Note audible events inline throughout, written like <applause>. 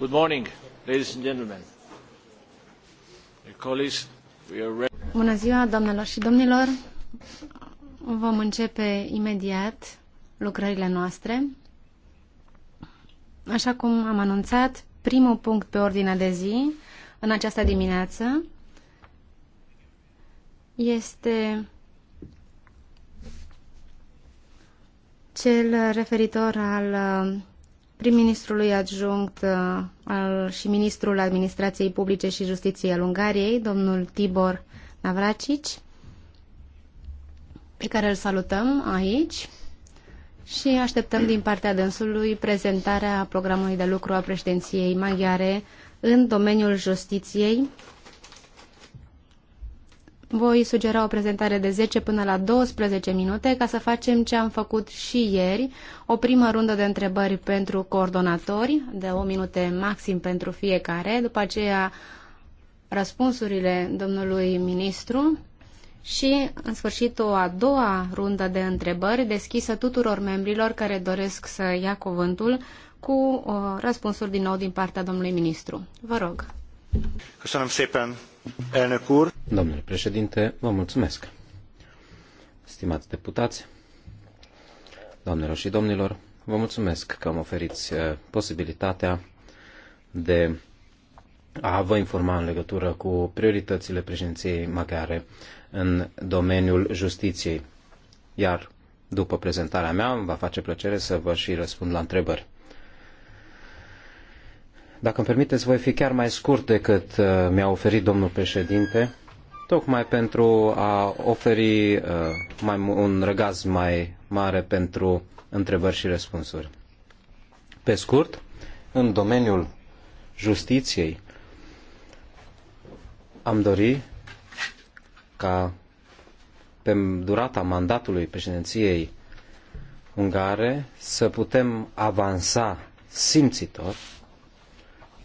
Good morning, ladies and gentlemen. Colleagues, we are ready. Bună ziua, doamnelor și domnilor. Vom începe imediat lucrările noastre. Așa cum am anunțat, primul punct pe ordinea de zi în această dimineață este cel referitor al uh, prim-ministrului adjunct uh, și ministrul administrației publice și justiției al Ungariei, domnul Tibor Navracici, pe care îl salutăm aici și așteptăm din partea dânsului prezentarea programului de lucru a președinției maghiare în domeniul justiției voi sugera o prezentare de 10 până la 12 minute ca să facem ce am făcut și ieri, o primă rundă de întrebări pentru coordonatori, de o minute maxim pentru fiecare, după aceea răspunsurile domnului ministru și, în sfârșit, o a doua rundă de întrebări deschisă tuturor membrilor care doresc să ia cuvântul cu uh, răspunsuri din nou din partea domnului ministru. Vă rog vă mulțumesc. Stimați deputați, doamnelor și domnilor, vă mulțumesc că am oferiți uh, posibilitatea de a vă informa în legătură cu prioritățile președinției maghiare în domeniul justiției. Iar după prezentarea mea, îmi va face plăcere să vă și răspund la întrebări. Dacă îmi permiteți, voi fi chiar mai scurt decât uh, mi-a oferit domnul președinte, tocmai pentru a oferi uh, mai, un răgaz mai mare pentru întrebări și răspunsuri. Pe scurt, în domeniul justiției, am dori ca pe durata mandatului președinției ungare să putem avansa simțitor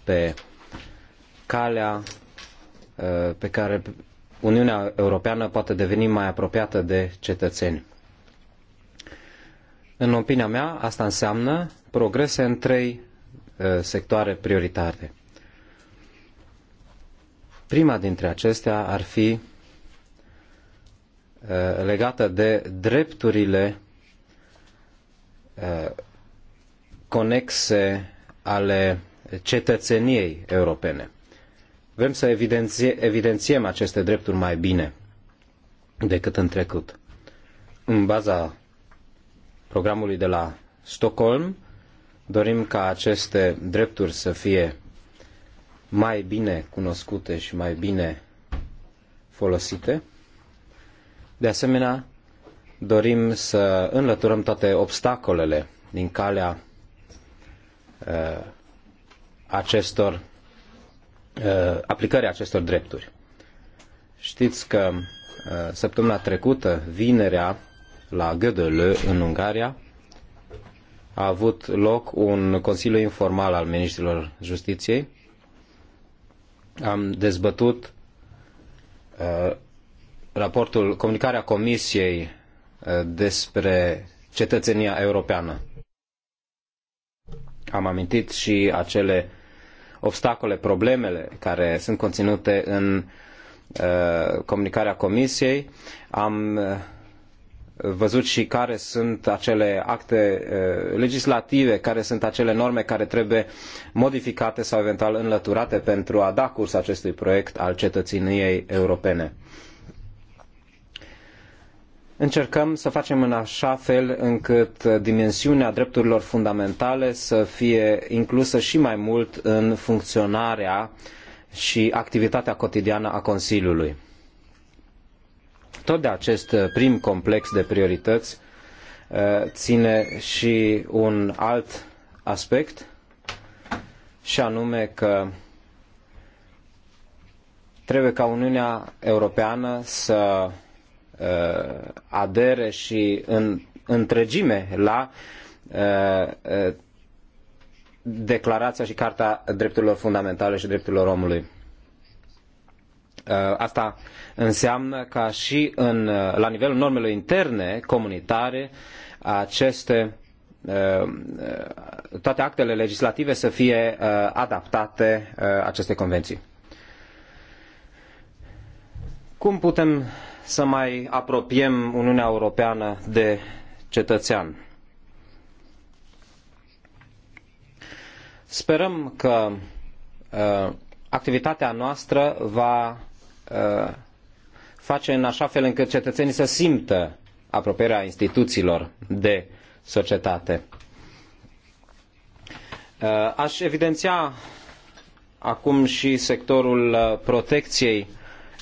pe calea uh, pe care Uniunea Europeană poate deveni mai apropiată de cetățeni. În opinia mea, asta înseamnă progrese în trei uh, sectoare prioritare. Prima dintre acestea ar fi uh, legată de drepturile conexe ale cetățeniei europene. Vrem să evidențiem aceste drepturi mai bine decât în trecut. În baza programului de la Stockholm, dorim ca aceste drepturi să fie mai bine cunoscute și mai bine folosite. De asemenea, dorim să înlăturăm toate obstacolele din calea uh, acestor uh, aplicării acestor drepturi. Știți că uh, săptămâna trecută, vinerea, la Gödöllő, în Ungaria, a avut loc un consiliu informal al ministrilor justiției. Am dezbătut uh, raportul, comunicarea Comisiei uh, despre cetățenia europeană. Am amintit și acele obstacole, problemele care sunt conținute în uh, comunicarea Comisiei. Am uh, văzut și care sunt acele acte uh, legislative, care sunt acele norme care trebuie modificate sau eventual înlăturate pentru a da curs acestui proiect al cetățeniei europene încercăm să facem în așa fel încât dimensiunea drepturilor fundamentale să fie inclusă și mai mult în funcționarea și activitatea cotidiană a Consiliului. Tot de acest prim complex de priorități uh, ține și un alt aspect, și anume că trebuie ca Uniunea Europeană să Uh, adere și în întregime la uh, uh, Declarația și Carta Drepturilor Fundamentale și Drepturilor Omului. Asta înseamnă ca și în, la nivelul normelor interne comunitare aceste toate actele legislative să fie adaptate aceste convenții. Cum putem să mai apropiem Uniunea Europeană de cetățean. Sperăm că uh, activitatea noastră va uh, face în așa fel încât cetățenii să simtă apropierea instituțiilor de societate. Uh, aș evidenția acum și sectorul uh, protecției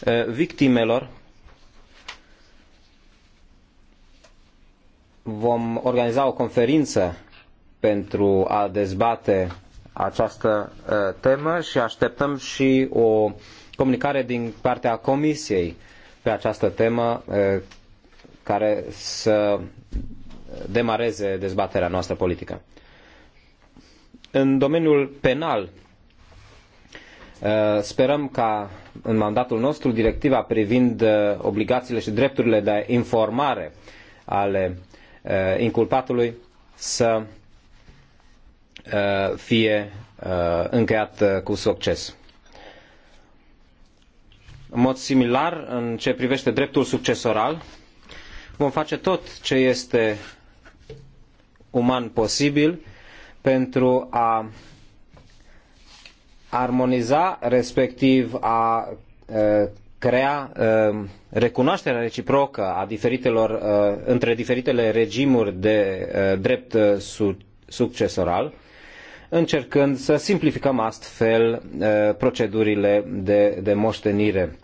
uh, victimelor vom organiza o conferință pentru a dezbate această uh, temă și așteptăm și o comunicare din partea Comisiei pe această temă uh, care să demareze dezbaterea noastră politică. În domeniul penal, uh, sperăm ca în mandatul nostru directiva privind obligațiile și drepturile de informare ale Uh, inculpatului să uh, fie uh, încheiat cu succes. În mod similar, în ce privește dreptul succesoral, vom face tot ce este uman posibil pentru a armoniza, respectiv a crea recunoașterea reciprocă a diferitelor, uh, între diferitele regimuri de uh, drept uh, succesoral, încercând să simplificăm astfel procedurile de, de moștenire.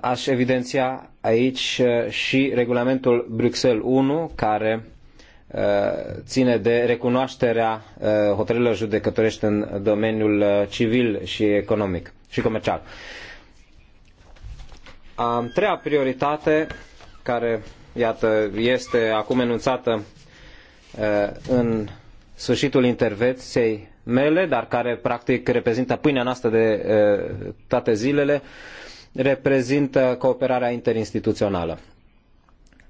Aș evidenția aici și regulamentul Bruxelles 1, care ține de recunoașterea hotărârilor judecătorești în domeniul civil și economic și comercial. A treia prioritate, care iată, este acum enunțată uh, în sfârșitul intervenției mele, dar care practic reprezintă pâinea noastră de uh, toate zilele, reprezintă cooperarea interinstituțională.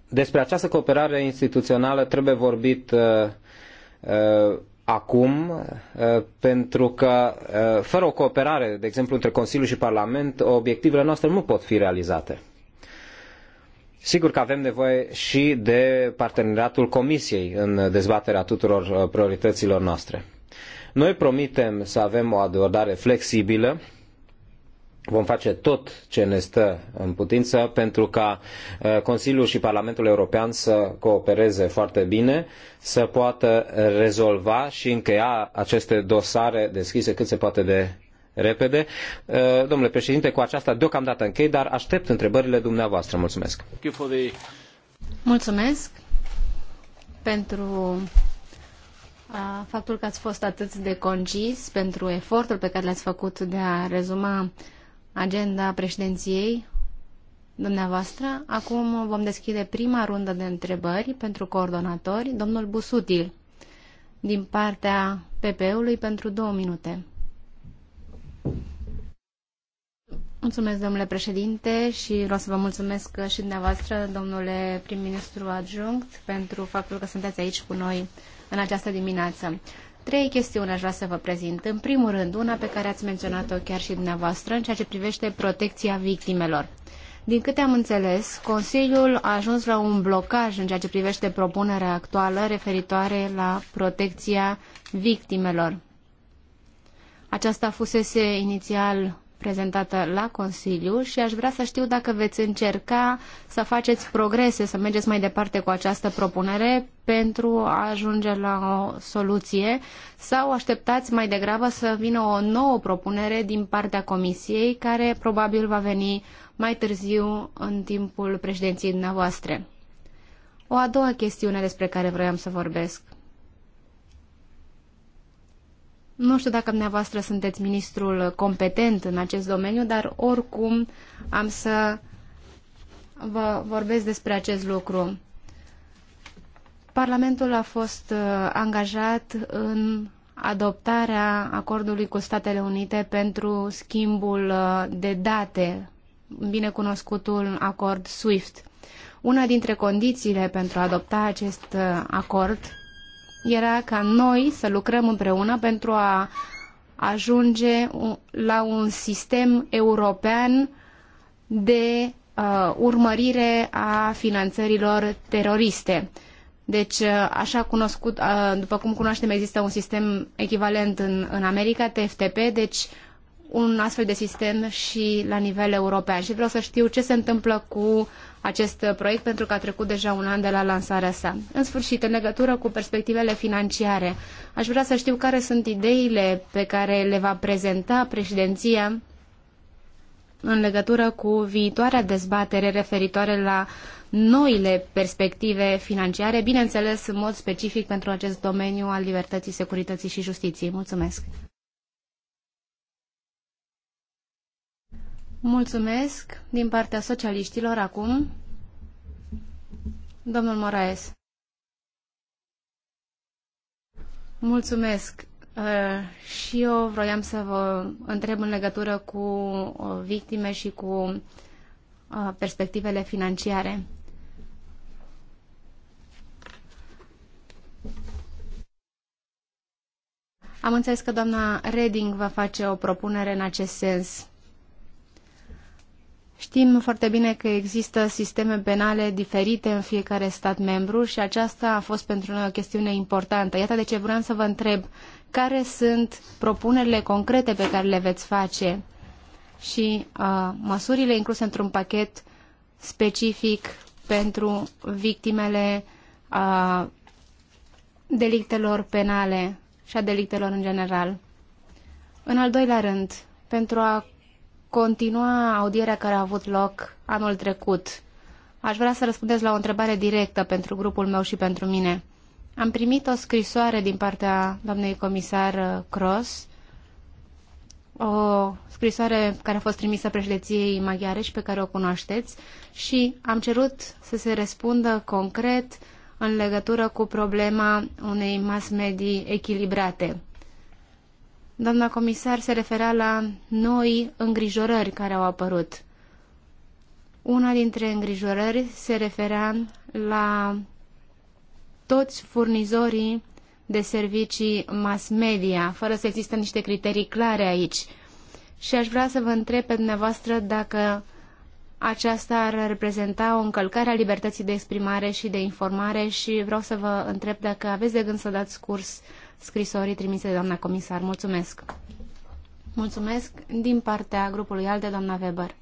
Despre această cooperare instituțională trebuie vorbit uh, acum, uh, pentru că uh, fără o cooperare, de exemplu, între Consiliu și Parlament, obiectivele noastre nu pot fi realizate. Sigur că avem nevoie și de parteneriatul Comisiei în dezbaterea tuturor uh, priorităților noastre. Noi promitem să avem o abordare flexibilă, vom face tot ce ne stă în putință pentru ca uh, Consiliul și Parlamentul European să coopereze foarte bine, să poată rezolva și încheia aceste dosare deschise cât se poate de repede. Uh, domnule președinte, cu aceasta deocamdată închei, dar aștept întrebările dumneavoastră. Mulțumesc! Mulțumesc pentru uh, faptul că ați fost atât de concis, pentru efortul pe care l-ați făcut de a rezuma agenda președinției dumneavoastră. Acum vom deschide prima rundă de întrebări pentru coordonatori. Domnul Busutil, din partea PP-ului, pentru două minute. Mulțumesc, domnule președinte, și vreau să vă mulțumesc și dumneavoastră, domnule prim-ministru adjunct, pentru faptul că sunteți aici cu noi în această dimineață. Trei chestiuni aș vrea să vă prezint. În primul rând, una pe care ați menționat-o chiar și dumneavoastră în ceea ce privește protecția victimelor. Din câte am înțeles, Consiliul a ajuns la un blocaj în ceea ce privește propunerea actuală referitoare la protecția victimelor. Aceasta fusese inițial prezentată la Consiliu și aș vrea să știu dacă veți încerca să faceți progrese, să mergeți mai departe cu această propunere pentru a ajunge la o soluție sau așteptați mai degrabă să vină o nouă propunere din partea Comisiei care probabil va veni mai târziu în timpul președinției dumneavoastră. O a doua chestiune despre care vreau să vorbesc – nu știu dacă dumneavoastră sunteți ministrul competent în acest domeniu, dar oricum am să vă vorbesc despre acest lucru. Parlamentul a fost uh, angajat în adoptarea acordului cu Statele Unite pentru schimbul uh, de date, binecunoscutul acord SWIFT. Una dintre condițiile pentru a adopta acest uh, acord era ca noi să lucrăm împreună pentru a ajunge la un sistem european de uh, urmărire a finanțărilor teroriste. Deci, uh, așa cunoscut, uh, după cum cunoaștem, există un sistem echivalent în, în America, TFTP, deci un astfel de sistem și la nivel european. Și vreau să știu ce se întâmplă cu acest proiect pentru că a trecut deja un an de la lansarea sa. În sfârșit, în legătură cu perspectivele financiare, aș vrea să știu care sunt ideile pe care le va prezenta președinția în legătură cu viitoarea dezbatere referitoare la noile perspective financiare, bineînțeles în mod specific pentru acest domeniu al libertății, securității și justiției. Mulțumesc! Mulțumesc din partea socialiștilor acum. Domnul Moraes. Mulțumesc. Uh, și eu vroiam să vă întreb în legătură cu uh, victime și cu uh, perspectivele financiare. Am înțeles că doamna Reding va face o propunere în acest sens. Știm foarte bine că există sisteme penale diferite în fiecare stat membru și aceasta a fost pentru noi o chestiune importantă. Iată de ce vreau să vă întreb care sunt propunerile concrete pe care le veți face și uh, măsurile incluse într-un pachet specific pentru victimele uh, delictelor penale și a delictelor în general. În al doilea rând, pentru a continua audierea care a avut loc anul trecut. Aș vrea să răspundeți la o întrebare directă pentru grupul meu și pentru mine. Am primit o scrisoare din partea doamnei comisar uh, Cross, o scrisoare care a fost trimisă președinției maghiare și pe care o cunoașteți și am cerut să se răspundă concret în legătură cu problema unei mass medii echilibrate. Doamna comisar se referea la noi îngrijorări care au apărut. Una dintre îngrijorări se referea la toți furnizorii de servicii mass media, fără să există niște criterii clare aici. Și aș vrea să vă întreb pe dumneavoastră dacă aceasta ar reprezenta o încălcare a libertății de exprimare și de informare și vreau să vă întreb dacă aveți de gând să dați curs scrisorii trimise de doamna comisar. Mulțumesc! Mulțumesc din partea grupului ALDE, doamna Weber.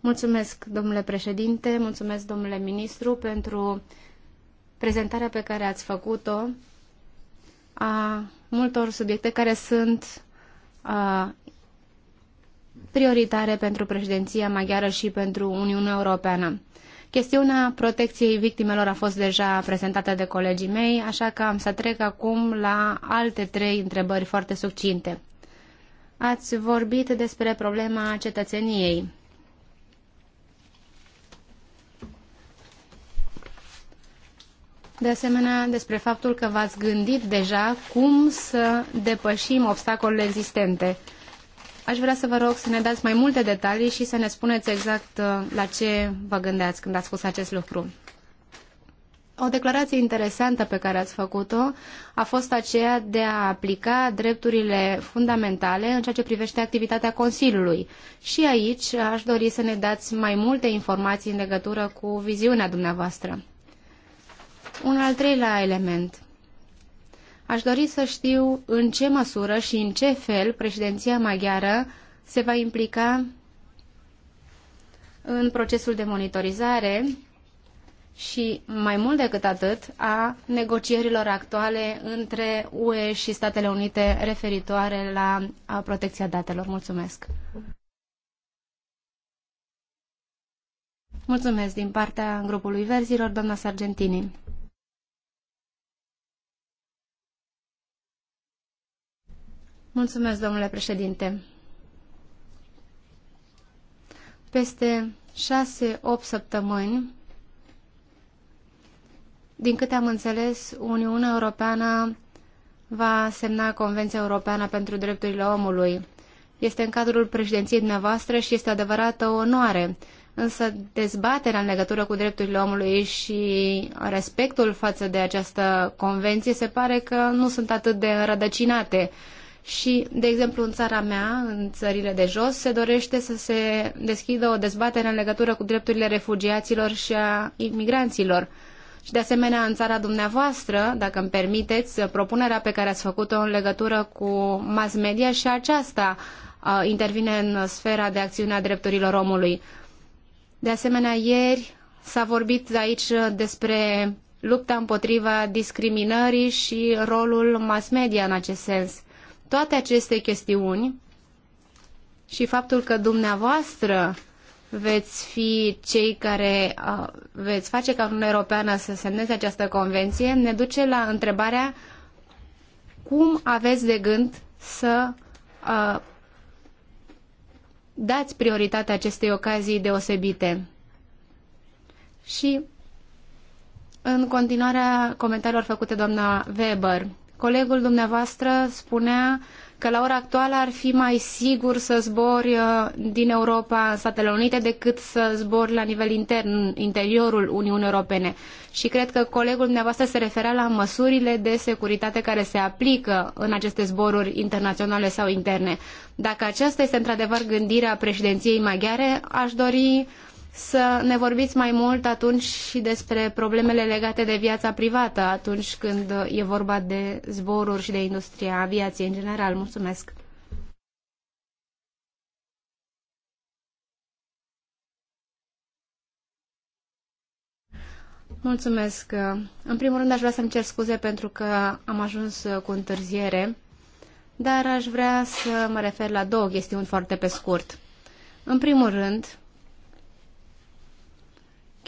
Mulțumesc, domnule președinte, mulțumesc, domnule ministru, pentru prezentarea pe care ați făcut-o a multor subiecte care sunt a, prioritare pentru președinția maghiară și pentru Uniunea Europeană. Chestiunea protecției victimelor a fost deja prezentată de colegii mei, așa că am să trec acum la alte trei întrebări foarte succinte. Ați vorbit despre problema cetățeniei. De asemenea, despre faptul că v-ați gândit deja cum să depășim obstacolele existente. Aș vrea să vă rog să ne dați mai multe detalii și să ne spuneți exact uh, la ce vă gândeați când ați spus acest lucru. O declarație interesantă pe care ați făcut-o a fost aceea de a aplica drepturile fundamentale în ceea ce privește activitatea Consiliului. Și aici aș dori să ne dați mai multe informații în legătură cu viziunea dumneavoastră. Un al treilea element – Aș dori să știu în ce măsură și în ce fel președinția maghiară se va implica în procesul de monitorizare și, mai mult decât atât, a negocierilor actuale între UE și Statele Unite referitoare la protecția datelor. Mulțumesc! Mulțumesc din partea grupului Verzilor, doamna Sargentini. Mulțumesc, domnule președinte. Peste 6-8 săptămâni, din câte am înțeles, Uniunea Europeană va semna Convenția Europeană pentru Drepturile Omului. Este în cadrul președinției dumneavoastră și este adevărată o onoare. Însă dezbaterea în legătură cu drepturile omului și respectul față de această convenție se pare că nu sunt atât de rădăcinate. Și, de exemplu, în țara mea, în țările de jos, se dorește să se deschidă o dezbatere în legătură cu drepturile refugiaților și a imigranților. Și, de asemenea, în țara dumneavoastră, dacă îmi permiteți, propunerea pe care ați făcut-o în legătură cu mass media și aceasta intervine în sfera de acțiune a drepturilor omului. De asemenea, ieri s-a vorbit aici despre lupta împotriva discriminării și rolul mass media în acest sens. Toate aceste chestiuni și faptul că dumneavoastră veți fi cei care uh, veți face ca Uniunea Europeană să semneze această convenție, ne duce la întrebarea cum aveți de gând să uh, dați prioritate acestei ocazii deosebite. Și în continuarea comentariilor făcute doamna Weber, Colegul dumneavoastră spunea că la ora actuală ar fi mai sigur să zbori uh, din Europa în Statele Unite decât să zbori la nivel intern, în interiorul Uniunii Europene. Și cred că colegul dumneavoastră se referea la măsurile de securitate care se aplică în aceste zboruri internaționale sau interne. Dacă aceasta este într-adevăr gândirea președinției maghiare, aș dori să ne vorbiți mai mult atunci și despre problemele legate de viața privată atunci când e vorba de zboruri și de industria aviației în general. Mulțumesc! Mulțumesc. În primul rând aș vrea să-mi cer scuze pentru că am ajuns cu întârziere, dar aș vrea să mă refer la două chestiuni foarte pe scurt. În primul rând,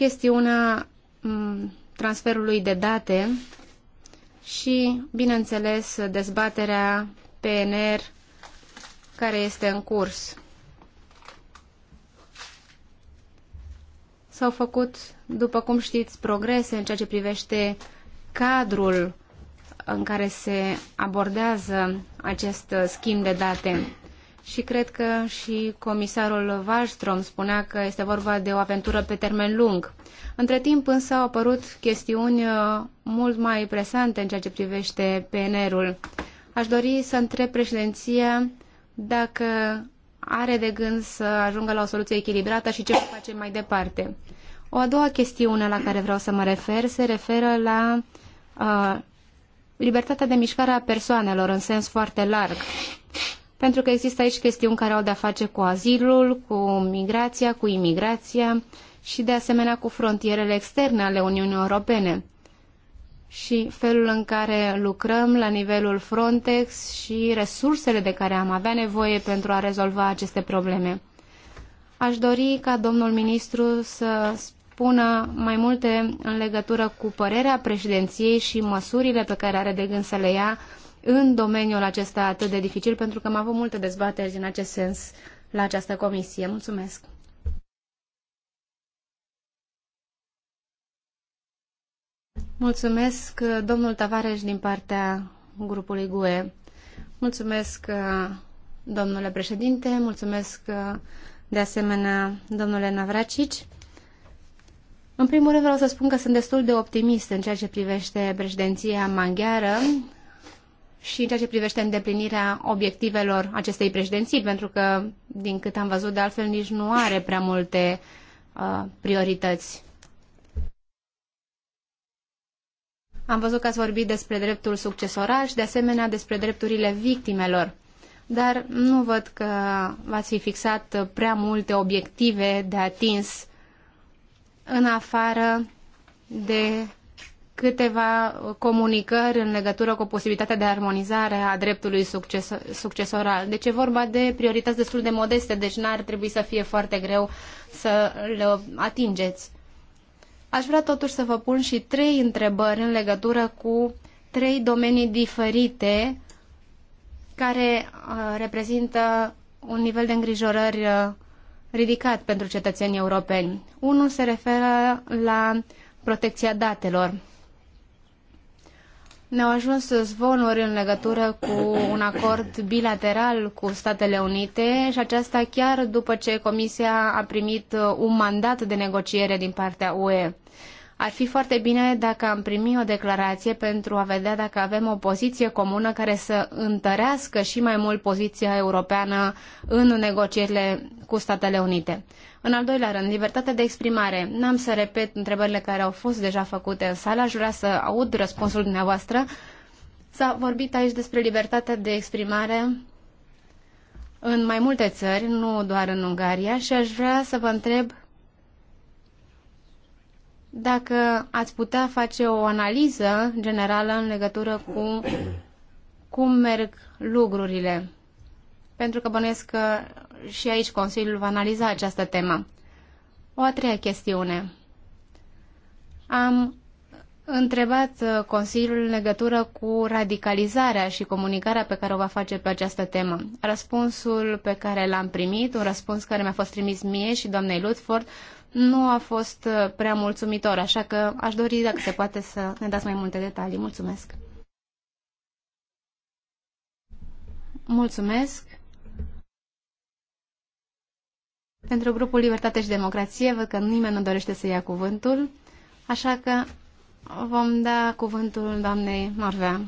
chestiunea mm, transferului de date și, bineînțeles, dezbaterea PNR care este în curs. S-au făcut, după cum știți, progrese în ceea ce privește cadrul în care se abordează acest schimb de date și cred că și comisarul Wallström spunea că este vorba de o aventură pe termen lung. Între timp însă au apărut chestiuni uh, mult mai presante în ceea ce privește PNR-ul. Aș dori să întreb președinția dacă are de gând să ajungă la o soluție echilibrată și ce va face mai departe. O a doua chestiune la care vreau să mă refer se referă la uh, libertatea de mișcare a persoanelor în sens foarte larg pentru că există aici chestiuni care au de-a face cu azilul, cu migrația, cu imigrația și de asemenea cu frontierele externe ale Uniunii Europene și felul în care lucrăm la nivelul Frontex și resursele de care am avea nevoie pentru a rezolva aceste probleme. Aș dori ca domnul ministru să spună mai multe în legătură cu părerea președinției și măsurile pe care are de gând să le ia în domeniul acesta atât de dificil, pentru că am avut multe dezbateri în acest sens la această comisie. Mulțumesc! Mulțumesc, domnul Tavares, din partea grupului GUE. Mulțumesc, domnule președinte, mulțumesc de asemenea, domnule Navracici. În primul rând vreau să spun că sunt destul de optimist în ceea ce privește președinția maghiară și în ceea ce privește îndeplinirea obiectivelor acestei președinții, pentru că, din cât am văzut, de altfel nici nu are prea multe uh, priorități. Am văzut că ați vorbit despre dreptul succesoral și, de asemenea, despre drepturile victimelor. Dar nu văd că v-ați fi fixat prea multe obiective de atins în afară de câteva comunicări în legătură cu posibilitatea de armonizare a dreptului succesoral. Deci e vorba de priorități destul de modeste, deci n-ar trebui să fie foarte greu să le atingeți. Aș vrea totuși să vă pun și trei întrebări în legătură cu trei domenii diferite care uh, reprezintă un nivel de îngrijorări uh, ridicat pentru cetățenii europeni. Unul se referă la protecția datelor. Ne-au ajuns zvonuri în legătură cu un acord bilateral cu Statele Unite și aceasta chiar după ce Comisia a primit un mandat de negociere din partea UE. Ar fi foarte bine dacă am primi o declarație pentru a vedea dacă avem o poziție comună care să întărească și mai mult poziția europeană în negocierile cu Statele Unite. În al doilea rând, libertatea de exprimare. N-am să repet întrebările care au fost deja făcute în sală, aș vrea să aud răspunsul dumneavoastră. S-a vorbit aici despre libertatea de exprimare în mai multe țări, nu doar în Ungaria, și aș vrea să vă întreb dacă ați putea face o analiză generală în legătură cu cum merg lucrurile. Pentru că bănuiesc că și aici Consiliul va analiza această temă. O a treia chestiune. Am întrebat uh, Consiliul în legătură cu radicalizarea și comunicarea pe care o va face pe această temă. Răspunsul pe care l-am primit, un răspuns care mi-a fost trimis mie și doamnei Lutford, nu a fost uh, prea mulțumitor, așa că aș dori, dacă se poate, să ne dați mai multe detalii. Mulțumesc! Mulțumesc! Pentru grupul Libertate și Democrație, văd că nimeni nu dorește să ia cuvântul, așa că vom da cuvântul doamnei Norvea.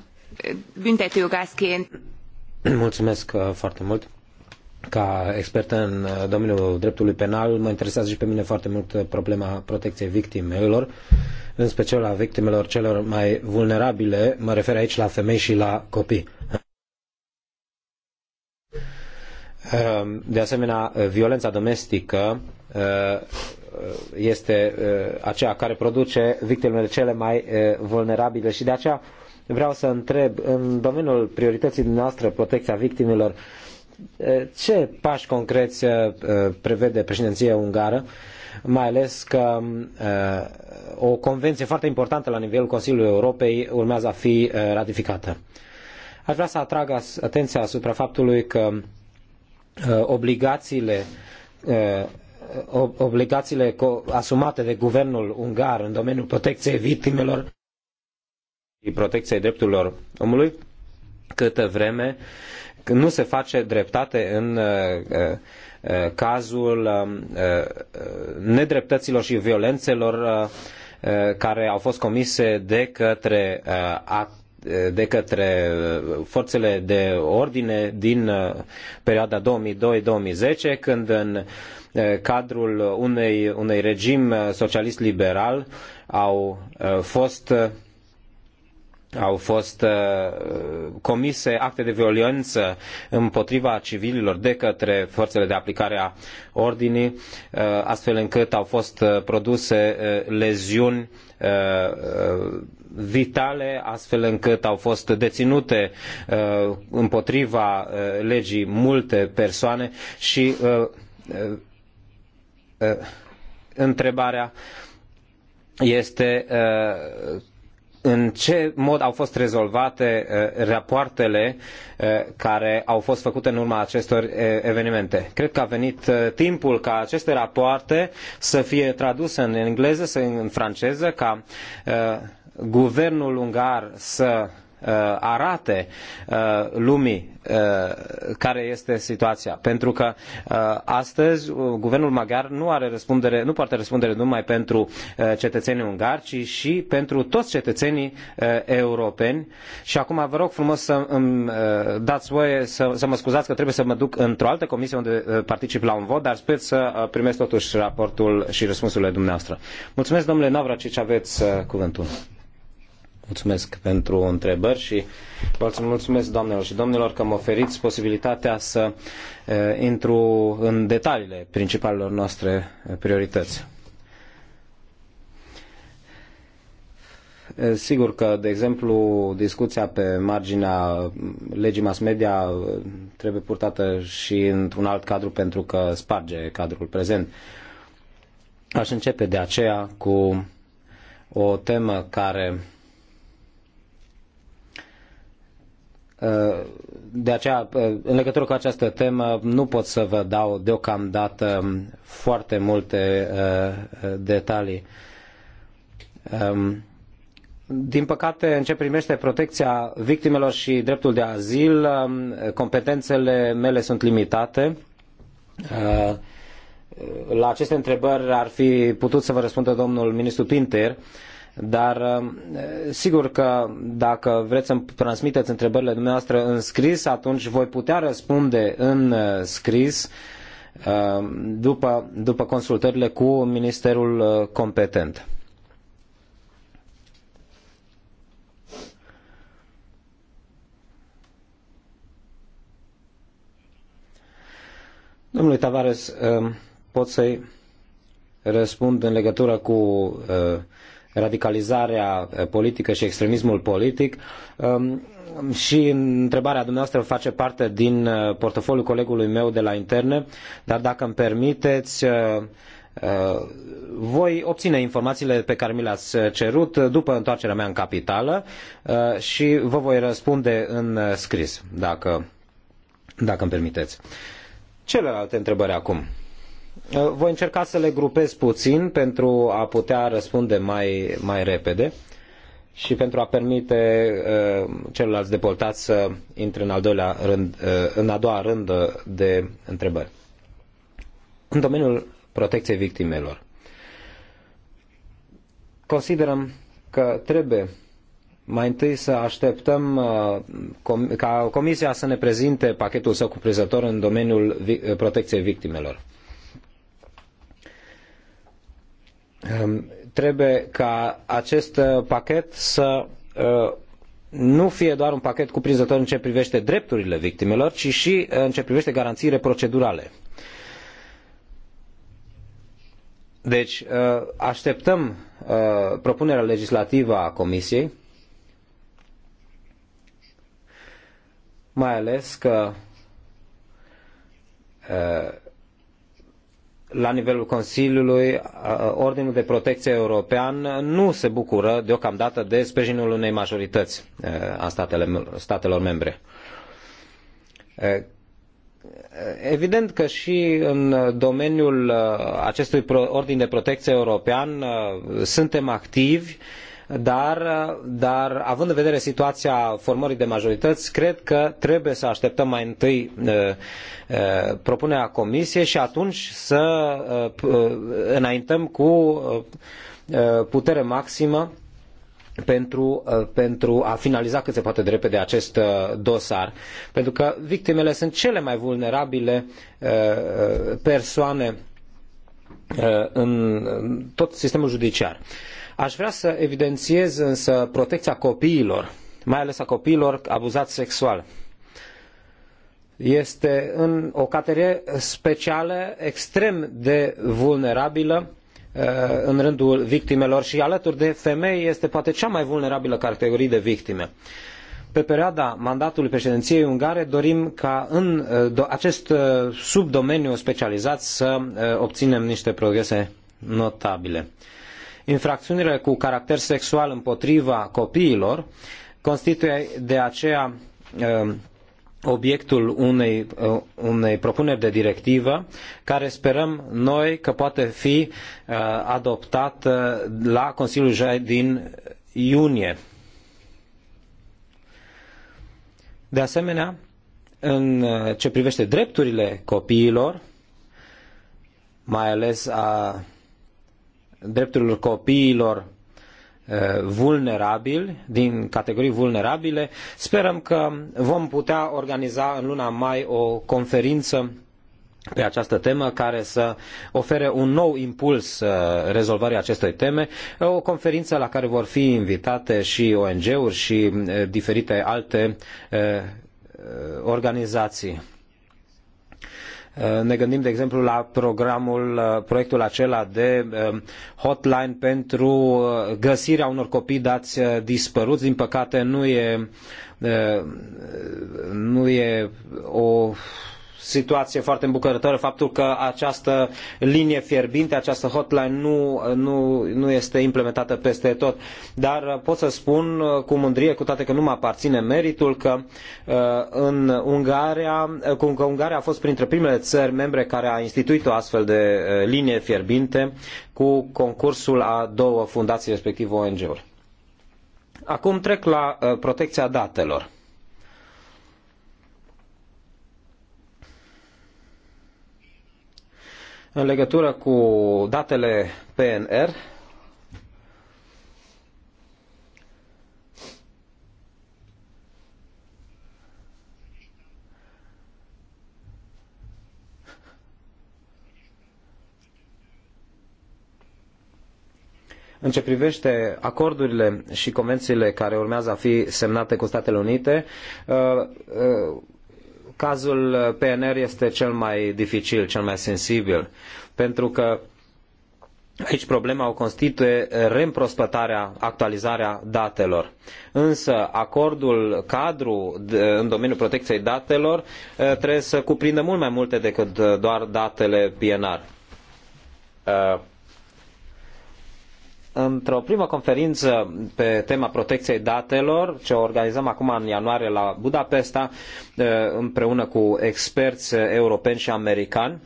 Mulțumesc uh, foarte mult ca expert în uh, domeniul dreptului penal, mă interesează și pe mine foarte mult uh, problema protecției victimelor, în special a victimelor celor mai vulnerabile, mă refer aici la femei și la copii. Uh, de asemenea, violența domestică este aceea care produce victimele cele mai vulnerabile și de aceea vreau să întreb, în domeniul priorității noastre, protecția victimelor, ce pași concreți prevede președinția ungară, mai ales că o convenție foarte importantă la nivelul Consiliului Europei urmează a fi ratificată. Aș vrea să atrag atenția asupra faptului că obligațiile obligațiile asumate de guvernul ungar în domeniul protecției victimelor și protecției drepturilor omului, câtă vreme nu se face dreptate în uh, uh, uh, cazul um, nedreptăților și violențelor care au fost comise de către de către forțele de ordine din perioada 2002-2010, când în cadrul unei, unei regim socialist-liberal au fost au fost uh, comise acte de violență împotriva civililor de către forțele de aplicare a ordinii, uh, astfel încât au fost uh, produse leziuni vitale, astfel încât au fost deținute împotriva legii multe persoane și întrebarea este în ce mod au fost rezolvate uh, rapoartele uh, care au fost făcute în urma acestor uh, evenimente. Cred că a venit timpul ca aceste rapoarte să fie traduse în engleză, în franceză, ca guvernul ungar să Uh, arate uh, lumii uh, care este situația. Pentru că astăzi guvernul maghiar nu are răspundere, nu poate răspundere numai pentru cetățenii ungari, ci și pentru toți cetățenii europeni. Și acum vă rog frumos să îmi dați voie să, să mă scuzați că trebuie să mă duc într-o altă comisie unde particip la un vot, dar sper să primesc totuși raportul și răspunsurile dumneavoastră. Mulțumesc, domnule Navracici, aveți cuvântul. Mulțumesc pentru întrebări și mulțumesc doamnelor și domnilor că mă oferiți posibilitatea să intru în detaliile principalelor noastre priorități. Sigur că, de exemplu, discuția pe marginea legii mass media trebuie purtată și într-un alt cadru pentru că sparge cadrul prezent. Aș începe de aceea cu o temă care De aceea, în legătură cu această temă, nu pot să vă dau deocamdată foarte multe uh, detalii. Um, din păcate, în ce primește protecția victimelor și dreptul de azil, um, competențele mele sunt limitate. Uh, la aceste întrebări ar fi putut să vă răspundă domnul ministru Pinter dar uh, sigur că dacă vreți să-mi transmiteți întrebările dumneavoastră în scris, atunci voi putea răspunde în uh, scris uh, după, după consultările cu ministerul competent. Domnule Tavares, pot să-i răspund în legătură cu radicalizarea eh, politică și extremismul politic. Um, și întrebarea dumneavoastră face parte din eh, portofoliul colegului meu de la interne, dar dacă îmi permiteți, eh, voi obține informațiile pe care mi le-ați cerut după întoarcerea mea în capitală și vă voi răspunde în scris, dacă, dacă îmi permiteți. Celelalte întrebări acum. Uh, voi încerca să le grupez puțin pentru a putea răspunde mai, mai repede și pentru a permite uh, celorlalți să intre în, al doilea rând, uh, în a doua rândă de întrebări. În domeniul protecției victimelor, considerăm că trebuie mai întâi să așteptăm uh, ca Comisia să ne prezinte pachetul său cuprinzător în domeniul protecției victimelor Ehm, trebuie ca acest uh, pachet să uh, nu fie doar un pachet cuprinzător în ce privește drepturile victimelor, ci și uh, în ce privește garanțiile procedurale. Deci, așteptăm propunerea legislativă a Comisiei, mai ales că la nivelul Consiliului, Ordinul de Protecție European nu se bucură deocamdată de sprijinul unei majorități a statelor membre. Evident că și în domeniul acestui ordin de protecție european suntem activi dar, dar având în vedere situația formării de majorități, cred că trebuie să așteptăm mai întâi uh, uh, propunerea comisiei și atunci să uh, înaintăm cu putere maximă pentru, pentru a finaliza cât se poate de repede acest dosar. Pentru că victimele sunt cele mai vulnerabile persoane în tot sistemul judiciar. Aș vrea să evidențiez însă protecția copiilor, mai ales a copiilor abuzați sexual. Este în o categorie specială extrem de vulnerabilă uh, în rândul victimelor și alături de femei este poate cea mai vulnerabilă categorie de victime. Pe perioada mandatului președinției ungare dorim ca în uh, acest uh, subdomeniu specializat să obținem niște progrese notabile. Infracțiunile cu caracter sexual împotriva copiilor constituie de aceea um, obiectul unei, uh, unei propuneri de directivă care sperăm noi că poate fi uh, adoptată la Consiliul din iunie. De asemenea, în uh, ce privește drepturile copiilor, mai ales a drepturilor copiilor uh, vulnerabili, din categorii vulnerabile. Sperăm că vom putea organiza în luna mai o conferință pe această temă care să ofere un nou impuls uh, rezolvării acestei teme, o conferință la care vor fi invitate și ONG-uri și uh, diferite alte organizații. Uh, ne gândim, de exemplu, la programul, uh, proiectul acela de um, hotline pentru uh, găsirea unor copii dați dispăruți. Din păcate, nu e, nu e o situație foarte îmbucurătoare faptul că această linie fierbinte, această hotline nu, nu, nu este implementată peste tot. Dar uh, pot să spun uh, cu mândrie, cu toate că nu mă aparține meritul, că uh, în Ungaria, cum că Ungaria a fost printre primele țări membre care a instituit o astfel de linie fierbinte cu concursul a două fundații, respectiv ONG-uri. Acum trec la protecția datelor în legătură cu datele PNR, În ce privește acordurile și convențiile care urmează a fi semnate cu Statele Unite, uh, uh, Cazul uh, PNR este cel mai dificil, cel mai sensibil, pentru că Aici problema o constituie reîmprospătarea, actualizarea datelor. Însă acordul cadru în domeniul protecției datelor uh, trebuie să cuprindă mult mai multe decât uh, doar datele PNR într-o primă conferință pe tema protecției datelor, ce organizăm acum în ianuarie la Budapesta, eh, împreună cu experți europeni și americani,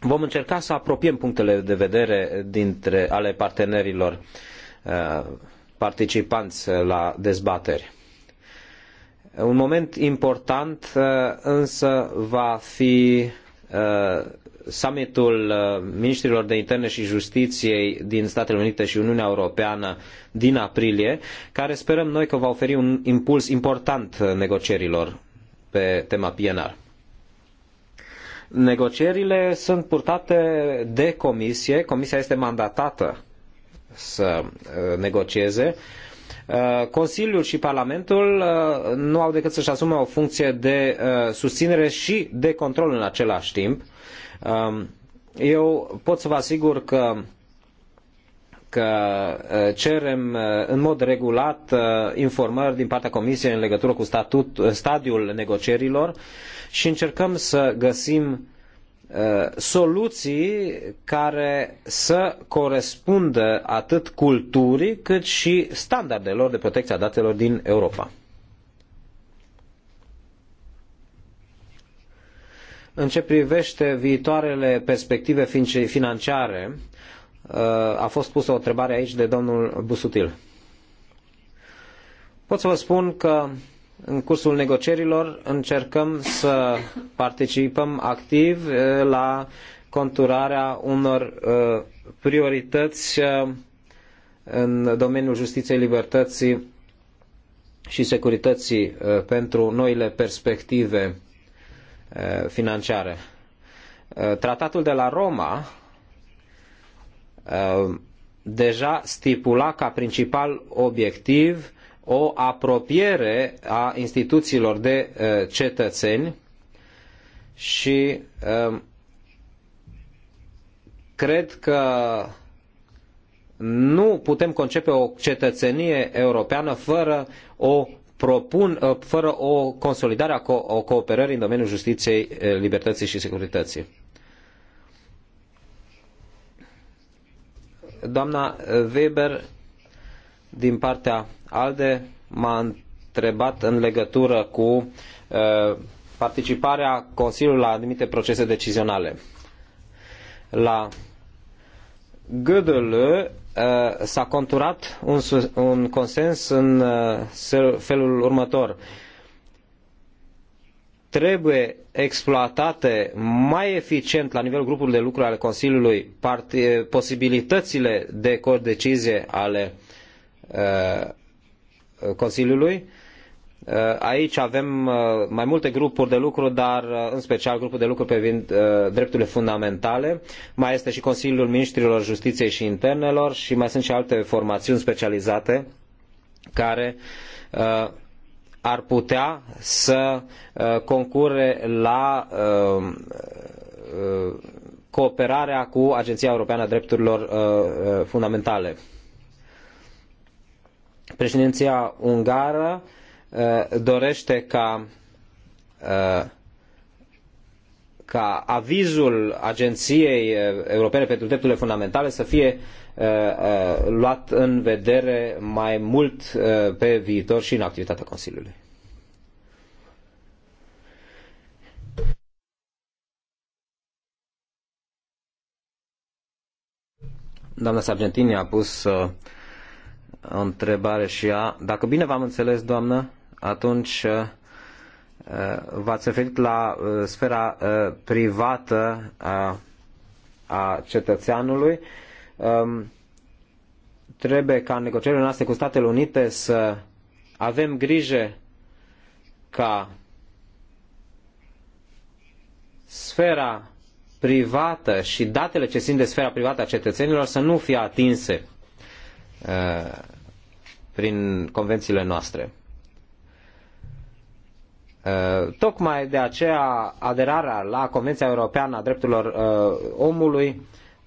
vom încerca să apropiem punctele de vedere dintre ale partenerilor eh, participanți la dezbateri. Un moment important eh, însă va fi summitul uh, ministrilor de interne și justiției din Statele Unite și Uniunea Europeană din aprilie, care sperăm noi că va oferi un impuls important uh, negocierilor pe tema PNR. Negocierile sunt purtate de comisie, comisia este mandatată să uh, negocieze. Consiliul și Parlamentul nu au decât să-și asume o funcție de susținere și de control în același timp Um, eu pot să vă asigur că că uh, cerem uh, în mod regulat uh, informări din partea Comisiei în legătură cu statut, stadiul negocierilor și încercăm să găsim soluții care să corespundă atât culturii cât și standardelor de protecție a datelor din Europa. În ce privește viitoarele perspective financiare, uh, a fost pusă o întrebare aici de domnul Busutil. Pot să vă spun că în cursul negocierilor încercăm să participăm activ uh, la conturarea unor uh, priorități în domeniul justiției, libertății și securității pentru noile perspective Eh, financiare. Eh, tratatul de la Roma eh, deja stipula ca principal obiectiv o apropiere a instituțiilor de cetățeni și cred că nu putem concepe o cetățenie europeană fără o propun uh, fără o consolidare a co- o cooperării în domeniul justiției, uh, libertății și securității. Doamna uh, Weber, din partea ALDE, m-a întrebat în legătură cu participarea Consiliului la anumite procese decizionale. La GDL Uh, s-a conturat un, un consens în uh, felul următor. Trebuie exploatate mai eficient la nivelul grupului de lucru ale Consiliului eh, posibilitățile de codecizie ale uh, Consiliului Uh, aici avem uh, mai multe grupuri de lucru, dar uh, în special grupul de lucru privind drepturile fundamentale. Mai este și Consiliul Ministrilor Justiției și Internelor și mai sunt și alte formațiuni specializate care ar putea să concure la cooperarea cu Agenția Europeană a Drepturilor Fundamentale. Președinția ungară Uh, dorește ca, uh, ca avizul Agenției uh, Europene pentru Drepturile Fundamentale să fie luat în vedere mai mult pe viitor și în activitatea Consiliului. Doamna Sargentini a pus o întrebare și ea. Dacă bine v-am înțeles, doamnă, atunci uh, v-ați referit la uh, sfera uh, privată a, a cetățeanului. Um, trebuie ca în negocierile noastre cu Statele Unite să avem grijă ca sfera privată și datele ce țin de sfera privată a cetățenilor să nu fie atinse prin convențiile noastre. Uh, tocmai de aceea aderarea la Convenția Europeană a Drepturilor uh, Omului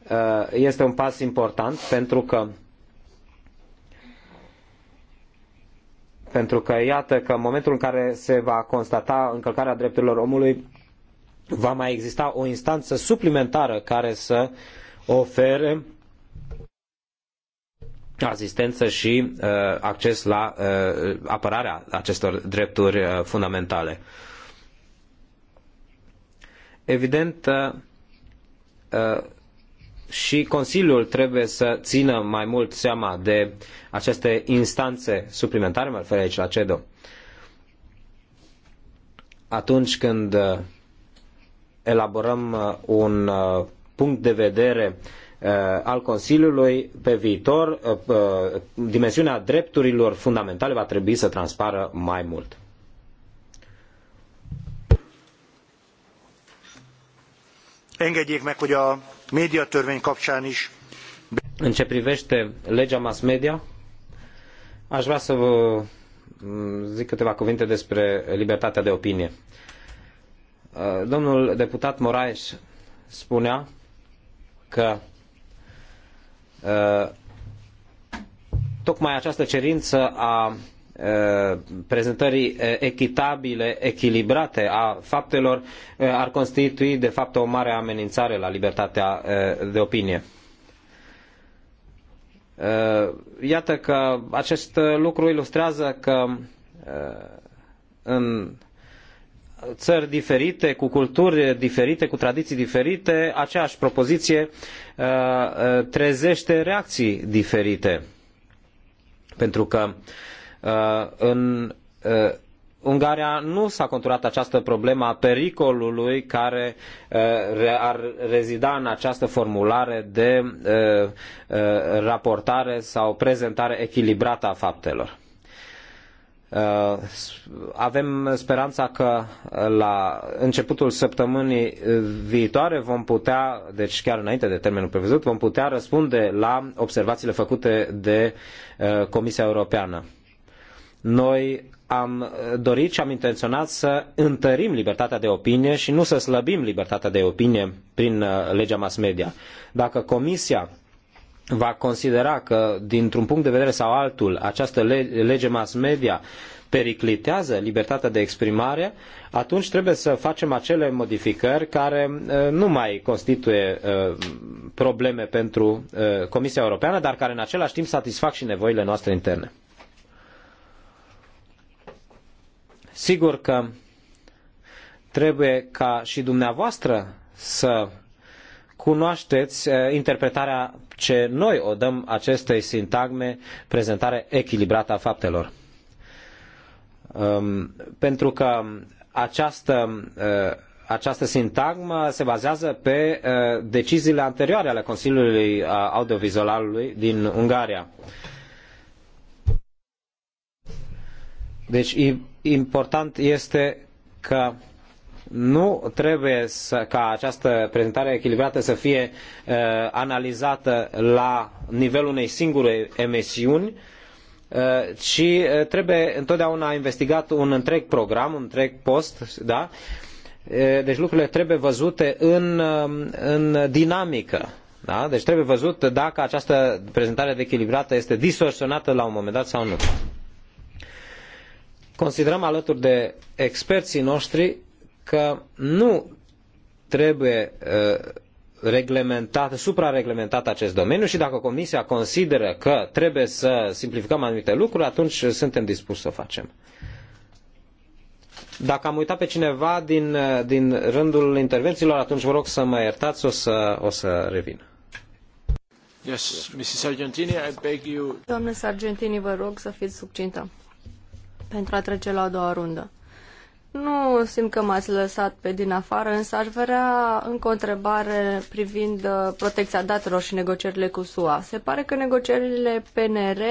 uh, este un pas important pentru că pentru că iată că în momentul în care se va constata încălcarea drepturilor omului va mai exista o instanță suplimentară care să ofere asistență și uh, acces la uh, apărarea acestor drepturi uh, fundamentale. Evident, uh, uh, și Consiliul trebuie să țină mai mult seama de aceste instanțe suplimentare, mă refer aici la CEDO. Atunci când uh, elaborăm uh, un punct de vedere uh, Uh, al Consiliului pe viitor, uh, uh, dimensiunea drepturilor fundamentale va trebui să transpară mai mult. Engedjék meg, hogy a médiatörvény kapcsán is în ce privește legea mass media, aș vrea să vă mm, zic câteva cuvinte despre libertatea de opinie. Domnul deputat Moraes spunea că Uh, tocmai această cerință a uh, prezentării uh, echitabile, echilibrate a faptelor ar constitui de fapt o mare amenințare la libertatea de opinie. Iată că acest lucru ilustrează că în țări diferite, cu culturi diferite, cu tradiții diferite, aceeași propoziție uh, uh, trezește reacții diferite. Pentru că uh, în Ungaria nu s-a conturat această problemă a pericolului care ar rezida în această formulare de raportare sau prezentare echilibrată a faptelor. Uh, avem speranța că la începutul săptămânii viitoare vom putea, deci chiar înainte de termenul prevăzut, vom putea răspunde la observațiile făcute de uh, Comisia Europeană. Noi am dorit și am intenționat să întărim libertatea de opinie și nu să slăbim libertatea de opinie prin uh, legea mass media. Dacă Comisia va considera că, dintr-un punct de vedere sau altul, această lege mass media periclitează libertatea de exprimare, atunci trebuie să facem acele modificări care uh, nu mai constituie uh, probleme pentru uh, Comisia Europeană, dar care în același timp satisfac și nevoile noastre interne. Sigur că trebuie ca și dumneavoastră să cunoașteți interpretarea ce noi o dăm acestei sintagme prezentare echilibrată a faptelor. Um, pentru că această, uh, această sintagmă se bazează pe uh, deciziile anterioare ale Consiliului uh, Audiovizualului din Ungaria. Deci important este că nu trebuie să, ca această prezentare echilibrată să fie uh, analizată la nivelul unei singure emisiuni, uh, ci uh, trebuie întotdeauna investigat un întreg program, un întreg post, da? Uh, deci lucrurile trebuie văzute în, um, în dinamică. Da? Deci trebuie văzut dacă această prezentare echilibrată este distorsionată la un moment dat sau nu. Considerăm alături de experții noștri că nu trebuie uh, reglementat, suprareglementat acest domeniu și dacă Comisia consideră că trebuie să simplificăm anumite lucruri, atunci suntem dispuși să o facem. Dacă am uitat pe cineva din, uh, din rândul intervențiilor, atunci vă rog să mă iertați, o să, o să revin. Yes, Mrs. Argentini, I beg you... Doamne Sargentini, vă rog să fiți succintă pentru a trece la a doua rundă. Nu simt că m-ați lăsat pe din afară, însă aș vrea încă o întrebare privind uh, protecția datelor și negocierile cu SUA. Se pare că negocierile PNR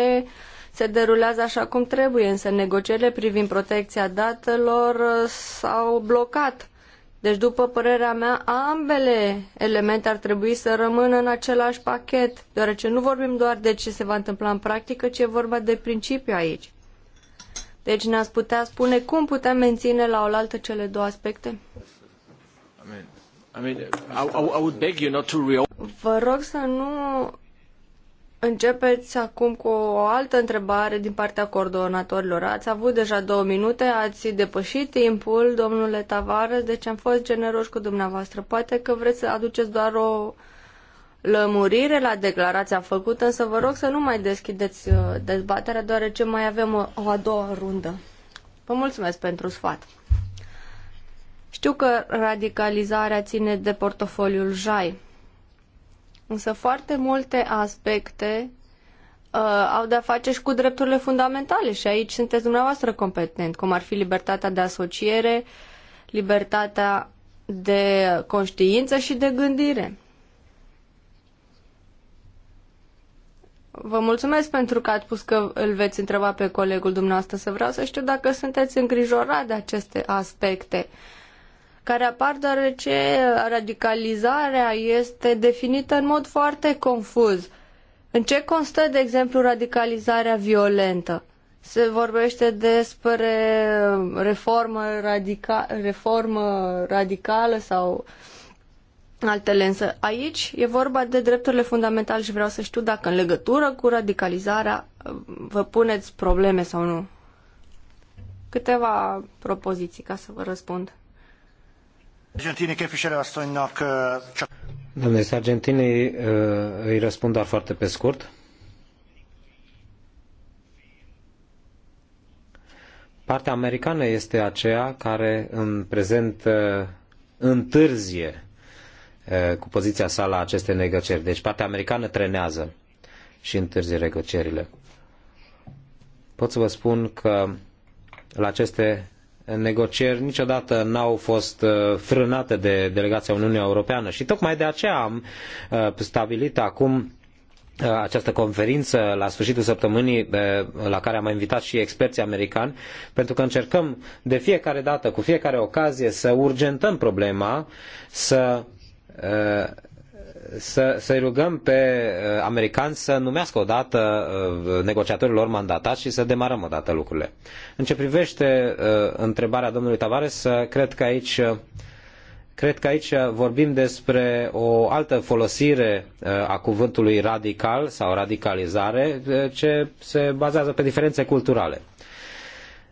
se derulează așa cum trebuie, însă negocierile privind protecția datelor uh, s-au blocat. Deci, după părerea mea, ambele elemente ar trebui să rămână în același pachet, deoarece nu vorbim doar de ce se va întâmpla în practică, ci e vorba de principiu aici. Deci ne-ați putea spune cum putem menține la oaltă cele două aspecte? Vă rog să nu începeți acum cu o altă întrebare din partea coordonatorilor. Ați avut deja două minute, ați depășit timpul, domnule Tavares, deci am fost generoși cu dumneavoastră. Poate că vreți să aduceți doar o lămurire la declarația făcută, însă vă rog să nu mai deschideți uh, dezbaterea, deoarece mai avem o, uh, o a doua rundă. Vă mulțumesc pentru sfat. Știu că radicalizarea ține de portofoliul JAI, însă foarte multe aspecte uh, au de-a face și cu drepturile fundamentale și aici sunteți dumneavoastră competent, cum ar fi libertatea de asociere, libertatea de conștiință și de gândire. vă mulțumesc pentru că ați spus că îl veți întreba pe colegul dumneavoastră să vreau să știu dacă sunteți îngrijorat de aceste aspecte care apar deoarece radicalizarea este definită în mod foarte confuz. În ce constă, de exemplu, radicalizarea violentă? Se vorbește despre reformă, radica- reformă radicală sau uh, altele însă. Aici e vorba de drepturile fundamentale și vreau să știu dacă în legătură cu radicalizarea uh, vă puneți probleme sau nu. Câteva propoziții ca să vă răspund. Uh, Domnule Sargentini, uh, îi răspund doar foarte pe scurt. Partea americană este aceea care în prezent întârzie cu poziția sa la aceste negocieri. Deci partea americană trenează și întârzi negocierile. Pot să vă spun că la aceste negocieri niciodată n-au fost frânate de delegația Uniunii Europeană și tocmai de aceea am stabilit acum această conferință la sfârșitul săptămânii la care am invitat și experții americani, pentru că încercăm de fiecare dată, cu fiecare ocazie, să urgentăm problema, să Uh, să, să-i rugăm pe uh, americani să numească odată uh, negociatorii lor mandatați și să demarăm odată lucrurile. În ce privește întrebarea domnului Tavares, cred că aici Cred că aici vorbim despre o altă folosire a cuvântului radical sau radicalizare ce se bazează pe diferențe culturale.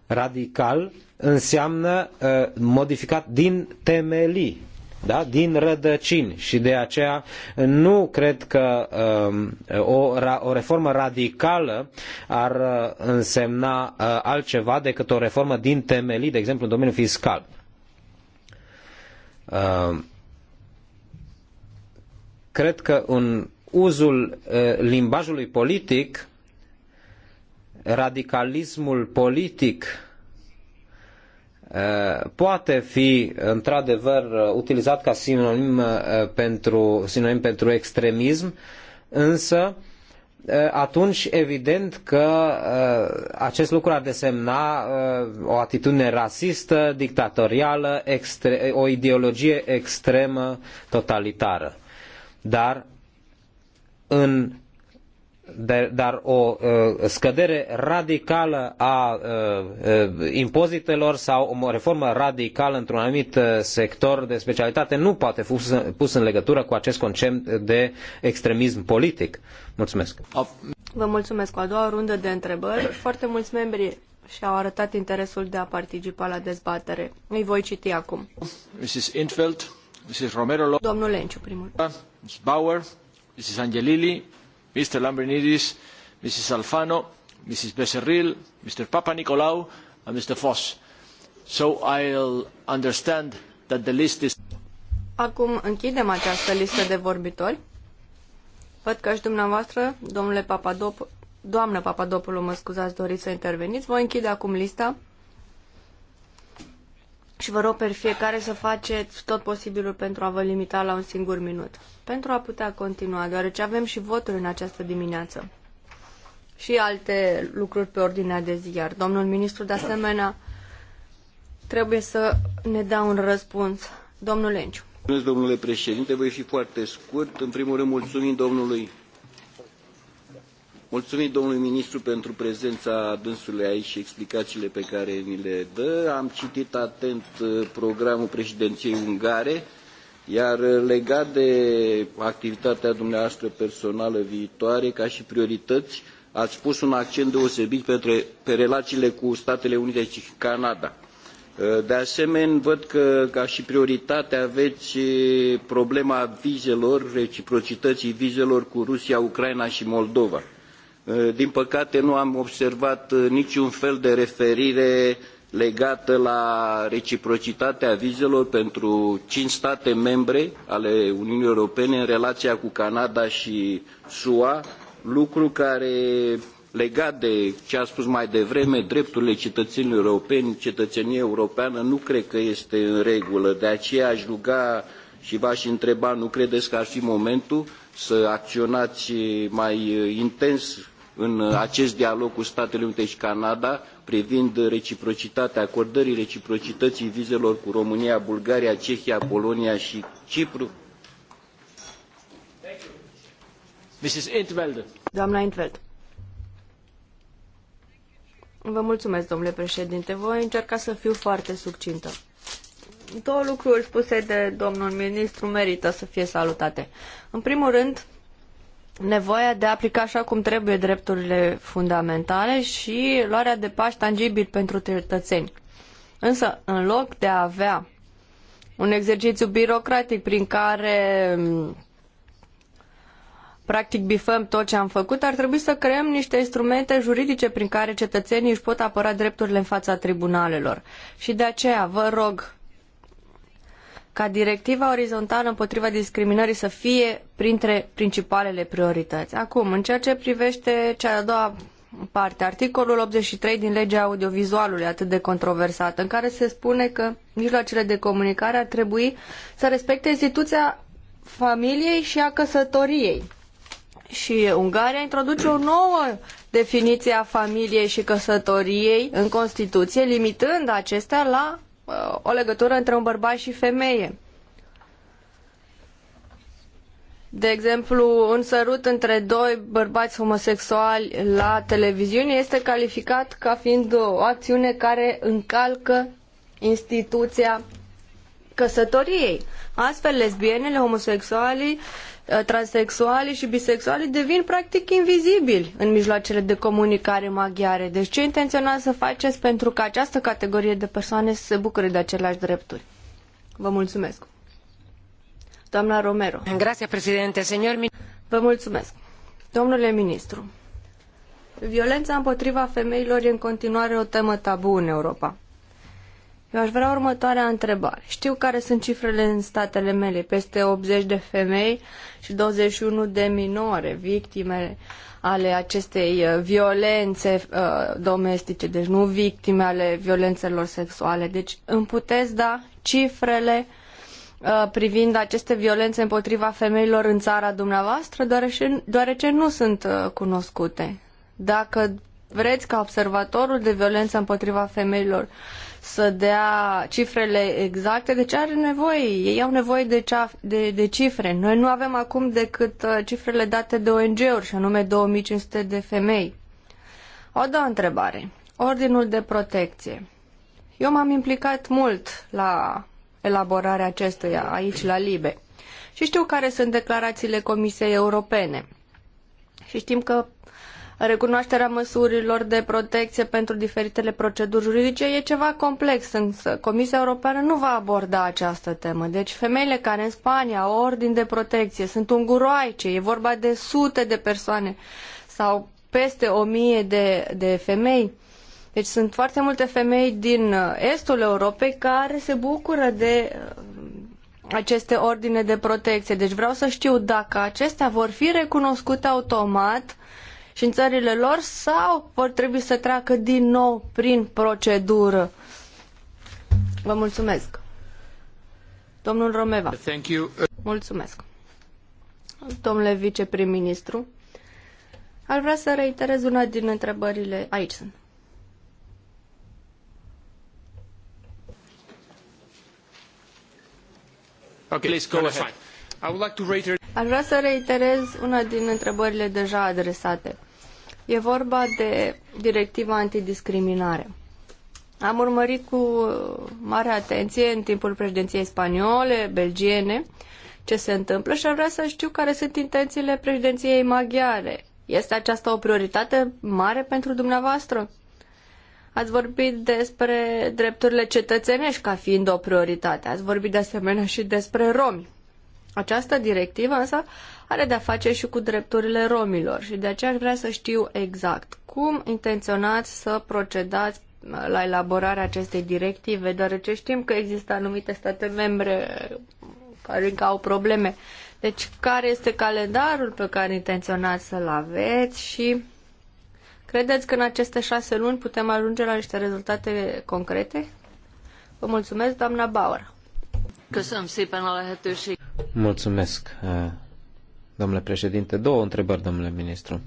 Radical înseamnă modificat din temelii da? din rădăcini și de aceea nu cred că um, o, o reformă radicală ar uh, însemna uh, altceva decât o reformă din temelii, de exemplu în domeniul fiscal. Um, cred că în uzul uh, limbajului politic, radicalismul politic Eh, poate fi într-adevăr eh, utilizat ca sinonim eh, pentru, sinonim pentru extremism, însă atunci evident că acest lucru ar desemna o atitudine rasistă, dictatorială, o ideologie extremă, totalitară. Dar în dar o uh, scădere radicală a uh, uh, impozitelor sau o reformă radicală într-un anumit sector de specialitate nu poate fi pus în legătură cu acest concept de extremism politic. Mulțumesc. Vă mulțumesc. O a doua rundă de întrebări. Foarte mulți membri și-au arătat interesul de a participa la dezbatere. Îi voi citi acum. Mrs. Intveld, Mrs. Romero, Domnul Lenciu, primul. Mrs. Bauer, Mrs. Angelilli, Mr. Lambrinidis, Mrs. Alfano, Mrs. Becerril, Mr. Papanicolaou, and Mr. Voss. So I'll understand that the list is... Acum închidem această listă de vorbitori. Văd că și dumneavoastră, domnule Papadop, doamnă Papadopoulou, mă scuzați, doriți să interveniți. Voi închide acum lista și vă rog pe fiecare să faceți tot posibilul pentru a vă limita la un singur minut, pentru a putea continua, deoarece avem și voturi în această dimineață și alte lucruri pe ordinea de zi, iar domnul ministru, de asemenea, trebuie să ne dea un răspuns. Domnul Enciu. Mulțumesc, domnule președinte. Voi fi foarte scurt. În primul rând, mulțumim domnului Mulțumim domnului ministru pentru prezența dânsului aici și explicațiile pe care ni le dă. Am citit atent uh, programul președinției ungare, iar uh, legat de activitatea dumneavoastră personală viitoare, ca și priorități, ați pus un accent deosebit pe, pe relațiile cu Statele Unite și Canada. Uh, de asemenea, văd că ca și prioritate aveți problema vizelor, reciprocității vizelor cu Rusia, Ucraina și Moldova. Eh, din păcate nu am observat eh, niciun fel de referire legată la reciprocitatea vizelor pentru cinci state membre ale Uniunii Europene în relația cu Canada și SUA, lucru care legat de ce a spus mai devreme, drepturile cetățenilor europeni, cetățenie europeană, nu cred că este în regulă. De aceea aș ruga și v-aș întreba, nu credeți că ar fi momentul să acționați mai uh, intens în uh, acest dialog cu Statele Unite și Canada privind reciprocitatea, acordării reciprocității vizelor cu România, Bulgaria, Cehia, Polonia și Cipru? Mrs. Intvelde. Doamna Intveld. Vă mulțumesc, domnule președinte. Voi încerca să fiu foarte succintă două lucruri spuse de domnul ministru merită să fie salutate. În primul rând, nevoia de a aplica așa cum trebuie drepturile fundamentale și luarea de pași tangibili pentru cetățeni. Însă, în loc de a avea un exercițiu birocratic prin care mm, practic bifăm tot ce am făcut, ar trebui să creăm niște instrumente juridice prin care cetățenii își pot apăra drepturile în fața tribunalelor. Și de aceea vă rog ca directiva orizontală împotriva discriminării să fie printre principalele priorități. Acum, în ceea ce privește cea de-a doua parte, articolul 83 din legea audiovizualului atât de controversat, în care se spune că mijloacele de comunicare ar trebui să respecte instituția familiei și a căsătoriei. Și Ungaria introduce o nouă definiție a familiei și căsătoriei în Constituție, limitând acestea la Uh, o legătură între un bărbat și femeie. De exemplu, un sărut între doi bărbați homosexuali la televiziune este calificat ca fiind o acțiune care încalcă instituția căsătoriei. Astfel, lesbienele, homosexualii uh, Uh, transexualii și bisexualii devin practic invizibili în mijloacele de comunicare maghiare. Deci ce intenționați să faceți pentru ca această categorie de persoane să se bucure de aceleași drepturi? Vă mulțumesc. Doamna Romero. Grazie, președinte. Vă mulțumesc. Domnule ministru, violența împotriva femeilor e în continuare o temă tabu în Europa. Eu aș vrea următoarea întrebare. Știu care sunt cifrele în statele mele, peste 80 de femei și 21 de minore, victime ale acestei uh, violențe uh, domestice, deci nu victime ale violențelor sexuale. Deci îmi puteți da cifrele uh, privind aceste violențe împotriva femeilor în țara dumneavoastră, deoarece, deoarece nu sunt uh, cunoscute. Dacă vreți ca observatorul de violență împotriva femeilor uh, să dea cifrele exacte, ce deci are nevoie, ei au nevoie de, cea, de, de cifre. Noi nu avem acum decât uh, cifrele date de ONG-uri, și anume 2500 de femei. O doua întrebare. Ordinul de protecție. Eu m-am implicat mult la elaborarea acestuia aici la Libe. Și știu care sunt declarațiile Comisiei Europene. Și știm că recunoașterea măsurilor de protecție pentru diferitele proceduri juridice e ceva complex, însă Comisia Europeană nu va aborda această temă. Deci femeile care în Spania au ordin de protecție sunt unguroaice, e vorba de sute de persoane sau peste o mie de, de femei. Deci sunt foarte multe femei din uh, estul Europei care se bucură de uh, aceste ordine de protecție. Deci vreau să știu dacă acestea vor fi recunoscute automat și în țările lor sau vor trebui să treacă din nou prin procedură? Vă mulțumesc. Domnul Romeva. Thank you. Mulțumesc. Domnule viceprim-ministru, ar vrea să reiterez una din întrebările. Aici sunt. Okay, go ahead. vrea să reiterez una din întrebările deja adresate. E vorba de directiva antidiscriminare. Am urmărit cu mare atenție în timpul președinției spaniole, belgiene, ce se întâmplă și am vrea să știu care sunt intențiile președinției maghiare. Este aceasta o prioritate mare pentru dumneavoastră? Ați vorbit despre drepturile cetățenești ca fiind o prioritate. Ați vorbit de asemenea și despre romi. Această directivă însă are de-a face și cu drepturile romilor și de aceea aș vrea să știu exact cum intenționați să procedați uh, la elaborarea acestei directive, deoarece știm că există anumite state membre uh, care încă au probleme. Deci, care este calendarul pe care intenționați să-l aveți și credeți că în aceste șase luni putem ajunge la niște rezultate concrete? Vă mulțumesc, doamna Bauer. Mulțumesc, uh, domnule președinte. Două întrebări, domnule ministru.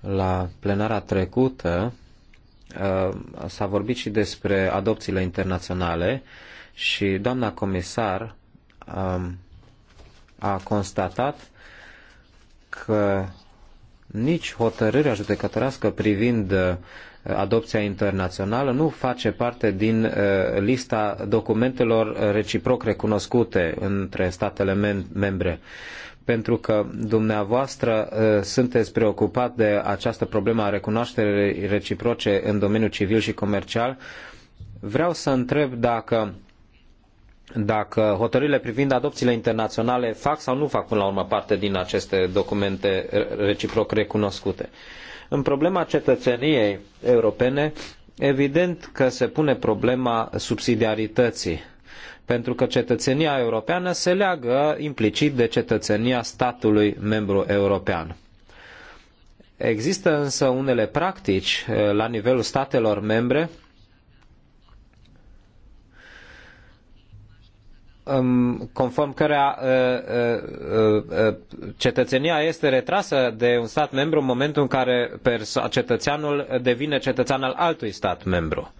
La plenara trecută uh, s-a vorbit și despre adopțiile internaționale și doamna comisar um, a constatat că nici hotărârea judecătorească privind uh, adopția internațională nu face parte din uh, lista documentelor reciproc recunoscute între statele membre pentru că dumneavoastră uh, sunteți preocupat de această problemă a recunoașterii reciproce în domeniul civil și comercial, vreau să întreb dacă dacă hotărârile privind adopțiile internaționale fac sau nu fac până la urmă parte din aceste documente reciproc recunoscute. Uh, în problema cetățeniei europene, evident că se pune problema subsidiarității, pentru că cetățenia europeană se leagă implicit de cetățenia statului membru european. Există însă unele practici eh, la nivelul statelor membre conform cărea ă, ă, ă, cetățenia este retrasă de un stat membru în momentul în care cetățeanul devine cetățean al altui stat membru.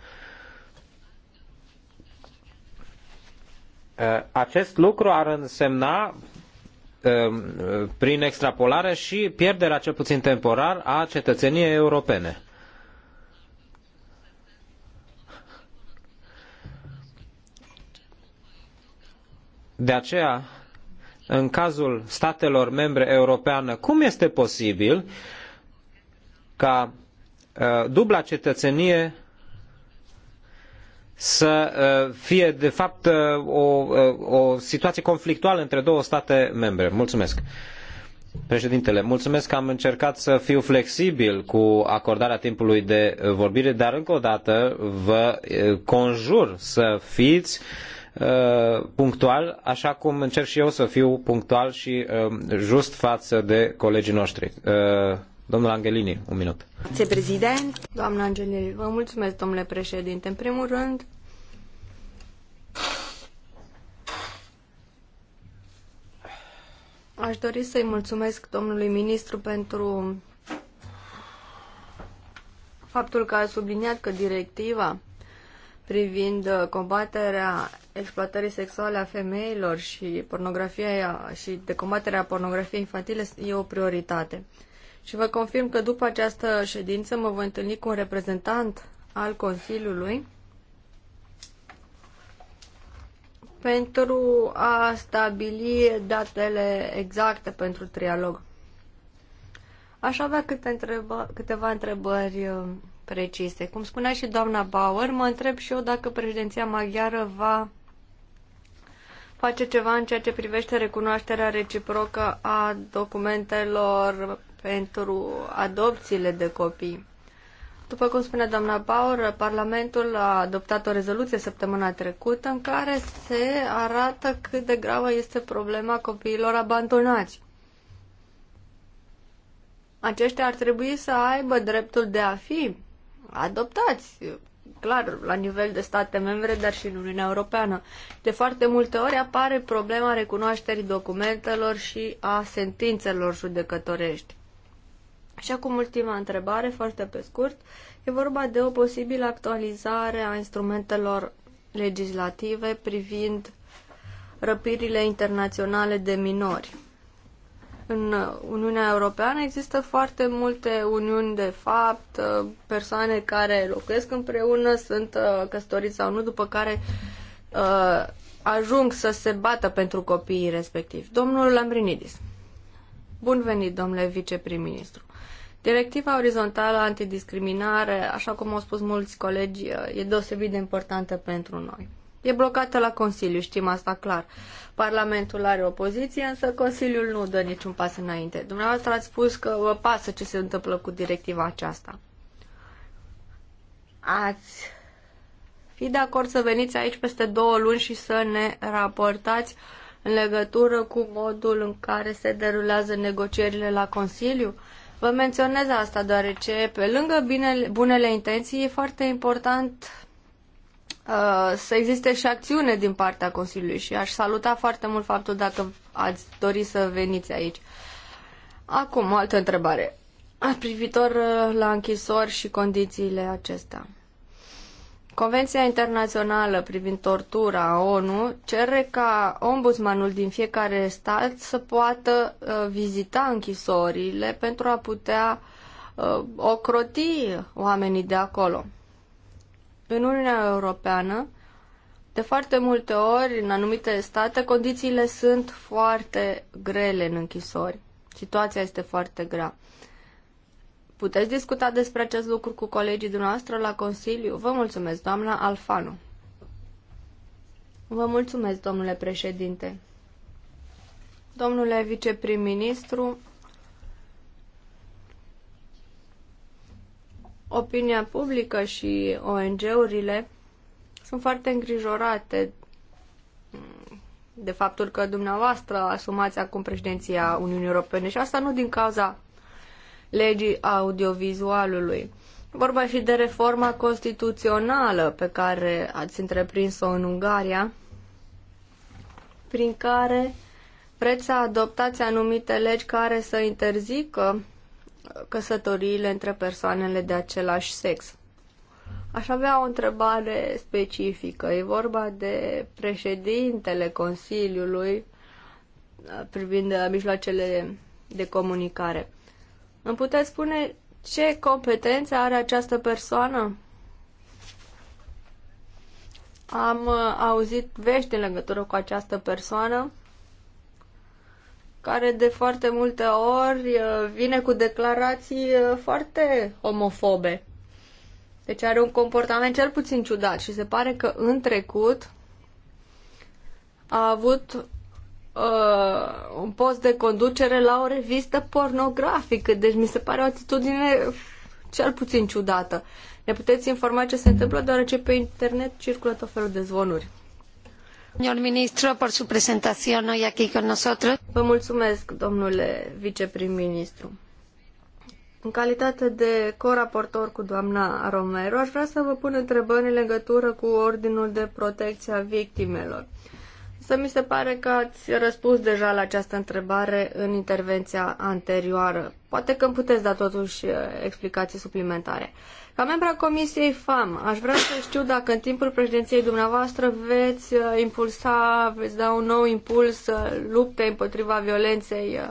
Acest lucru ar însemna prin extrapolare și pierderea cel puțin temporar a cetățeniei europene. De aceea, în cazul statelor membre europeană, cum este posibil ca uh, dubla cetățenie să uh, fie, de fapt, uh, o, uh, o situație conflictuală între două state membre? Mulțumesc. Președintele, mulțumesc că am încercat să fiu flexibil cu acordarea timpului de vorbire, dar încă o dată vă uh, conjur să fiți uh, Uh, punctual, așa cum încerc și eu să fiu punctual și uh, just față de colegii noștri. Uh, domnul Angelini, un minut. Ție prezident, doamna Angelini, vă mulțumesc, domnule președinte. În primul rând, Aș dori să-i mulțumesc domnului ministru pentru faptul că a subliniat că directiva privind uh, combaterea exploatării sexuale a femeilor și pornografia și de combaterea pornografiei infantile e o prioritate. Și vă confirm că după această ședință mă voi întâlni cu un reprezentant al Consiliului pentru a stabili datele exacte pentru trialog. Aș avea câte întreba, câteva întrebări uh, precise. Cum spunea și doamna Bauer, mă întreb și eu dacă președinția maghiară va face ceva în ceea ce privește recunoașterea reciprocă a documentelor pentru adopțiile de copii. După cum spune doamna Bauer, Parlamentul a adoptat o rezoluție săptămâna trecută în care se arată cât de gravă este problema copiilor abandonați. Aceștia ar trebui să aibă dreptul de a fi adoptați, clar, la nivel de state membre, dar și în Uniunea Europeană. De foarte multe ori apare problema recunoașterii documentelor și a sentințelor judecătorești. Și acum ultima întrebare, foarte pe scurt. E vorba de o posibilă actualizare a instrumentelor legislative privind răpirile internaționale de minori în Uniunea Europeană există foarte multe uniuni de fapt, ă, persoane care locuiesc împreună, sunt ă, căsătoriți sau nu, după care uh, ajung să se bată pentru copiii respectivi. Domnul Lambrinidis. Bun venit, domnule viceprim-ministru. Directiva orizontală antidiscriminare, așa cum au spus mulți colegi, e deosebit de importantă pentru noi. E blocată la Consiliu, știm asta clar. Parlamentul are opoziție, însă Consiliul nu dă niciun pas înainte. Dumneavoastră ați spus că vă pasă ce se întâmplă cu directiva aceasta. Ați fi de acord să veniți aici peste două luni și să ne raportați în legătură cu modul în care se derulează negocierile la Consiliu? Vă menționez asta deoarece, pe lângă binele, bunele intenții, e foarte important Uh, să existe și acțiune din partea Consiliului și aș saluta foarte mult faptul dacă ați dori să veniți aici. Acum, o altă întrebare. Ah, privitor uh, la închisori și condițiile acestea. Convenția internațională privind tortura ONU cere ca ombudsmanul din fiecare stat să poată uh, vizita închisorile pentru a putea uh, ocroti oamenii de acolo. În Uniunea Europeană, de foarte multe ori, în anumite state, condițiile sunt foarte grele în închisori. Situația este foarte grea. Puteți discuta despre acest lucru cu colegii dumneavoastră la Consiliu? Vă mulțumesc, doamna Alfano. Vă mulțumesc, domnule președinte. Domnule viceprim-ministru, Opinia publică și ONG-urile sunt foarte îngrijorate mm, de faptul că dumneavoastră asumați acum președinția Uniunii Europene și asta nu din cauza legii audiovizualului. Vorba și de reforma constituțională pe care ați întreprins-o în Ungaria, prin care vreți să adoptați anumite legi care să interzică căsătoriile între persoanele de același sex. Aș avea o întrebare specifică. E vorba de președintele Consiliului uh, privind uh, mijloacele de comunicare. Îmi puteți spune ce competențe are această persoană? Am uh, auzit vești în legătură cu această persoană care de foarte multe ori uh, vine cu declarații uh, foarte homofobe. Deci are un comportament cel puțin ciudat și se pare că în trecut a avut uh, un post de conducere la o revistă pornografică. Deci mi se pare o atitudine cel puțin ciudată. Ne puteți informa ce se întâmplă, deoarece pe internet circulă tot felul de zvonuri. Señor Ministru, por su presentación hoy aquí con nosotros. Vă mulțumesc, domnule viceprim-ministru. În calitate de coraportor cu doamna Romero, aș vrea să vă pun întrebări în legătură cu Ordinul de Protecție a Victimelor. Să mi se pare că ați răspuns deja la această întrebare în intervenția anterioară. Poate că îmi puteți da totuși eh, explicații suplimentare. Uh, ca a Comisiei FAM, aș vrea să știu dacă în timpul președinției dumneavoastră veți uh, impulsa, veți da un nou impuls uh, luptei împotriva violenței uh,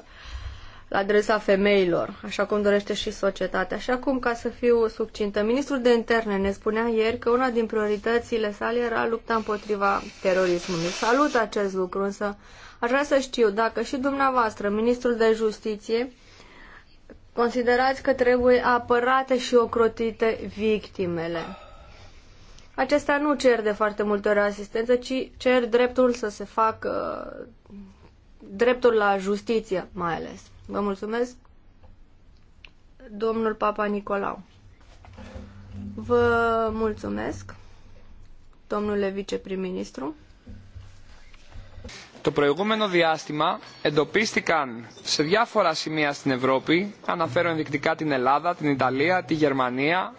la adresa femeilor, așa cum dorește și societatea. Așa cum, ca să fiu succintă, ministrul de interne ne spunea ieri că una din prioritățile sale era lupta împotriva terorismului. Salut acest lucru, însă aș vrea să știu dacă și dumneavoastră, ministrul de justiție, Considerați că trebuie apărate și ocrotite victimele. Acestea nu cer de foarte multe ori asistență, ci cer dreptul să se facă dreptul la justiție, mai ales. Vă mulțumesc, domnul Papa Nicolau. Vă mulțumesc, domnule viceprim-ministru. Το προηγούμενο διάστημα εντοπίστηκαν σε διάφορα σημεία στην Ευρώπη, αναφέρω ενδεικτικά την Ελλάδα, την Ιταλία, τη Γερμανία,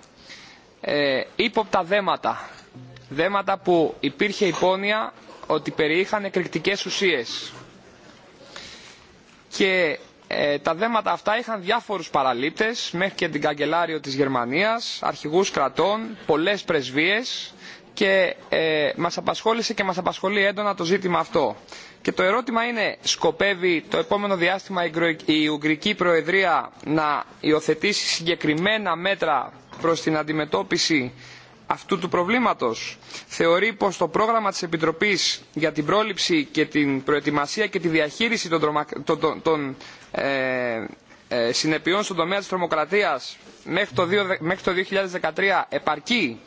ε, ύποπτα δέματα. Δέματα που υπήρχε υπόνοια ότι περιείχαν εκρηκτικές ουσίες. Και ε, τα δέματα αυτά είχαν διάφορους παραλήπτες, μέχρι και την καγκελάριο της Γερμανίας, αρχηγούς κρατών, πολλές πρεσβείες και ε, μας απασχόλησε και μας απασχολεί έντονα το ζήτημα αυτό. Και το ερώτημα είναι, σκοπεύει το επόμενο διάστημα η Ουγγρική Προεδρία να υιοθετήσει συγκεκριμένα μέτρα προς την αντιμετώπιση αυτού του προβλήματος. Θεωρεί πως το πρόγραμμα της Επιτροπής για την πρόληψη και την προετοιμασία και τη διαχείριση των, τρομα... των, των, των ε, ε, συνεπειών στον τομέα της τρομοκρατίας μέχρι το, 2, μέχρι το 2013 επαρκεί.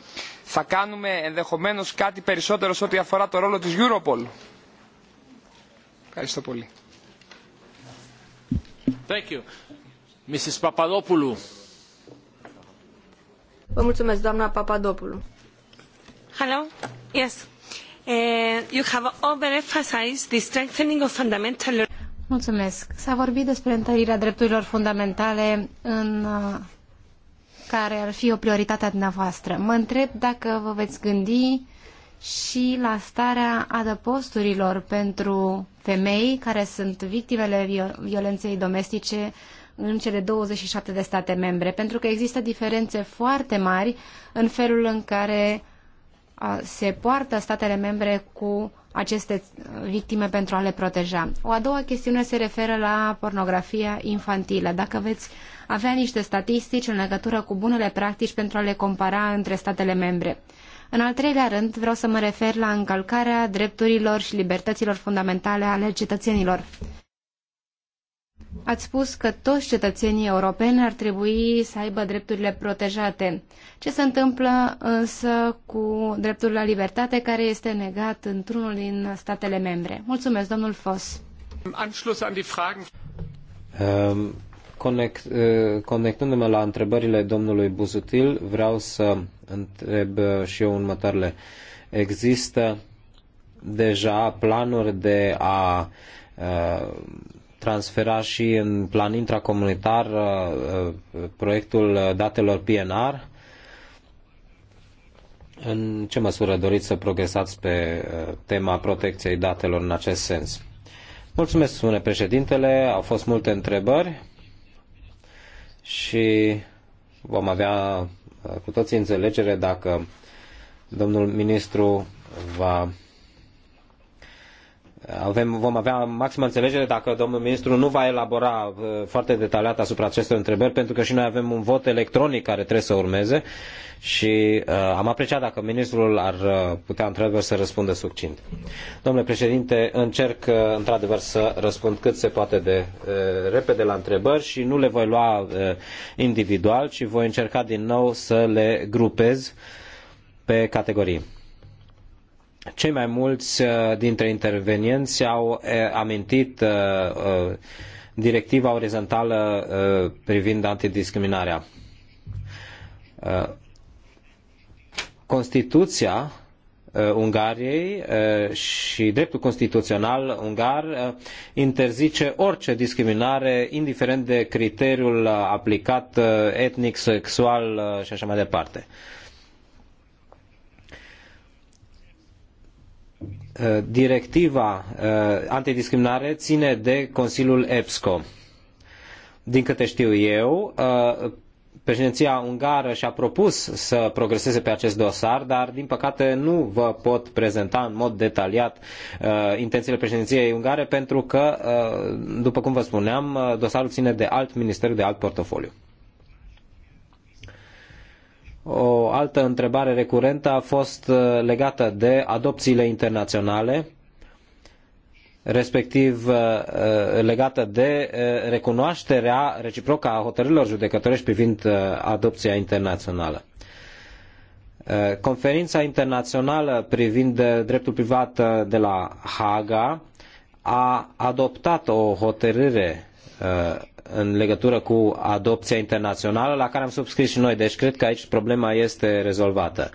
Θα κάνουμε ενδεχομένως κάτι περισσότερο σε ό,τι αφορά το ρόλο της Europol. Ευχαριστώ πολύ. Thank you. Mrs. Papadopoulou. Vă mulțumesc, doamna Papadopoulou. Hello. Yes. Uh, you have overemphasized the strengthening of fundamental Mulțumesc. S-a vorbit despre întărirea drepturilor fundamentale în uh, care ar fi o prioritate a dumneavoastră. Mă întreb dacă vă veți gândi și la starea adăposturilor pentru femei care sunt victimele violenței domestice în cele 27 de state membre, pentru că există diferențe foarte mari în felul în care se poartă statele membre cu aceste uh, victime pentru a le proteja. O a doua chestiune se referă la pornografia infantilă. Dacă veți avea niște statistici în legătură cu bunele practici pentru a le compara între statele membre. În al treilea rând, vreau să mă refer la încălcarea drepturilor și libertăților fundamentale ale cetățenilor. Ați spus că toți cetățenii europeni ar trebui să aibă drepturile protejate. Ce se întâmplă însă cu dreptul la libertate care este negat într-unul din statele membre? Mulțumesc, domnul Fos. Conect, uh, conectându-mă la întrebările domnului Buzutil, vreau să întreb uh, și eu următoarele. Există deja planuri de a uh, transfera și în plan intracomunitar proiectul datelor PNR? În ce măsură doriți să progresați pe tema protecției datelor în acest sens? Mulțumesc, spune președintele. Au fost multe întrebări și vom avea uh, cu toții înțelegere dacă domnul ministru va uh, avem, vom avea maximă înțelegere dacă domnul ministru nu va elabora uh, foarte detaliat asupra acestor întrebări, pentru că și noi avem un vot electronic care trebuie să urmeze. Uh, și uh, am apreciat dacă ministrul ar uh, putea într să răspundă succint. Domnule președinte, încerc uh, într-adevăr să răspund cât se poate de uh, repede la întrebări și nu le voi lua uh, individual, ci voi încerca din nou să le grupez pe categorii. Cei mai mulți uh, dintre intervenienți au uh, amintit directiva orizontală privind antidiscriminarea. Constituția uh, Ungariei uh, și dreptul constituțional ungar uh, interzice orice discriminare, indiferent de criteriul aplicat etnic, sexual și așa mai departe. Directiva antidiscriminare ține de Consiliul EPSCO. Din câte știu eu, Președinția ungară și-a propus să progreseze pe acest dosar, dar din păcate nu vă pot prezenta în mod detaliat uh, intențiile președinției ungare pentru că, uh, după cum vă spuneam, uh, dosarul ține de alt ministeriu de alt portofoliu. O altă întrebare recurentă a fost uh, legată de adopțiile internaționale respectiv uh, uh, legată de uh, recunoașterea reciprocă a hotărârilor judecătorești privind adopția internațională. Conferința internațională privind dreptul privat de la Haga a adoptat o hotărâre în legătură cu adopția internațională la care am subscris și noi, deci cred că aici problema este rezolvată.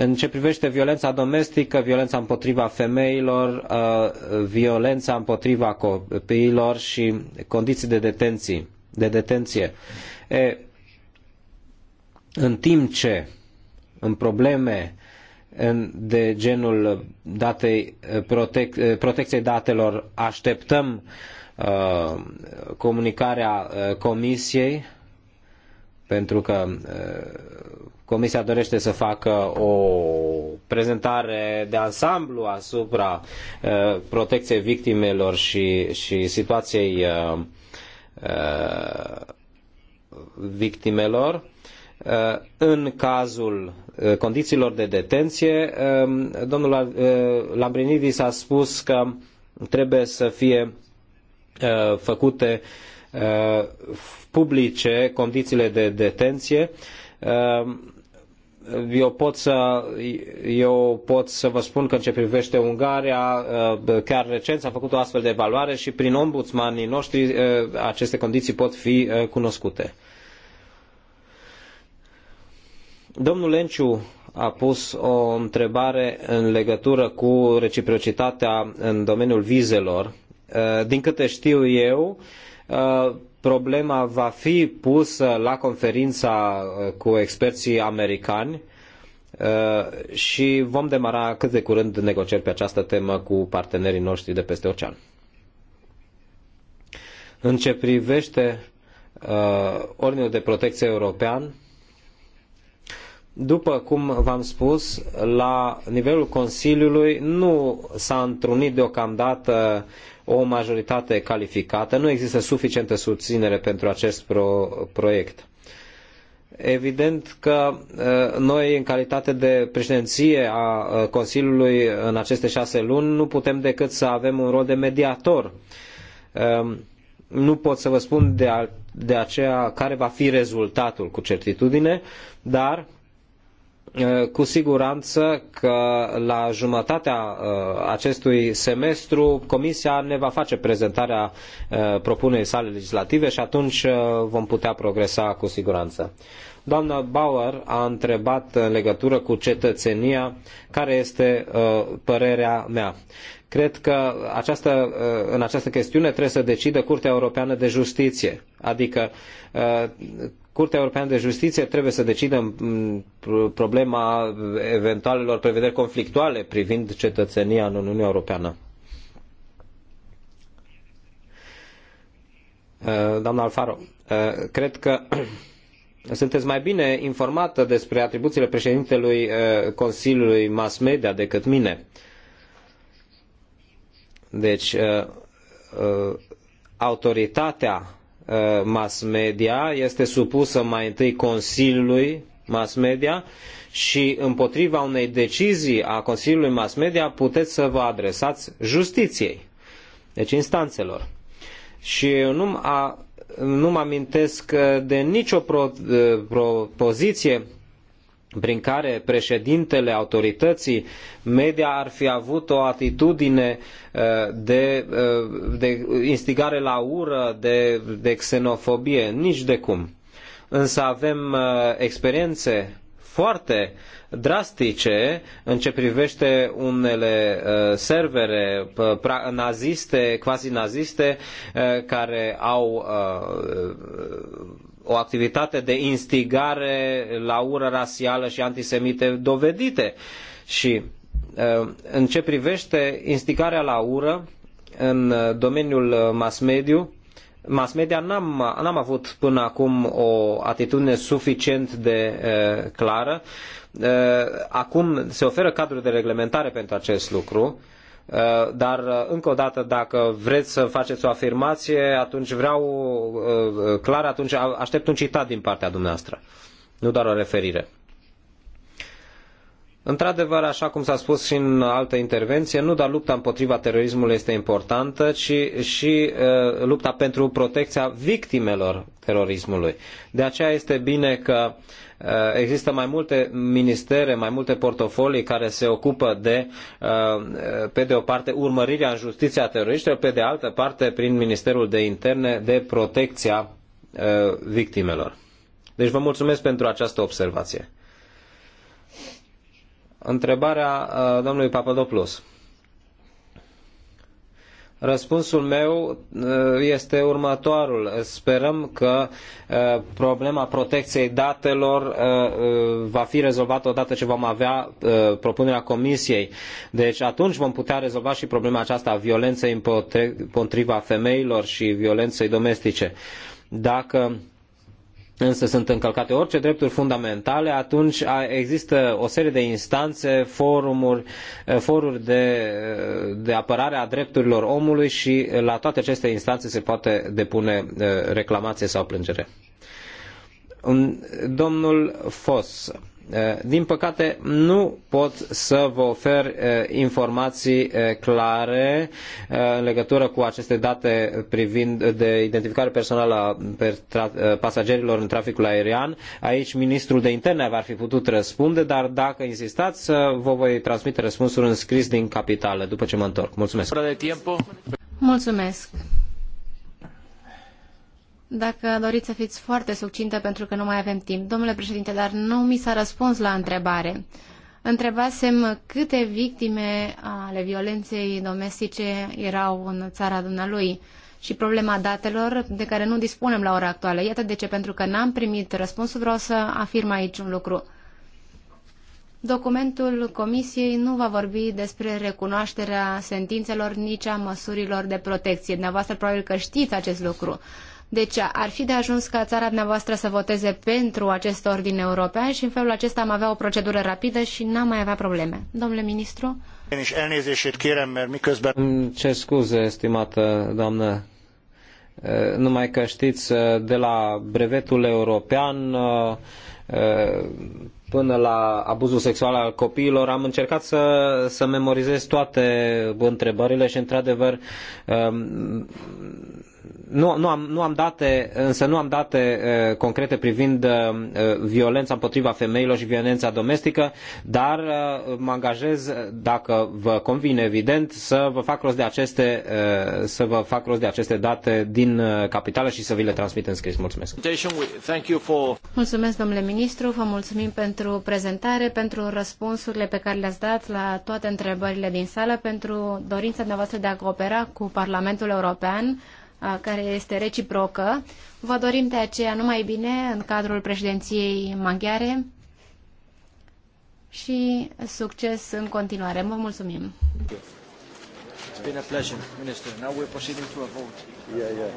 În ce privește violența domestică, violența împotriva femeilor, uh, violența împotriva copiilor și condiții de detenție. De detenție. E, în timp ce în probleme de genul datei, protec, protecției datelor așteptăm uh, comunicarea uh, comisiei, pentru că Comisia dorește să facă o prezentare de ansamblu asupra protecției victimelor și, și situației victimelor în cazul condițiilor de detenție. Domnul Lambrinidis a spus că trebuie să fie făcute Uh, publice condițiile de detenție. Uh, eu pot, să, eu pot să vă spun că în ce privește Ungaria, uh, chiar recent s-a făcut o astfel de evaluare și prin ombudsmanii noștri aceste condiții pot fi cunoscute. Domnul Enciu a pus o întrebare în legătură cu reciprocitatea în domeniul vizelor. Din câte știu eu, uh, Uh, problema va fi pusă la conferința uh, cu experții americani uh, și vom demara cât de curând negocieri pe această temă cu partenerii noștri de peste ocean. În ce privește uh, Ordinul de Protecție European, după cum v-am spus, la nivelul Consiliului nu s-a întrunit deocamdată uh, o majoritate calificată, nu există suficientă susținere pentru acest pro- proiect. Evident că uh, noi, în calitate de președinție a uh, Consiliului în aceste șase luni, nu putem decât să avem un rol de mediator. Um, nu pot să vă spun de, a, de aceea care va fi rezultatul cu certitudine, dar Eh, cu siguranță că la jumătatea eh, acestui semestru Comisia ne va face prezentarea eh, propunerii sale legislative și atunci vom putea progresa cu siguranță. Doamna Bauer a întrebat în legătură cu cetățenia care este părerea mea. Cred că această, în această chestiune trebuie să decidă Curtea Europeană de Justiție, adică Curtea Europeană de Justiție trebuie să decidă mm, problema eventualelor prevederi conflictuale privind cetățenia în Uniunea Europeană. Eh, doamna Alfaro, eh, cred că <clears throat> sunteți mai bine informată despre atribuțiile președintelui eh, Consiliului Mass Media decât mine. Deci, autoritatea Uh, mass media, este supusă mai întâi Consiliului mass media și împotriva unei decizii a Consiliului mass media puteți să vă adresați justiției, deci instanțelor. Și nu, a, nu mă amintesc uh, de nicio pro, uh, propoziție prin care președintele autorității media ar fi avut o atitudine eh, de, eh, de instigare la ură, de, de xenofobie, nici de cum. Însă avem eh, experiențe foarte drastice în ce privește unele servere naziste, quasi naziste, care au o activitate de instigare la ură rasială și antisemite dovedite. Și uh, în ce privește instigarea la ură în domeniul mass mediu, mass media n-am, n-am avut până acum o atitudine suficient de uh, clară. Uh, acum se oferă cadrul de reglementare pentru acest lucru Uh, dar uh, încă o dată dacă vreți să faceți o afirmație, atunci vreau uh, clar, atunci aștept un citat din partea dumneavoastră, nu doar o referire. Într-adevăr, așa cum s-a spus și în altă intervenție, nu doar lupta împotriva terorismului este importantă, ci și uh, lupta pentru protecția victimelor terorismului. De aceea este bine că uh, Eh, există mai multe ministere, mai multe portofolii care se ocupă de, eh, pe de o parte, urmărirea în justiția teroriștilor, pe de altă parte, prin Ministerul de Interne, de protecția eh, victimelor. Deci vă mulțumesc pentru această observație. Întrebarea domnului Papadopoulos. Răspunsul meu uh, este următorul. Sperăm că uh, problema protecției datelor uh, va fi rezolvată odată ce vom avea propunerea Comisiei. Deci atunci vom putea rezolva și problema aceasta a violenței împotriva femeilor și violenței domestice. Dacă însă sunt încălcate orice drepturi fundamentale, atunci există o serie de instanțe, forumuri, eh, foruri de, eh, de apărare a drepturilor omului și la toate aceste instanțe se poate depune eh, reclamație sau plângere. Domnul Foss, Eh, din păcate, nu pot să vă ofer eh, informații eh, clare în legătură cu aceste date privind de identificare personală a pasagerilor în traficul aerian. Aici ministrul de interne ar fi putut răspunde, dar dacă insistați, vă voi transmite răspunsul în scris din capitală după ce mă întorc. Mulțumesc. Mulțumesc. Dacă doriți să fiți foarte succintă pentru că nu mai avem timp. Domnule președinte, dar nu mi s-a răspuns la întrebare. Întrebasem câte victime ale violenței domestice erau în țara dumnealui și problema datelor de care nu dispunem la ora actuală. Iată de ce, pentru că n-am primit răspunsul, vreau să afirm aici un lucru. Documentul Comisiei nu va vorbi despre recunoașterea sentințelor nici a măsurilor de protecție. Dumneavoastră probabil că știți acest lucru. Deci ar fi de ajuns ca țara dumneavoastră să voteze pentru acest ordin european și în felul acesta am avea o procedură rapidă și n-am mai avea probleme. Domnule ministru? Ce scuze, estimată doamnă numai că știți, de la brevetul european până la abuzul sexual al copiilor, am încercat să, să memorizez toate întrebările și, într-adevăr, nu, nu, am, nu am date, însă nu am date uh, concrete privind uh, violența împotriva femeilor și violența domestică, dar uh, mă angajez, dacă vă convine, evident, să vă fac rost de aceste, uh, să vă fac rost de aceste date din uh, capitală și să vi le transmit în scris. Mulțumesc! Mulțumesc, domnule ministru, vă mulțumim pentru prezentare, pentru răspunsurile pe care le-ați dat la toate întrebările din sală, pentru dorința de a coopera cu Parlamentul European care este reciprocă. Vă dorim de aceea numai bine în cadrul președinției maghiare și succes în continuare. Vă mulțumim! It's been a pleasure, Minister. Now we're proceeding to a vote. Yeah, yeah.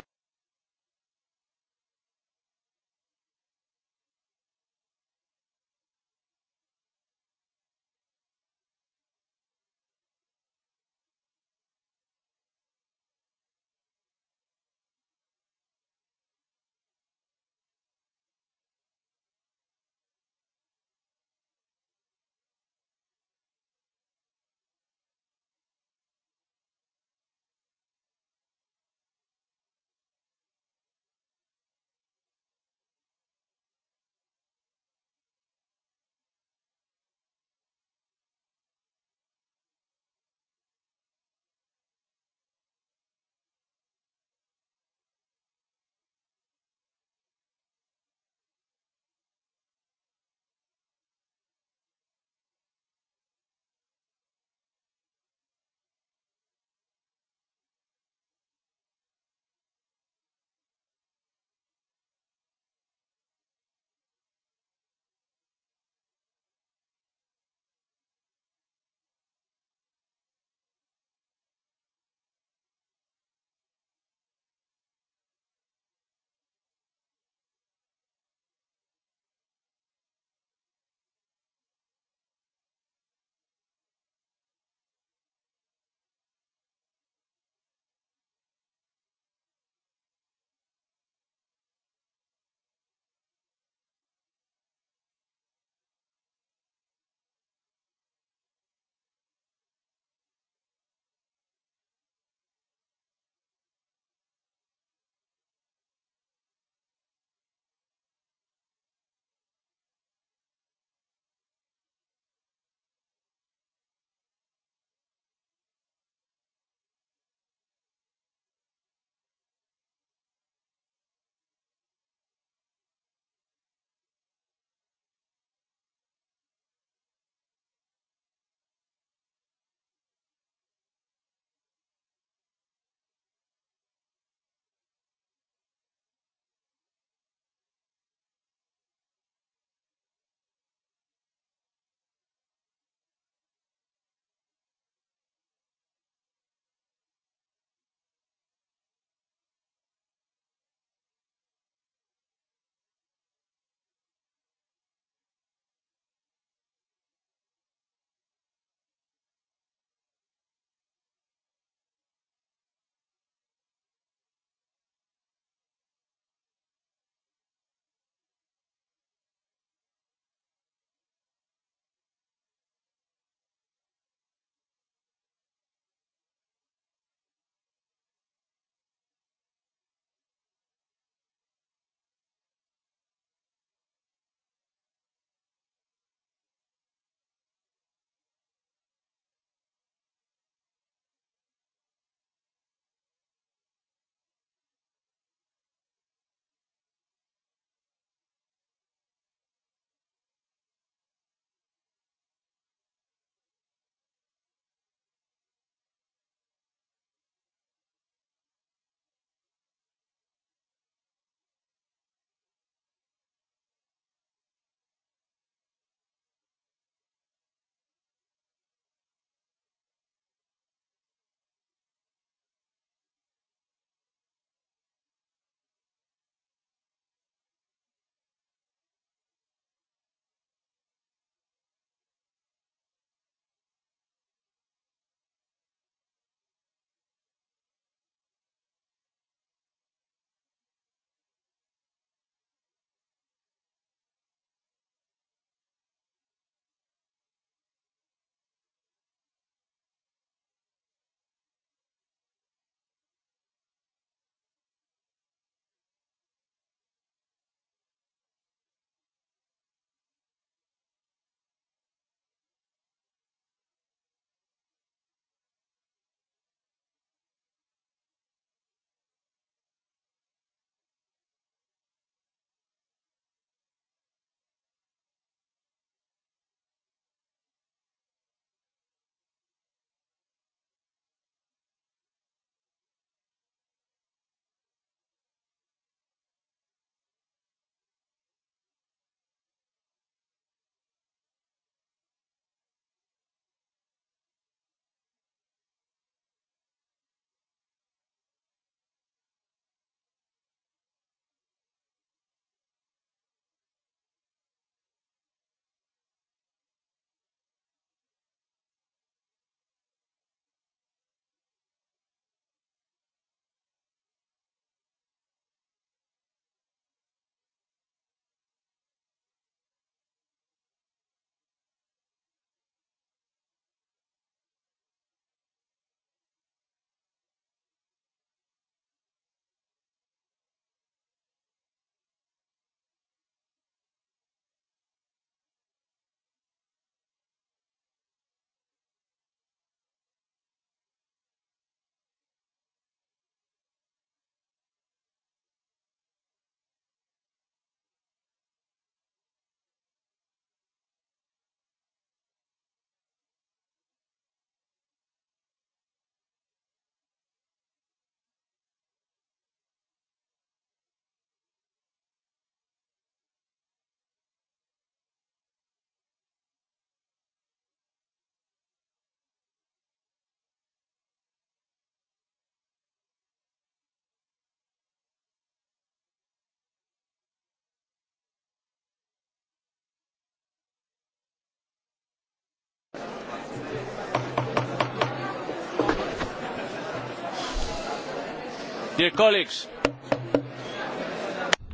Dear colleagues,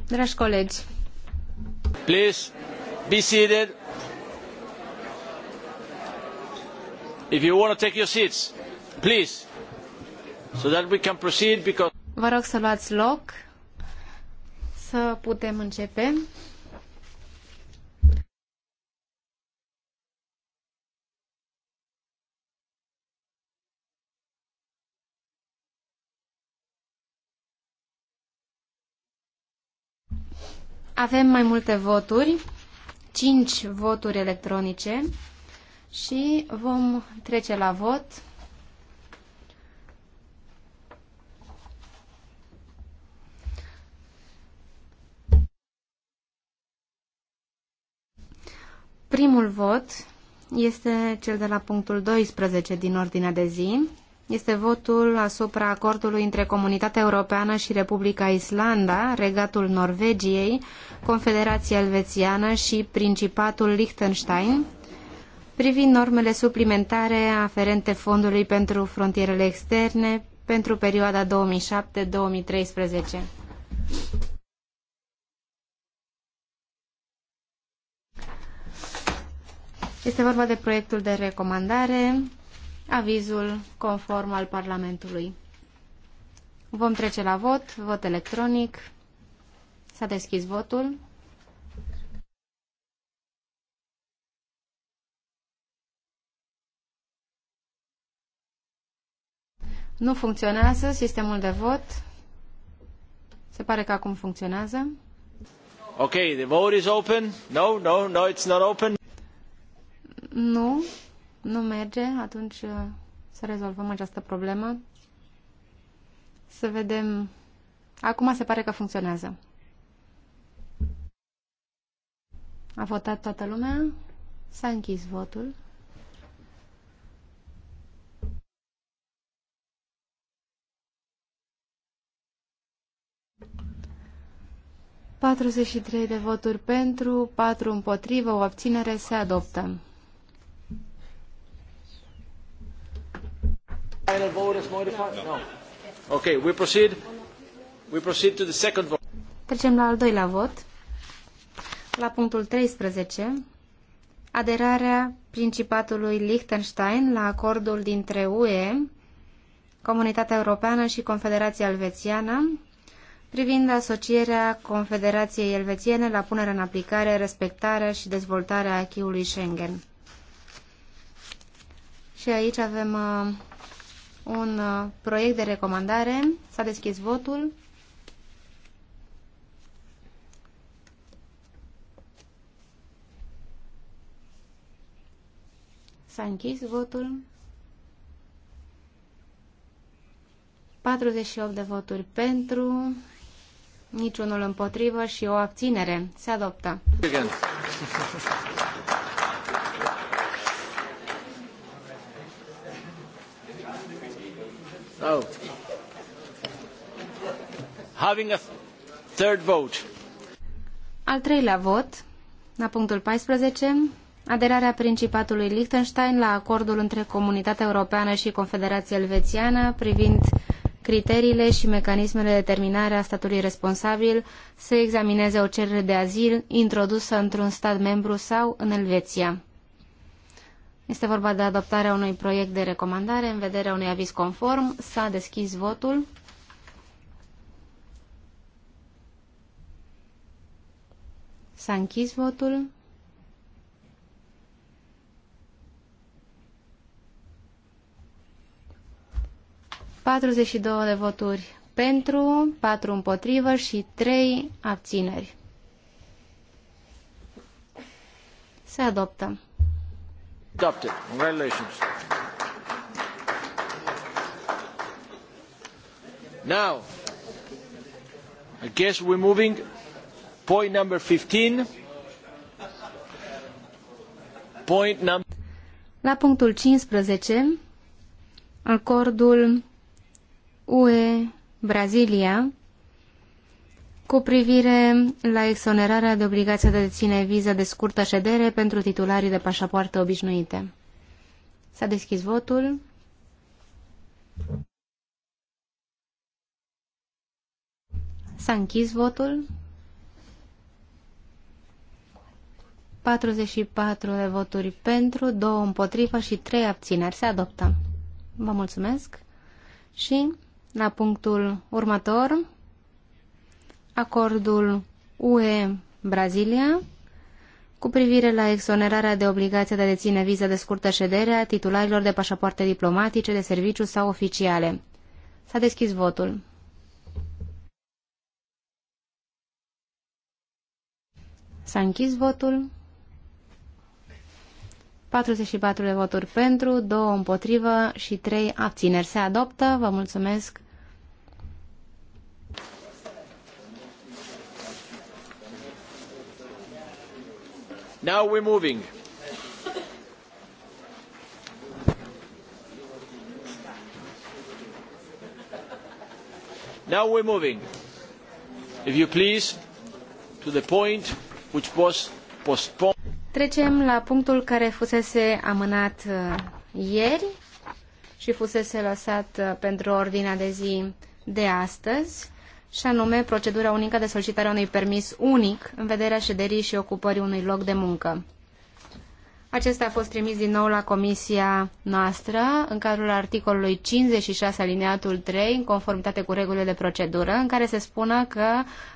Dragi colegi, please be seated. If you want to take your seats, please, so that we can proceed because. Vă rog să luați loc, să putem începe. Avem mai multe voturi, 5 voturi electronice și vom trece la vot. Primul vot este cel de la punctul 12 din ordinea de zi, este votul asupra acordului între Comunitatea Europeană și Republica Islanda, Regatul Norvegiei, Confederația Elvețiană și Principatul Liechtenstein privind normele suplimentare aferente Fondului pentru Frontierele Externe pentru perioada 2007-2013. Este vorba de proiectul de recomandare avizul conform al Parlamentului. Vom trece la vot, vot electronic. S-a deschis votul. Nu funcționează sistemul de vot. Se pare că acum funcționează. Ok, the vote is open. No, no, no, it's not open. Nu, nu merge, atunci uh, să rezolvăm această problemă. Să vedem. Acum se pare că funcționează. A votat toată lumea. S-a închis votul. Patruzeci și trei de voturi pentru, patru împotrivă, o abținere se adoptă. Final vote is modified? No. Okay, we proceed. We proceed to the second vote. Trecem la al doilea vot. La punctul 13, aderarea Principatului Liechtenstein la acordul dintre UE, Comunitatea Europeană și Confederația Elvețiană privind asocierea Confederației Elvețiene la punerea în aplicare, respectarea și dezvoltarea acquis Schengen. Și aici avem uh, un uh, proiect de recomandare. S-a deschis votul. S-a închis votul. 48 de voturi pentru, niciunul împotrivă și o abținere. Se adoptă. Again. Oh. Having a third vote. Al treilea vot, la punctul 14, aderarea Principatului Liechtenstein la acordul între Comunitatea Europeană și Confederația Elvețiană privind criteriile și mecanismele de determinare a statului responsabil să examineze o cerere de azil introdusă într-un stat membru sau în Elveția. Este vorba de adoptarea unui proiect de recomandare în vederea unui aviz conform. S-a deschis votul. S-a închis votul. 42 de voturi pentru, 4 împotrivă și 3 abțineri. Se adoptă. Adopted. Congratulations. Now, I guess we're moving point number 15. Point la punctul 15, acordul UE-Brazilia cu privire la exonerarea de obligația de a deține viză de scurtă ședere pentru titularii de pașapoarte obișnuite. S-a deschis votul. S-a închis votul. 44 de voturi pentru, 2 împotrivă și 3 abțineri. Se adoptă. Vă mulțumesc. Și la punctul următor, acordul UE-Brazilia cu privire la exonerarea de obligația de a deține viză de scurtă ședere a titularilor de pașapoarte diplomatice, de serviciu sau oficiale. S-a deschis votul. S-a închis votul. 44 de voturi pentru, 2 împotrivă și 3 abțineri. Se adoptă. Vă mulțumesc Now we're moving. Now we're moving, if you please, to the point which was postponed. Trecem la punctul care fusese amânat uh, ieri și fusese lăsat uh, pentru ordinea de zi de astăzi și anume procedura unică de solicitare a unui permis unic în vederea șederii și ocupării unui loc de muncă. Acesta a fost trimis din nou la comisia noastră în cadrul articolului 56 alineatul 3 în conformitate cu regulile de procedură în care se spune că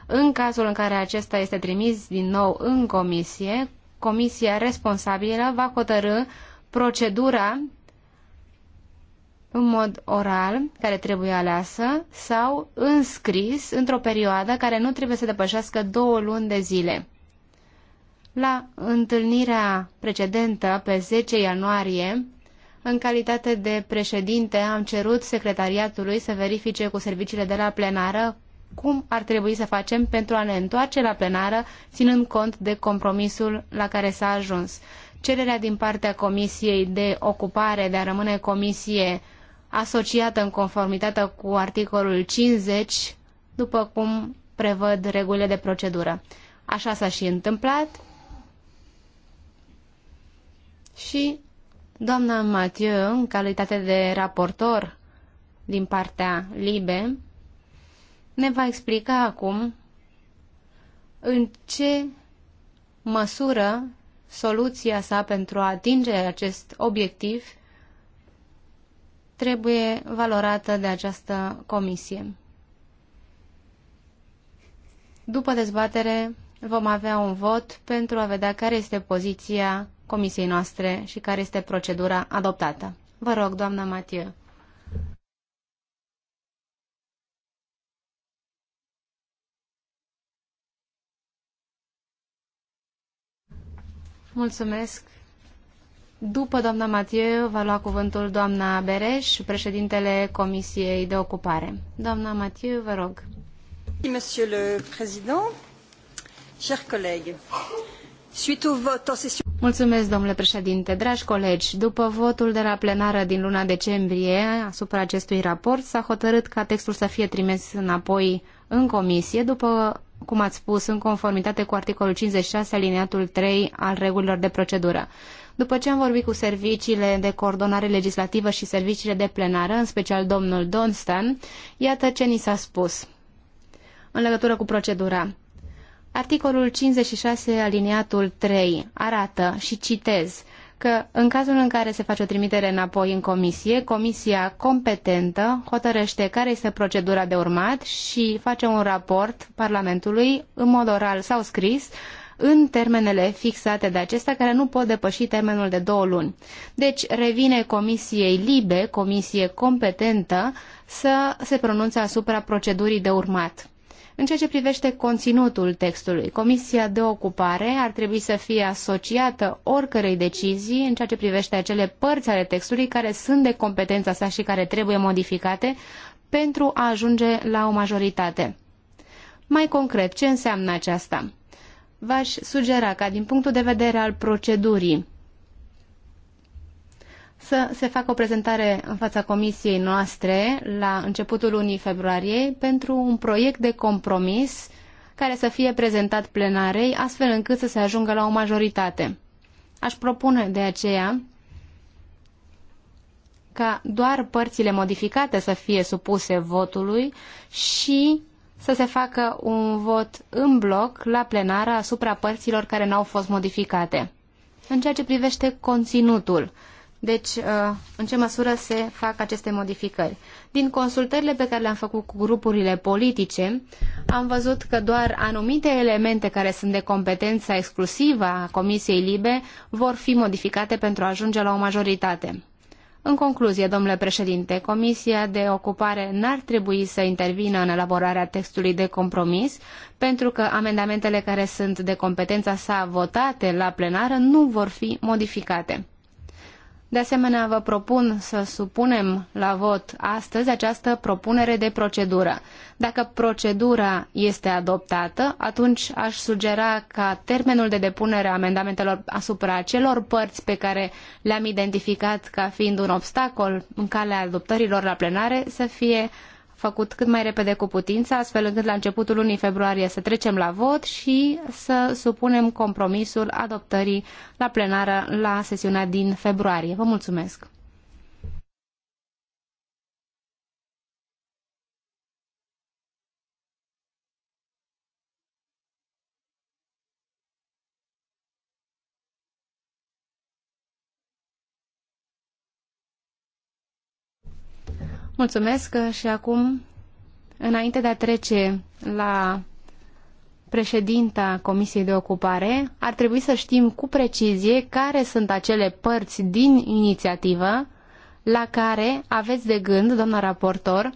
în cazul în care acesta este trimis din nou în comisie, comisia responsabilă va hotărâ procedura în mod oral, care trebuie aleasă, sau înscris într-o perioadă care nu trebuie să depășească două luni de zile. La întâlnirea precedentă, pe 10 ianuarie, în calitate de președinte, am cerut secretariatului să verifice cu serviciile de la plenară cum ar trebui să facem pentru a ne întoarce la plenară, ținând cont de compromisul la care s-a ajuns. Cererea din partea Comisiei de Ocupare de a rămâne comisie asociată în conformitate cu articolul 50, după cum prevăd regulile de procedură. Așa s-a și întâmplat și doamna Mathieu, în calitate de raportor din partea LIBE, ne va explica acum în ce măsură soluția sa pentru a atinge acest obiectiv trebuie valorată de această comisie. După dezbatere vom avea un vot pentru a vedea care este poziția comisiei noastre și care este procedura adoptată. Vă rog, doamna Mathieu. Mulțumesc, după doamna Mathieu va lua cuvântul doamna Bereș, președintele Comisiei de Ocupare. Doamna Mathieu, vă rog. Monsieur le Président, chers collègues, suite au vote en session... Mulțumesc, domnule președinte. Dragi colegi, după votul de la plenară din luna decembrie asupra acestui raport, s-a hotărât ca textul să fie trimis înapoi în comisie, după cum ați spus, în conformitate cu articolul 56 aliniatul 3 al regulilor de procedură. După ce am vorbit cu serviciile de coordonare legislativă și serviciile de plenară, în special domnul Donstan, iată ce ni s-a spus în legătură cu procedura. Articolul 56 aliniatul 3 arată și citez că în cazul în care se face o trimitere înapoi în comisie, comisia competentă hotărăște care este procedura de urmat și face un raport Parlamentului în mod oral sau scris în termenele fixate de acestea, care nu pot depăși termenul de două luni. Deci revine Comisiei Libe, comisie competentă, să se pronunțe asupra procedurii de urmat. În ceea ce privește conținutul textului, Comisia de Ocupare ar trebui să fie asociată oricărei decizii în ceea ce privește acele părți ale textului care sunt de competența sa și care trebuie modificate pentru a ajunge la o majoritate. Mai concret, ce înseamnă aceasta? v-aș sugera ca din punctul de vedere al procedurii să se facă o prezentare în fața comisiei noastre la începutul lunii februarie pentru un proiect de compromis care să fie prezentat plenarei astfel încât să se ajungă la o majoritate. Aș propune de aceea ca doar părțile modificate să fie supuse votului și să se facă un vot în bloc la plenară asupra părților care n-au fost modificate. În ceea ce privește conținutul, deci uh, în ce măsură se fac aceste modificări. Din consultările pe care le-am făcut cu grupurile politice, am văzut că doar anumite elemente care sunt de competența exclusivă a Comisiei Libe vor fi modificate pentru a ajunge la o majoritate. În concluzie, domnule președinte, Comisia de Ocupare n-ar trebui să intervină în elaborarea textului de compromis, pentru că amendamentele care sunt de competența sa votate la plenară nu vor fi modificate. De asemenea, vă propun să supunem la vot astăzi această propunere de procedură. Dacă procedura este adoptată, atunci aș sugera ca termenul de depunere a amendamentelor asupra acelor părți pe care le-am identificat ca fiind un obstacol în calea adoptărilor la plenare să fie făcut cât mai repede cu putință, astfel încât la începutul lunii februarie să trecem la vot și să supunem compromisul adoptării la plenară la sesiunea din februarie. Vă mulțumesc! Mulțumesc și acum, înainte de a trece la președinta Comisiei de Ocupare, ar trebui să știm cu precizie care sunt acele părți din inițiativă la care aveți de gând, doamna raportor,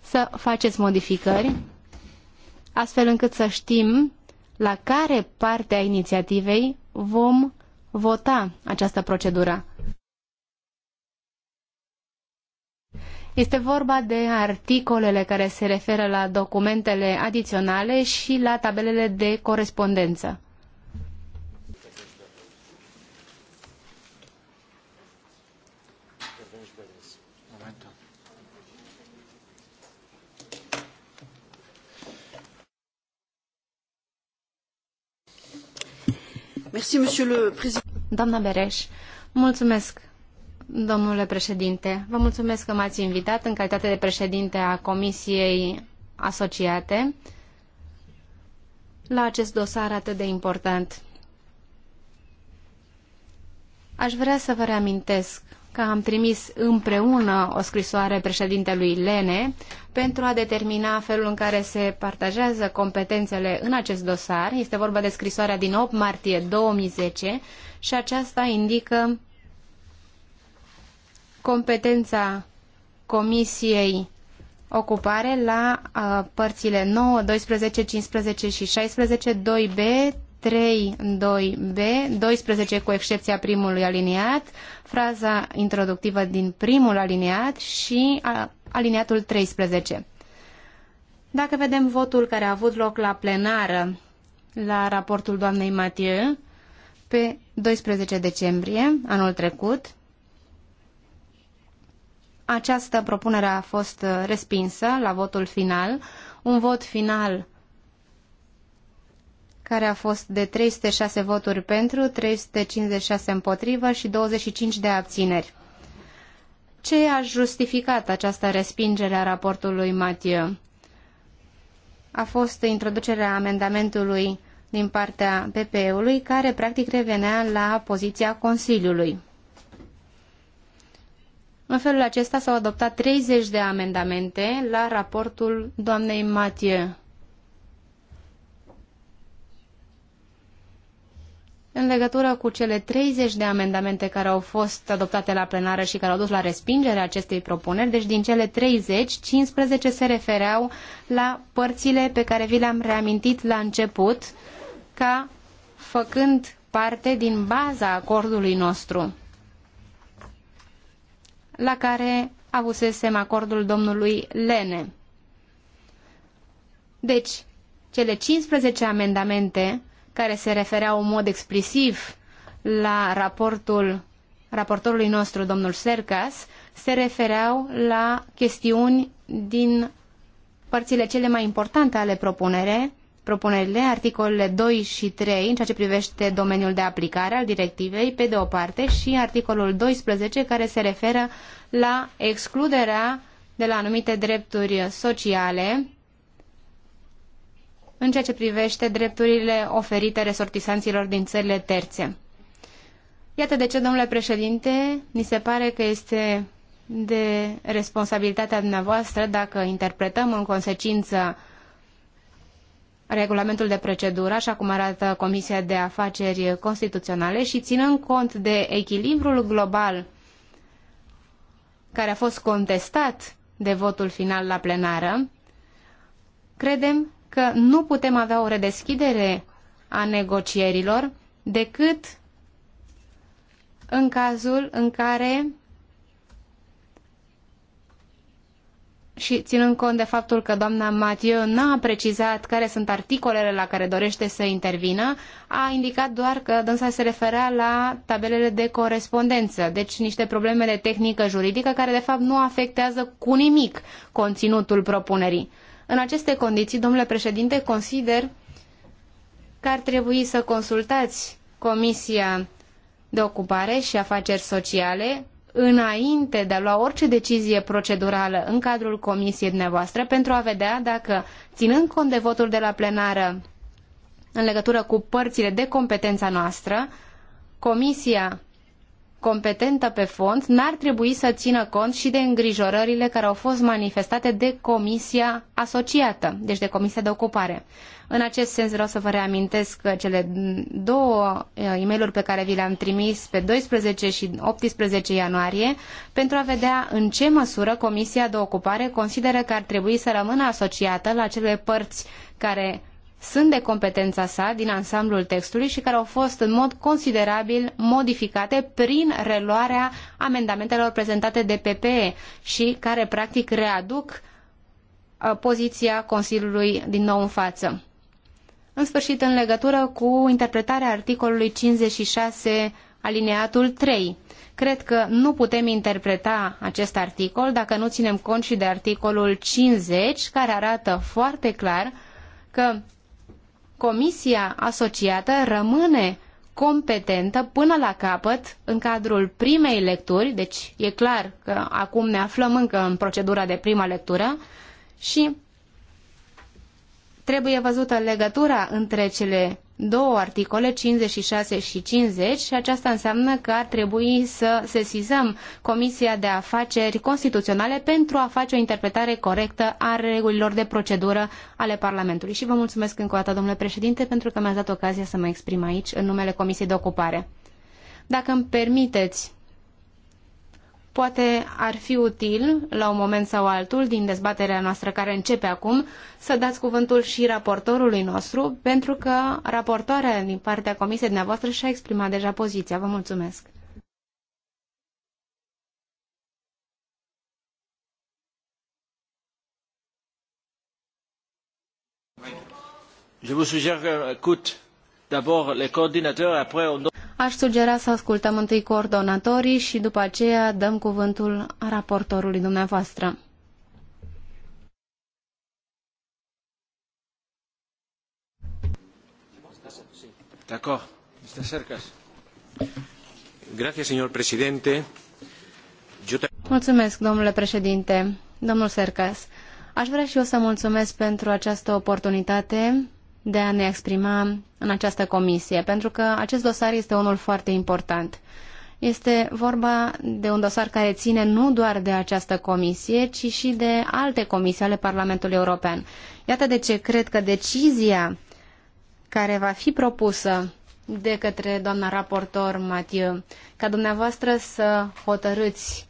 să faceți modificări, astfel încât să știm la care parte a inițiativei vom vota această procedură. Este vorba de articolele care se referă la documentele adiționale și la tabelele de corespondență. Merci, Monsieur le Président doamna Bereș. Mulțumesc, domnule președinte. Vă mulțumesc că m-ați invitat în calitate de președinte a Comisiei Asociate la acest dosar atât de important. Aș vrea să vă reamintesc că am trimis împreună o scrisoare președintelui Lene pentru a determina felul în care se partajează competențele în acest dosar. Este vorba de scrisoarea din 8 martie 2010 și aceasta indică competența Comisiei Ocupare la uh, părțile 9, 12, 15 și 16, 2B, 3, 2B, 12 cu excepția primului aliniat, fraza introductivă din primul aliniat și uh, aliniatul 13. Dacă vedem votul care a avut loc la plenară la raportul doamnei Mathieu pe 12 decembrie anul trecut, această propunere a fost respinsă la votul final, un vot final care a fost de 306 voturi pentru, 356 împotrivă și 25 de abțineri ce a justificat această respingere a raportului Mathieu? A fost introducerea amendamentului din partea PPE-ului, care practic revenea la poziția Consiliului. În felul acesta s-au adoptat 30 de amendamente la raportul doamnei Mathieu. în legătură cu cele 30 de amendamente care au fost adoptate la plenară și care au dus la respingerea acestei propuneri. Deci din cele 30, 15 se refereau la părțile pe care vi le-am reamintit la început ca făcând parte din baza acordului nostru la care avusesem acordul domnului Lene. Deci, cele 15 amendamente care se refereau în mod explisiv la raportul raportorului nostru, domnul Sercas, se refereau la chestiuni din părțile cele mai importante ale propunere, propunerile, articolele 2 și 3, în ceea ce privește domeniul de aplicare al directivei, pe de o parte, și articolul 12, care se referă la excluderea de la anumite drepturi sociale în ceea ce privește drepturile oferite resortisanților din țările terțe. Iată de ce, domnule președinte, ni se pare că este de responsabilitatea dumneavoastră dacă interpretăm în consecință regulamentul de procedură, așa cum arată Comisia de Afaceri Constituționale și ținând cont de echilibrul global care a fost contestat de votul final la plenară, credem că nu putem avea o redeschidere a negocierilor decât în cazul în care și ținând cont de faptul că doamna Mathieu n-a precizat care sunt articolele la care dorește să intervină, a indicat doar că dânsa se referea la tabelele de corespondență, deci niște probleme de tehnică juridică care de fapt nu afectează cu nimic conținutul propunerii. În aceste condiții, domnule președinte, consider că ar trebui să consultați Comisia de Ocupare și Afaceri Sociale înainte de a lua orice decizie procedurală în cadrul comisiei dumneavoastră pentru a vedea dacă, ținând cont de votul de la plenară în legătură cu părțile de competența noastră, comisia competentă pe fond n-ar trebui să țină cont și de îngrijorările care au fost manifestate de comisia asociată, deci de comisia de ocupare. În acest sens vreau să vă reamintesc cele două e eh, mail pe care vi le-am trimis pe 12 și 18 ianuarie pentru a vedea în ce măsură Comisia de Ocupare consideră că ar trebui să rămână asociată la cele părți care sunt de competența sa din ansamblul textului și care au fost în mod considerabil modificate prin reluarea amendamentelor prezentate de PPE și care practic readuc uh, poziția Consiliului din nou în față. În sfârșit, în legătură cu interpretarea articolului 56 alineatul 3. Cred că nu putem interpreta acest articol dacă nu ținem cont și de articolul 50, care arată foarte clar că comisia asociată rămâne competentă până la capăt în cadrul primei lecturi, deci e clar că acum ne aflăm încă în procedura de prima lectură și trebuie văzută legătura între cele două articole, 56 și 50, și aceasta înseamnă că ar trebui să sesizăm Comisia de Afaceri Constituționale pentru a face o interpretare corectă a regulilor de procedură ale Parlamentului. Și vă mulțumesc încă o dată, domnule președinte, pentru că mi-ați dat ocazia să mă exprim aici în numele Comisiei de Ocupare. Dacă îmi permiteți, Poate ar fi util, la un moment sau altul, din dezbaterea noastră care începe acum, să dați cuvântul și raportorului nostru, pentru că raportoarea din partea comisiei dumneavoastră și-a exprimat deja poziția. Vă mulțumesc! Je vous suggère qu'on écoute d'abord les coordinateurs, après on... Aș sugera să ascultăm întâi coordonatorii și după aceea dăm cuvântul raportorului dumneavoastră. D'accord, Mr. Sercas. Gracias, presidente. Mulțumesc, domnule președinte. Domnul Sercas, aș vrea și eu să mulțumesc pentru această oportunitate de a ne exprima în această comisie, pentru că acest dosar este unul foarte important. Este vorba de un dosar care ține nu doar de această comisie, ci și de alte comisii ale Parlamentului European. Iată de ce cred că decizia care va fi propusă de către doamna raportor Mathieu, ca dumneavoastră să hotărâți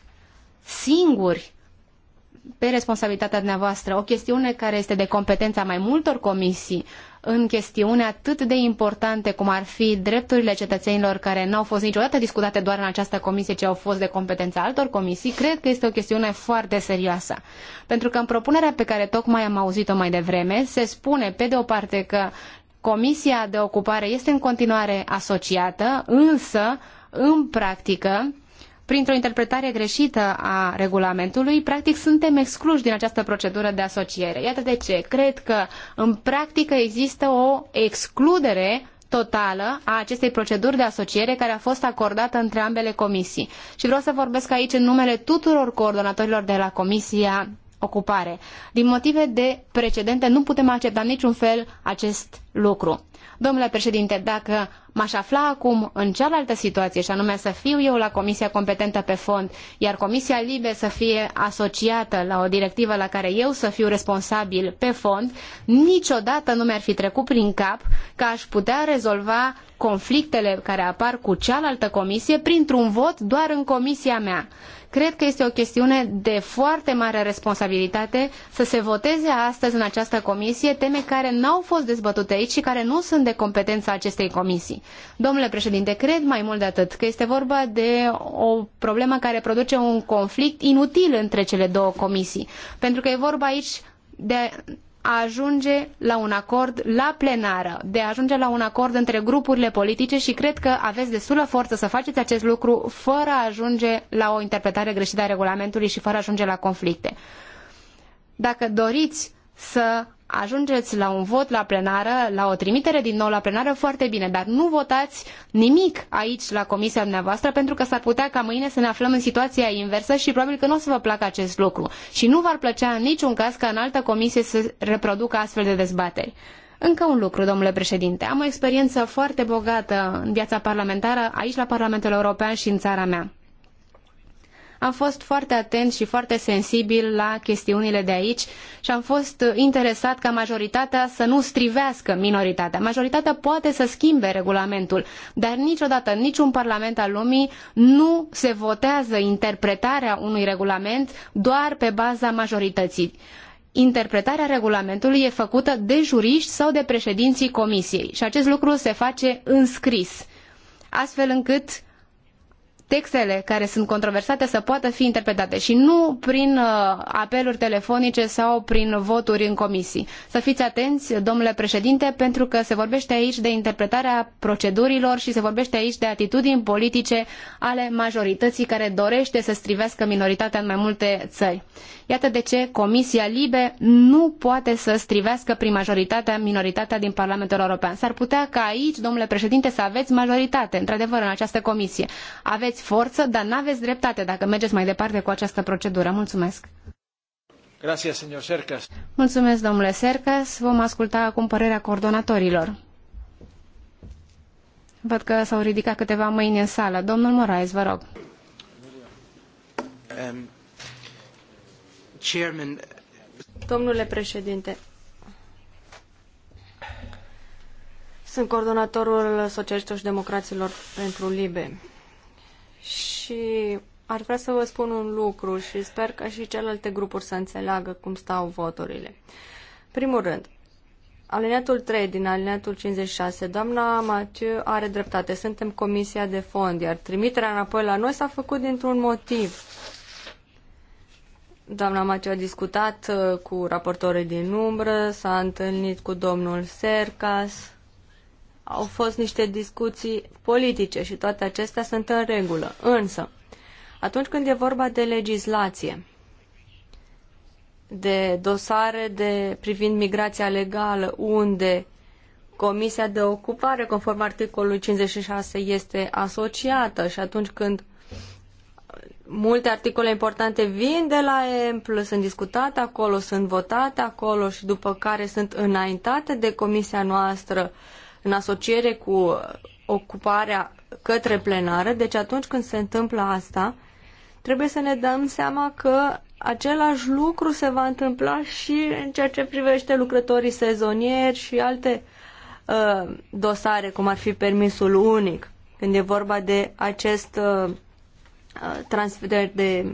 singuri pe responsabilitatea dumneavoastră o chestiune care este de competența mai multor comisii, în chestiune atât de importante cum ar fi drepturile cetățenilor care nu au fost niciodată discutate doar în această comisie, ci au fost de competența altor comisii, cred că este o chestiune foarte serioasă. Pentru că în propunerea pe care tocmai am auzit-o mai devreme, se spune pe de o parte că Comisia de ocupare este în continuare asociată, însă, în practică, printr-o interpretare greșită a regulamentului, practic suntem excluși din această procedură de asociere. Iată de ce. Cred că în practică există o excludere totală a acestei proceduri de asociere care a fost acordată între ambele comisii. Și vreau să vorbesc aici în numele tuturor coordonatorilor de la Comisia Ocupare. Din motive de precedente nu putem accepta niciun fel acest lucru. Domnule președinte, dacă m-aș afla acum în cealaltă situație, și anume să fiu eu la comisia competentă pe fond, iar comisia LIBE să fie asociată la o directivă la care eu să fiu responsabil pe fond, niciodată nu mi-ar fi trecut prin cap că aș putea rezolva conflictele care apar cu cealaltă comisie printr-un vot doar în comisia mea. Cred că este o chestiune de foarte mare responsabilitate să se voteze astăzi în această comisie teme care nu au fost dezbătute aici și care nu sunt de competența acestei comisii. Domnule președinte, cred mai mult de atât că este vorba de o problemă care produce un conflict inutil între cele două comisii, pentru că e vorba aici de a ajunge la un acord la plenară, de a ajunge la un acord între grupurile politice și cred că aveți destulă forță să faceți acest lucru fără a ajunge la o interpretare greșită a regulamentului și fără a ajunge la conflicte. Dacă doriți să ajungeți la un vot la plenară, la o trimitere din nou la plenară, foarte bine, dar nu votați nimic aici la comisia dumneavoastră pentru că s-ar putea ca mâine să ne aflăm în situația inversă și probabil că nu o să vă placă acest lucru. Și nu v-ar plăcea în niciun caz ca în altă comisie să reproducă astfel de dezbateri. Încă un lucru, domnule președinte. Am o experiență foarte bogată în viața parlamentară aici la Parlamentul European și în țara mea. Am fost foarte atent și foarte sensibil la chestiunile de aici și am fost interesat ca majoritatea să nu strivească minoritatea. Majoritatea poate să schimbe regulamentul, dar niciodată, niciun parlament al lumii nu se votează interpretarea unui regulament doar pe baza majorității interpretarea regulamentului e făcută de juriști sau de președinții comisiei și acest lucru se face în scris, astfel încât textele care sunt controversate să poată fi interpretate și nu prin uh, apeluri telefonice sau prin voturi în comisii. Să fiți atenți, domnule președinte, pentru că se vorbește aici de interpretarea procedurilor și se vorbește aici de atitudini politice ale majorității care dorește să strivească minoritatea în mai multe țări. Iată de ce Comisia Libe nu poate să strivească prin majoritatea minoritatea din Parlamentul European. S-ar putea ca aici, domnule președinte, să aveți majoritate, într-adevăr, în această comisie. Aveți aveți forță, dar nu aveți dreptate dacă mergeți mai departe cu această procedură. Mulțumesc! Gracias, señor Sercas. Mulțumesc, domnule Sercas. Vom asculta acum părerea coordonatorilor. Văd că s-au ridicat câteva mâini în sală. Domnul Moraes, vă rog. Um, chairman... Domnule președinte, sunt coordonatorul Socialiștilor și Democraților pentru Libe. Și ar vrea să vă spun un lucru și sper ca și celelalte grupuri să înțeleagă cum stau voturile. Primul rând, alineatul 3 din alineatul 56, doamna Mathieu are dreptate, suntem comisia de fond, iar trimiterea înapoi la noi s-a făcut dintr-un motiv. Doamna Mathieu a discutat uh, cu raportorii din umbră, s-a întâlnit cu domnul Sercas, au fost niște discuții politice și toate acestea sunt în regulă. Însă, atunci când e vorba de legislație, de dosare de privind migrația legală, unde Comisia de Ocupare, conform articolului 56, este asociată și atunci când multe articole importante vin de la EMPL, sunt discutate acolo, sunt votate acolo și după care sunt înaintate de Comisia noastră uh, în asociere cu ocuparea către plenară, deci atunci când se întâmplă asta, trebuie să ne dăm seama că același lucru se va întâmpla și în ceea ce privește lucrătorii sezonieri și alte uh, dosare, cum ar fi permisul unic, când e vorba de acest uh, uh transfer de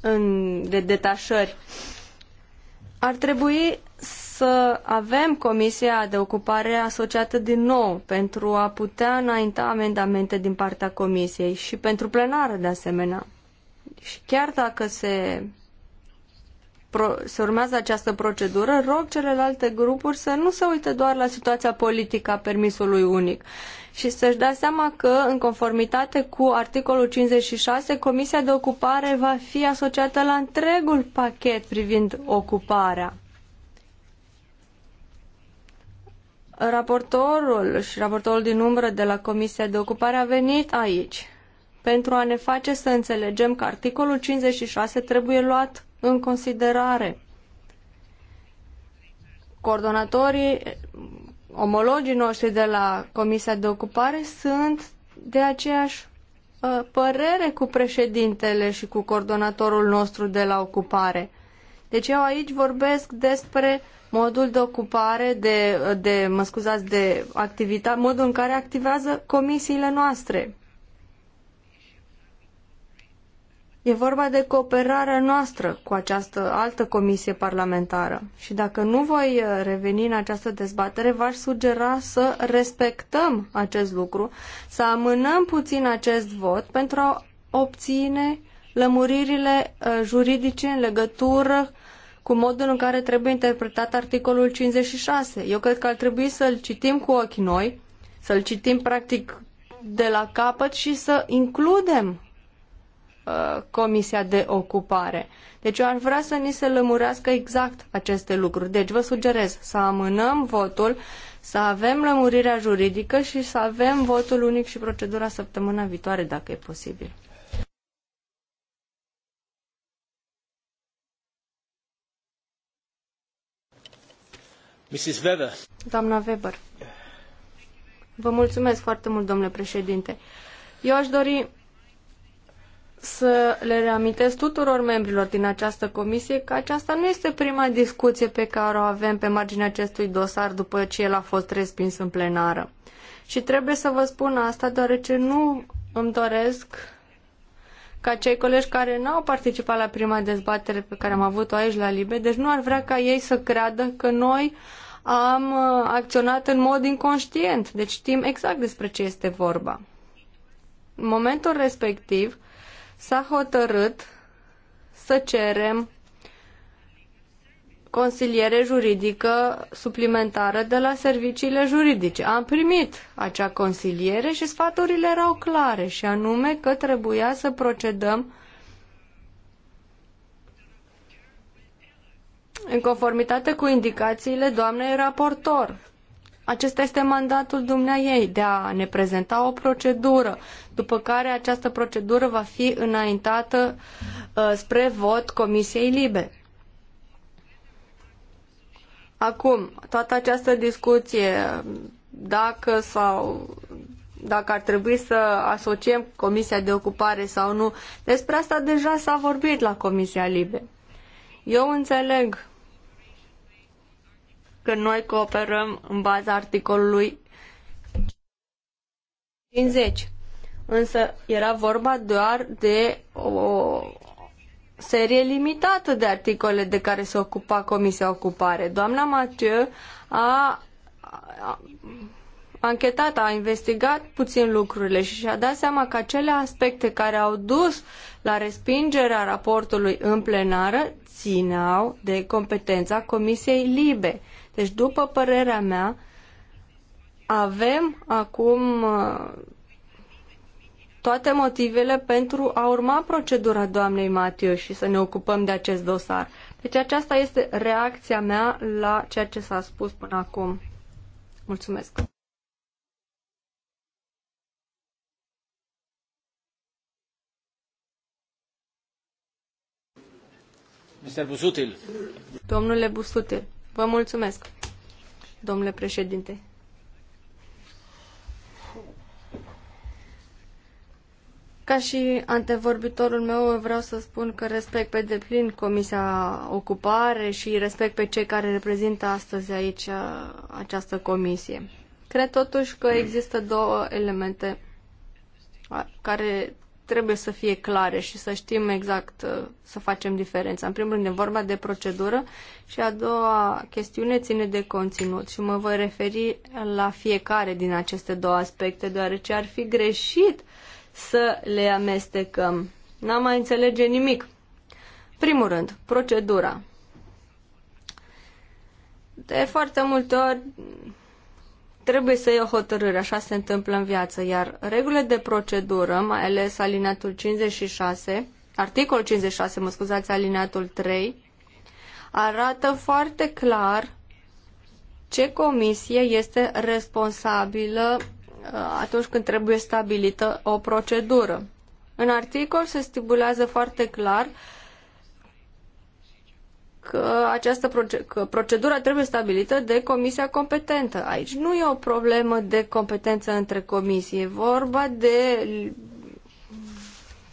în, de detașări. Uh, ar trebui să avem Comisia de Ocupare asociată din nou pentru a putea înainta amendamente din partea Comisiei și pentru plenară de asemenea. Și chiar dacă se se urmează această procedură, rog celelalte grupuri să nu se uite doar la situația politică a permisului unic și să-și dea seama că, în conformitate cu articolul 56, Comisia de Ocupare va fi asociată la întregul pachet privind ocuparea. Raportorul și raportorul din umbră de la Comisia de Ocupare a venit aici pentru a ne face să înțelegem că articolul 56 trebuie luat în considerare. Coordonatorii, omologii noștri de la Comisia de Ocupare sunt de aceeași ă, părere cu președintele și cu coordonatorul nostru de la ocupare. Deci eu aici vorbesc despre modul de ocupare, de, de mă scuzați, de activitate, modul în care activează comisiile noastre. E vorba de cooperarea noastră cu această altă comisie parlamentară. Și dacă nu voi uh, reveni în această dezbatere, v-aș sugera să respectăm acest lucru, să amânăm puțin acest vot pentru a obține lămuririle uh, juridice în legătură cu modul în care trebuie interpretat articolul 56. Eu cred că ar trebui să-l citim cu ochii noi, să-l citim practic de la capăt și să includem Uh, Comisia de Ocupare. Deci eu ar vrea să ni se lămurească exact aceste lucruri. Deci vă sugerez să amânăm votul, să avem lămurirea juridică și să avem votul unic și procedura săptămâna viitoare, dacă e posibil. Mrs. Weber. Doamna Weber. Vă mulțumesc foarte mult, domnule președinte. Eu aș dori să le reamintesc tuturor membrilor din această comisie că aceasta nu este prima discuție pe care o avem pe marginea acestui dosar după ce el a fost respins în plenară. Și trebuie să vă spun asta deoarece nu îmi doresc ca cei colegi care nu au participat la prima dezbatere pe care am avut-o aici la Libe, deci nu ar vrea ca ei să creadă că noi am uh, acționat în mod inconștient. Deci știm exact despre ce este vorba. În momentul respectiv, s-a hotărât să cerem consiliere juridică suplimentară de la serviciile juridice. Am primit acea consiliere și sfaturile erau clare și anume că trebuia să procedăm în conformitate cu indicațiile doamnei raportor acesta este mandatul dumneaei de a ne prezenta o procedură, după care această procedură va fi înaintată uh, spre vot Comisiei Libe. Acum, toată această discuție, dacă sau dacă ar trebui să asociem Comisia de Ocupare sau nu, despre asta deja s-a vorbit la Comisia Libe. Eu înțeleg că noi cooperăm în baza articolului 50. Însă era vorba doar de o serie limitată de articole de care se ocupa Comisia Ocupare. Doamna Mathieu a, anchetat, a investigat puțin lucrurile și și-a dat seama că acele aspecte care au dus la respingerea raportului în plenară țineau de competența Comisiei Libe. Deci, după părerea mea, avem acum uh, toate motivele pentru a urma procedura doamnei Matiu și să ne ocupăm de acest dosar. Deci aceasta este reacția mea la ceea ce s-a spus până acum. Mulțumesc! Domnule Busutil. Vă mulțumesc, domnule președinte. Ca și antevorbitorul meu, vreau să spun că respect pe deplin Comisia Ocupare și respect pe cei care reprezintă astăzi aici uh, această comisie. Cred totuși că există două elemente uh, care trebuie să fie clare și să știm exact uh, să facem diferența. În primul rând e vorba de procedură și a doua chestiune ține de conținut și mă voi referi la fiecare din aceste două aspecte, deoarece ar fi greșit să le amestecăm. N-am mai înțelege nimic. Primul rând, procedura. De foarte multe ori trebuie să iei o hotărâre, așa se întâmplă în viață, iar regulile de procedură, mai ales alineatul 56, articol 56, mă scuzați, alineatul 3, arată foarte clar ce comisie este responsabilă uh, atunci când trebuie stabilită o procedură. În articol se stipulează foarte clar uh, că această că procedură trebuie stabilită de comisia competentă. Aici nu e o problemă de competență între comisii, e vorba de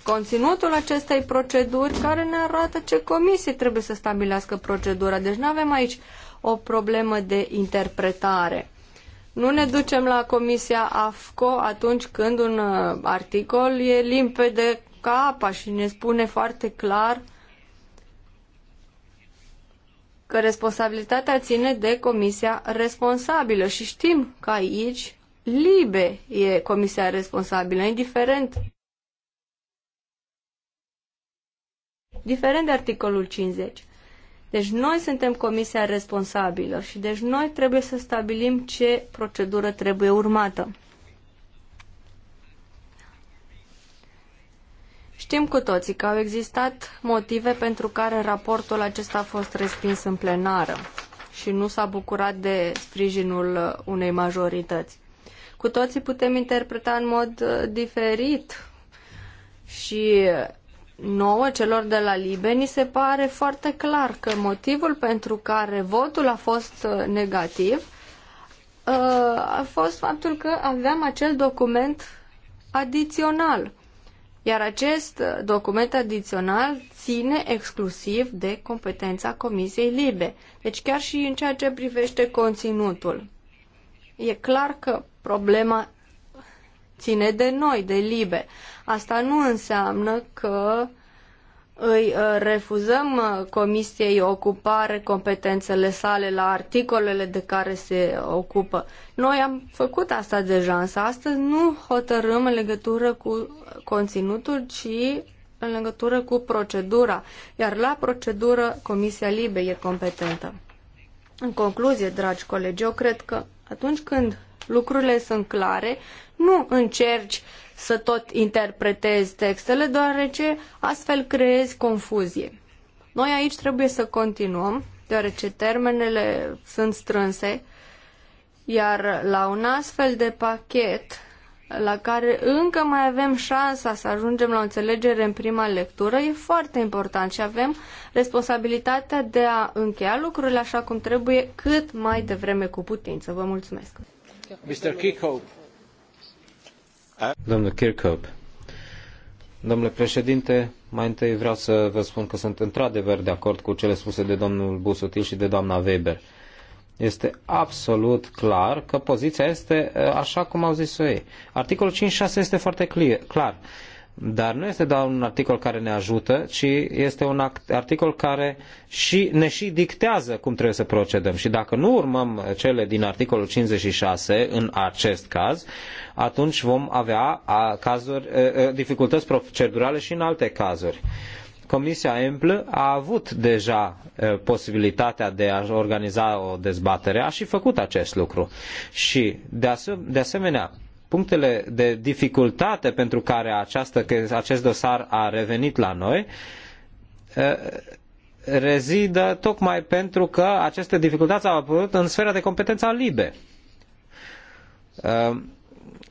conținutul acestei proceduri care ne arată ce comisie trebuie să stabilească procedura. Deci nu avem aici o problemă de interpretare. Nu ne ducem la comisia AFCO atunci când un uh, articol e limpede ca apa și ne spune foarte clar că responsabilitatea ține de comisia responsabilă și știm că aici libe e comisia responsabilă, indiferent diferent de articolul 50. Deci noi suntem comisia responsabilă și deci noi trebuie să stabilim ce procedură trebuie urmată. Știm cu toții că au existat motive pentru care raportul acesta a fost respins în plenară și nu s-a bucurat de sprijinul unei majorități. Cu toții putem interpreta în mod uh, diferit și nouă, celor de la Libe, ni se pare foarte clar că motivul pentru care votul a fost uh, negativ uh, a fost faptul că aveam acel document adițional iar acest uh, document adițional ține exclusiv de competența Comisiei Libe. Deci chiar și în ceea ce privește conținutul. E clar că problema ține de noi, de Libe. Asta nu înseamnă că uh, îi uh, refuzăm uh, Comisiei Ocupare competențele sale la articolele de care se ocupă. Noi am făcut asta deja, însă astăzi nu hotărâm în legătură cu conținutul, ci în legătură cu procedura, iar la procedură Comisia Libe e competentă. În concluzie, dragi colegi, eu cred că atunci când lucrurile sunt clare, nu încerci să tot interpretezi textele, deoarece astfel creezi confuzie. Noi aici trebuie să continuăm, deoarece termenele sunt strânse, iar la un astfel de pachet la care încă mai avem șansa să ajungem la o înțelegere în prima lectură, e foarte important și avem responsabilitatea de a încheia lucrurile așa cum trebuie cât mai devreme cu putință. Vă mulțumesc. Mr. Kickhope. Domnule Kirkhope, domnule președinte, mai întâi vreau să vă spun că sunt într-adevăr de acord cu cele spuse de domnul Busutil și de doamna Weber. Este absolut clar că poziția este uh, așa cum au zis-o ei. Articolul 5.6 este foarte clar dar nu este doar un articol care ne ajută, ci este un articol care și, ne și dictează cum trebuie să procedăm. Și dacă nu urmăm cele din articolul 56 în acest caz, atunci vom avea cazuri, dificultăți procedurale și în alte cazuri. Comisia EMPL a avut deja posibilitatea de a organiza o dezbatere, a și făcut acest lucru. Și, de, asemenea, punctele de dificultate pentru care această, acest dosar a revenit la noi eh, rezidă tocmai pentru că aceste dificultăți au apărut în sfera de competență a LIBE. Eh,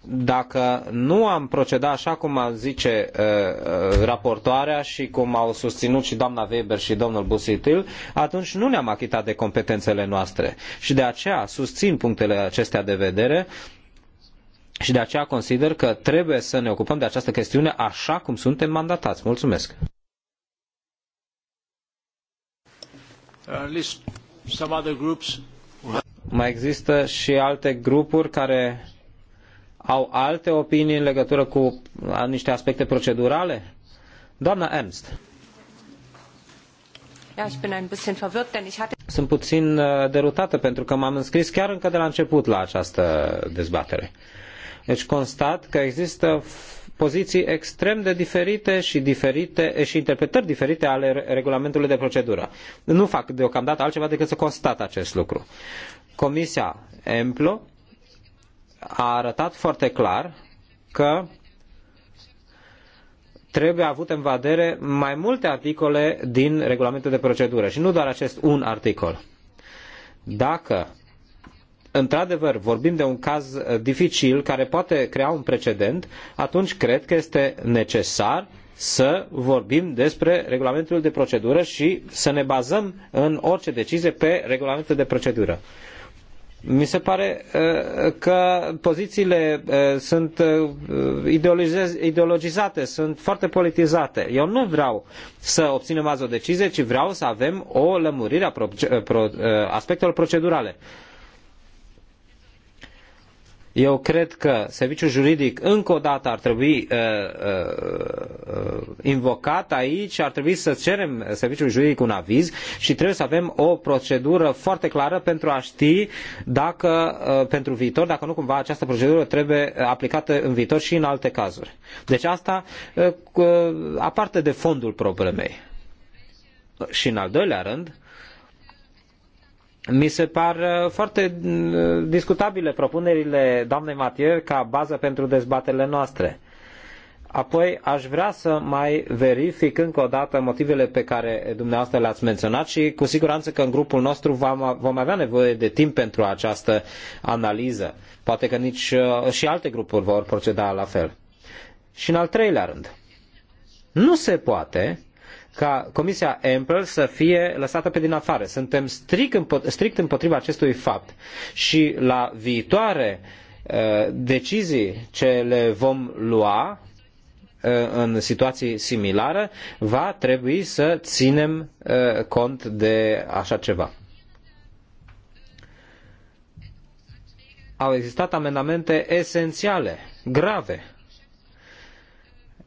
dacă nu am proceda așa cum zice eh, raportoarea și cum au susținut și doamna Weber și domnul Busitil, atunci nu ne-am achitat de competențele noastre. Și de aceea susțin punctele acestea de vedere și de aceea consider că trebuie să ne ocupăm de această chestiune așa cum suntem mandatați. Mulțumesc! Mai există și alte grupuri care au alte opinii în legătură cu niște aspecte procedurale? Doamna Ernst. Sunt puțin uh, derutată pentru că m-am înscris chiar încă de la început la această dezbatere. Deci constat că există poziții extrem de diferite și, diferite eh, și interpretări diferite ale regulamentului de procedură. Nu fac deocamdată altceva decât să constat acest lucru. Comisia EMPLO a arătat foarte clar că trebuie avut în vedere mai multe articole din regulamentul de procedură și nu doar acest un articol. Dacă într-adevăr vorbim de un caz uh, dificil care poate crea un precedent, atunci cred că este necesar să vorbim despre regulamentul de procedură și să ne bazăm în orice decizie pe regulamentul de procedură. Mi se pare uh, că pozițiile uh, sunt ideologizate, sunt foarte politizate. Eu nu vreau să obținem azi o decizie, ci vreau să avem o lămurire a aspectelor procedurale. Eu cred că serviciul juridic încă o dată ar trebui uh, uh, uh, invocat aici, ar trebui să cerem serviciul juridic un aviz și trebuie să avem o procedură foarte clară pentru a ști dacă uh, pentru viitor, dacă nu cumva această procedură trebuie aplicată în viitor și în alte cazuri. Deci asta uh, uh, aparte de fondul problemei. Și în al doilea rând, mi se par uh, foarte uh, discutabile propunerile doamnei Matier ca bază pentru dezbatele noastre. Apoi aș vrea să mai verific încă o dată motivele pe care dumneavoastră le-ați menționat și cu siguranță că în grupul nostru vom avea nevoie de timp pentru această analiză. Poate că nici uh, și alte grupuri vor proceda la fel. Și în al treilea rând, nu se poate ca Comisia Ample să fie lăsată pe din afară. Suntem strict, împot- strict împotriva acestui fapt și la viitoare uh, decizii ce le vom lua uh, în situații similare, va trebui să ținem uh, cont de așa ceva. Au existat amendamente esențiale, grave,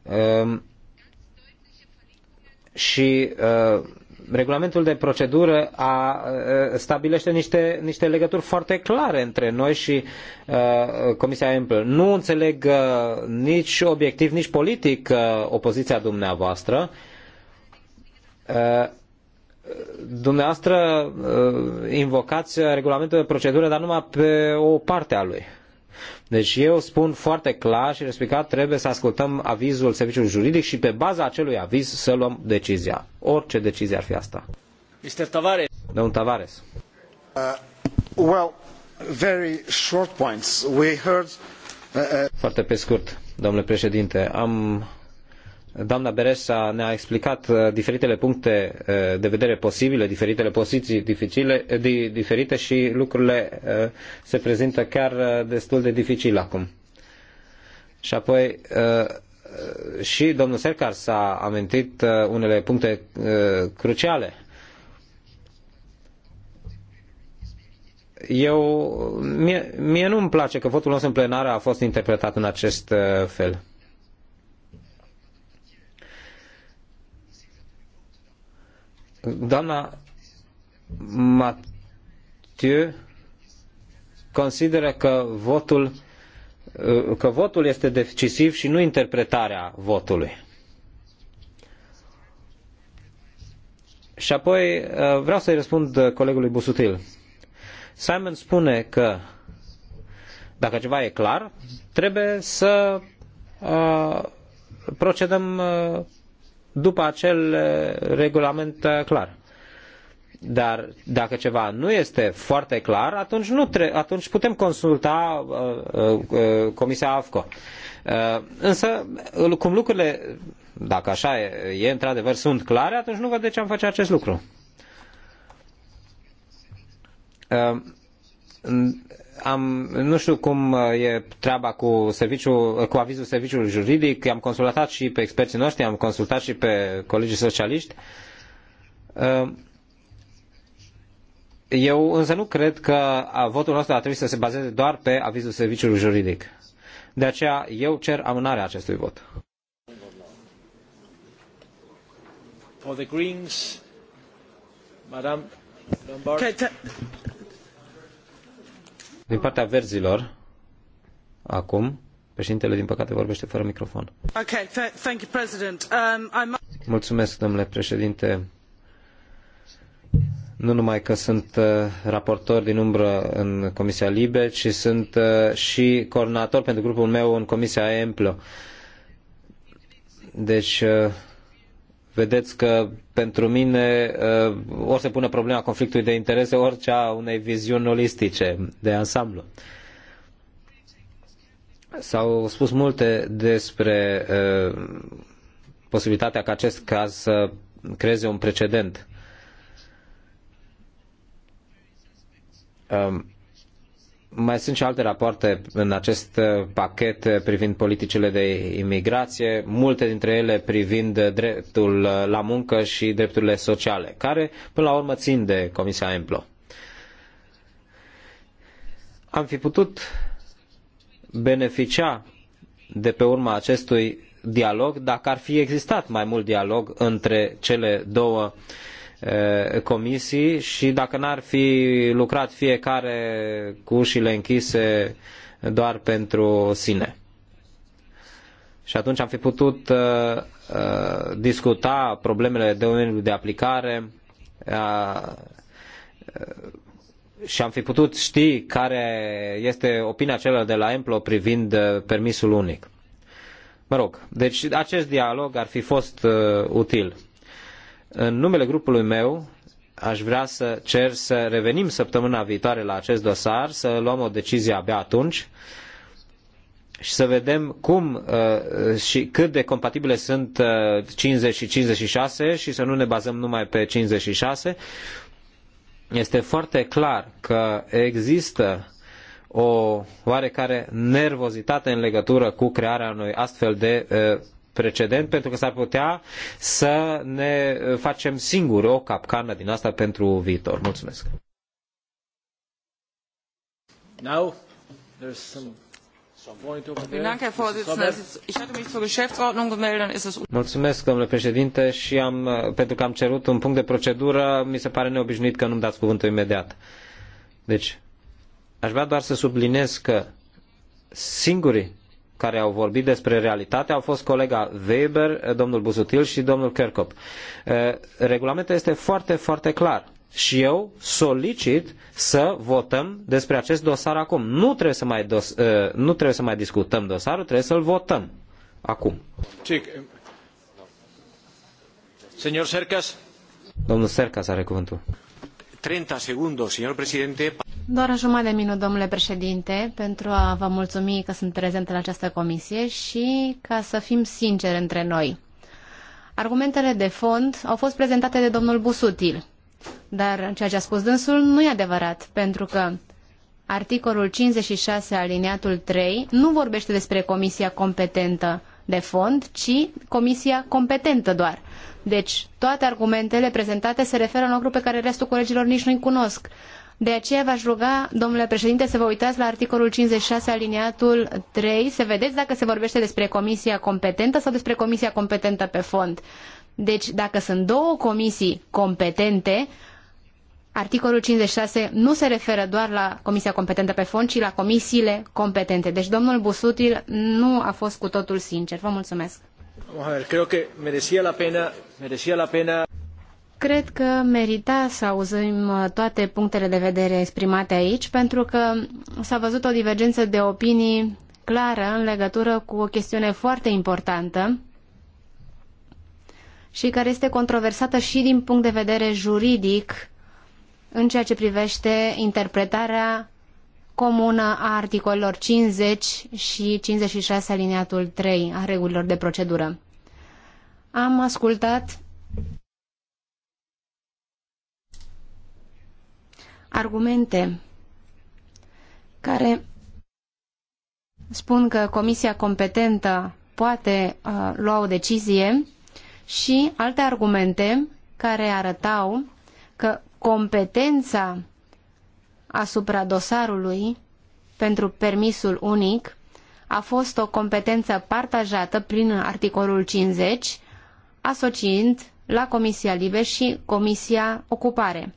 um, și uh, regulamentul de procedură a, uh, stabilește niște, niște legături foarte clare între noi și uh, Comisia Ample. Nu înțeleg nici obiectiv, nici politic opoziția dumneavoastră. Dumneavoastră invocați regulamentul de procedură, dar numai pe o parte a lui. Deci eu spun foarte clar și respectat, trebuie să ascultăm avizul serviciului juridic și pe baza acelui aviz să luăm decizia. Orice decizie ar fi asta. Mr. Tavares. Domnul Tavares. Uh, well, very short points. We heard... Uh, uh... Foarte pe scurt, domnule președinte. Am Doamna Beresa ne-a explicat uh, diferitele puncte uh, de vedere posibile, diferitele poziții dificile, uh, diferite și lucrurile se prezintă chiar destul de dificil acum. Și apoi și domnul Sercar s-a amintit unele puncte cruciale. Eu, mie, mie nu-mi place că votul nostru în plenară a fost interpretat în acest fel. Doamna Mathieu consideră că votul, că votul este decisiv și nu interpretarea votului. Și apoi vreau să-i răspund colegului Busutil. Simon spune că dacă ceva e clar, trebuie să uh, procedăm uh, după acel uh, regulament uh, clar. Dar dacă ceva nu este foarte clar, atunci, nu tre- atunci putem consulta uh, uh, uh Comisia AFCO. Uh, însă, cum lucrurile, dacă așa e, e într-adevăr, sunt clare, atunci nu văd de ce am face acest lucru. Uh, am, nu știu cum uh, e treaba cu, serviciul, uh, cu avizul serviciului juridic, am consultat și pe experții noștri, am consultat și pe colegii socialiști. Uh, eu însă nu cred că votul nostru ar trebui să se bazeze doar pe avizul serviciului juridic. De aceea eu cer amânarea acestui vot. For the Greens, Madame Lombard. Din partea verzilor, acum, președintele din păcate vorbește fără microfon. Okay, thank you, President. Um, I'm... Mulțumesc, domnule președinte. Nu numai că sunt uh, raportor din umbră în Comisia Libe, ci sunt uh, și coordonator pentru grupul meu în Comisia Emplă. Deci, uh, Vedeți că pentru mine uh, ori se pune problema conflictului de interese, ori cea unei viziuni olistice de ansamblu. S-au spus multe despre uh, posibilitatea ca acest caz să creeze un precedent. Um, mai sunt și alte rapoarte în acest uh, pachet uh, privind politicile de imigrație, multe dintre ele privind uh, dreptul la muncă și drepturile sociale, care până la urmă țin de Comisia Emplo. Am fi putut beneficia de pe urma acestui dialog dacă ar fi existat mai mult dialog între cele două uh, Eh, comisii și dacă n-ar fi lucrat fiecare cu ușile închise doar pentru sine. Și atunci am fi putut eh, eh, discuta problemele de domeniul de aplicare și am fi putut ști care este opinia celor de la Emplo privind permisul unic. Mă rog, deci acest dialog ar fi fost util. În numele grupului meu aș vrea să cer să revenim săptămâna viitoare la acest dosar, să luăm o decizie abia atunci și să vedem cum uh, și cât de compatibile sunt 50 uh, și 56 și să nu ne bazăm numai pe 56. Este foarte clar că există o oarecare nervozitate în legătură cu crearea unui astfel de uh, precedent pentru că s-ar putea să ne facem singuri o capcană din asta pentru viitor. Mulțumesc. Now, there's some... Mulțumesc, domnule președinte, și am, pentru că am cerut un punct de procedură, mi se pare neobișnuit că nu-mi dați cuvântul imediat. Deci, aș vrea doar să subliniez că singurii care au vorbit despre realitate au fost colega Weber, domnul Buzutil și domnul Kerkop. Regulamentul este foarte, foarte clar și eu solicit să votăm despre acest dosar acum. Nu trebuie să mai, dos, nu trebuie să mai discutăm dosarul, trebuie să-l votăm acum. Señor Sercas. Domnul Sercas are cuvântul. 30 secunde, señor presidente. Doar o jumătate de minut, domnule președinte, pentru a vă mulțumi că sunt prezent la această comisie și ca să fim sinceri între noi. Argumentele de fond au fost prezentate de domnul Busutil, dar ceea ce a spus dânsul nu e adevărat, pentru că articolul 56 aliniatul 3 nu vorbește despre comisia competentă de fond, ci comisia competentă doar. Deci, toate argumentele prezentate se referă la un lucru pe care restul colegilor nici nu-i cunosc. De aceea v-aș ruga, domnule președinte, să vă uitați la articolul 56 aliniatul 3, să vedeți dacă se vorbește despre comisia competentă sau despre comisia competentă pe fond. Deci, dacă sunt două comisii competente, articolul 56 nu se referă doar la comisia competentă pe fond, ci la comisiile competente. Deci, domnul Busutil nu a fost cu totul sincer. Vă mulțumesc. Vamos a ver, la pena, merecía la pena Cred că merita să auzim uh, toate punctele de vedere exprimate aici, pentru că s-a văzut o divergență de opinii clară în legătură cu o chestiune foarte importantă și care este controversată și din punct de vedere juridic în ceea ce privește interpretarea comună a articolelor 50 și 56 aliniatul 3 a regulilor de procedură. Am ascultat argumente care spun că comisia competentă poate uh, lua o decizie și alte argumente care arătau că competența asupra dosarului pentru permisul unic a fost o competență partajată prin articolul 50, asociind la Comisia Libe și Comisia Ocupare.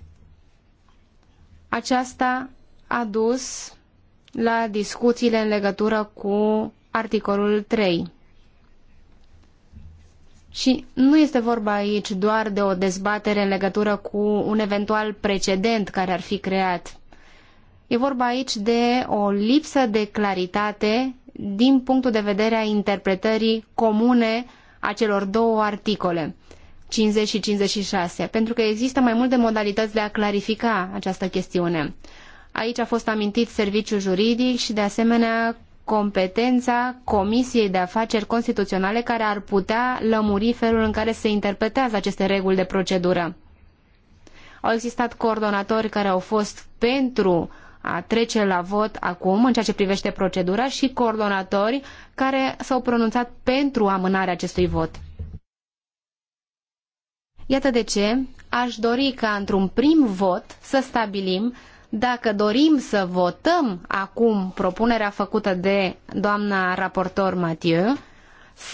Aceasta a dus la discuțiile în legătură cu articolul 3. Și nu este vorba aici doar de o dezbatere în legătură cu un eventual precedent care ar fi creat. E vorba aici de o lipsă de claritate din punctul de vedere a interpretării comune a celor două articole. 50 și 56, pentru că există mai multe modalități de a clarifica această chestiune. Aici a fost amintit serviciul juridic și, de asemenea, competența Comisiei de Afaceri Constituționale care ar putea lămuri felul în care se interpretează aceste reguli de procedură. Au existat coordonatori care au fost pentru a trece la vot acum în ceea ce privește procedura și coordonatori care s-au pronunțat pentru amânarea acestui vot. Iată de ce aș dori ca într-un prim vot să stabilim dacă dorim să votăm acum propunerea făcută de doamna raportor Mathieu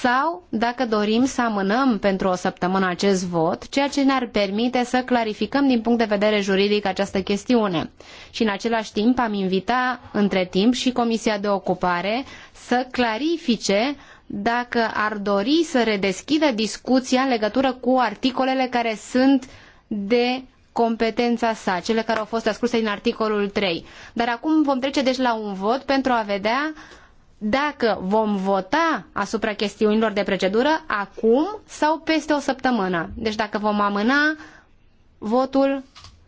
sau dacă dorim să amânăm pentru o săptămână acest vot, ceea ce ne-ar permite să clarificăm din punct de vedere juridic această chestiune. Și în același timp am invita între timp și Comisia de Ocupare să clarifice uh, dacă ar dori să redeschidă discuția în legătură cu articolele care sunt de competența sa, cele care au fost ascurse din articolul 3. Dar acum vom trece deci la un vot pentru a vedea dacă vom vota asupra chestiunilor de procedură acum sau peste o săptămână. Deci dacă vom amâna votul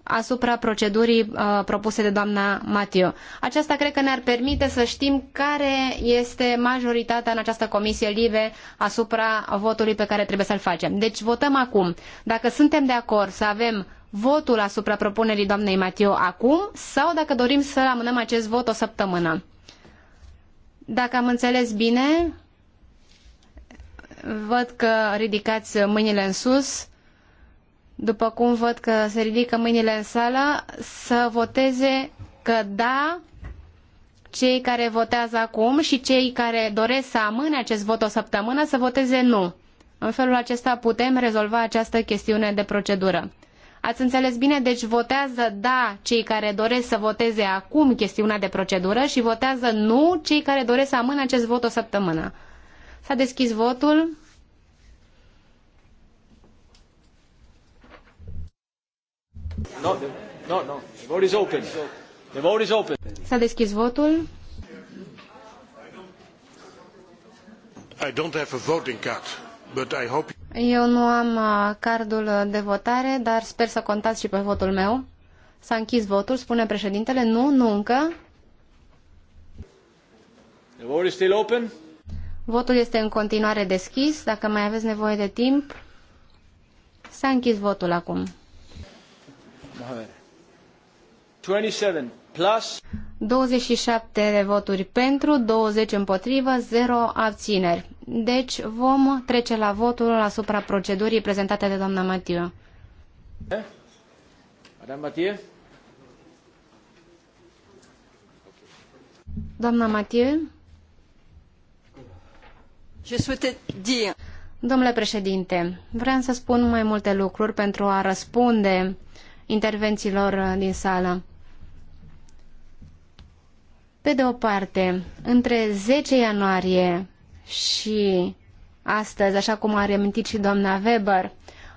asupra procedurii uh, propuse de doamna Matiu. Aceasta cred că ne-ar permite să știm care este majoritatea în această comisie live asupra votului pe care trebuie să-l facem. Deci votăm acum. Dacă suntem de acord să avem votul asupra propunerii doamnei Matiu acum sau dacă dorim să amânăm acest vot o săptămână. Dacă am înțeles bine, văd că ridicați mâinile în sus după cum văd că se ridică mâinile în sală, să voteze că da cei care votează acum și cei care doresc să amâne acest vot o săptămână să voteze nu. În felul acesta putem rezolva această chestiune de procedură. Ați înțeles bine? Deci votează da cei care doresc să voteze acum chestiunea de procedură și votează nu cei care doresc să amână acest vot o săptămână. S-a deschis votul. No, no, no. The vote is open. The vote is open. S-a deschis votul. I don't have a voting card, but I hope... Eu nu am uh, cardul de votare, dar sper să contați și pe votul meu. S-a închis votul, spune președintele. Nu, nu încă. The vote is still open. Votul este în continuare deschis. Dacă mai aveți nevoie de timp, s-a închis votul acum. 27 plus 27 de voturi pentru, 20 împotrivă, 0 abțineri. Deci vom trece la votul asupra procedurii prezentate de doamna Matiu. Matiu? Doamna Matiu? Domnule președinte, vreau să spun mai multe lucruri pentru a răspunde intervențiilor uh, din sală. Pe de o parte, între 10 ianuarie și astăzi, așa cum a reamintit și doamna Weber,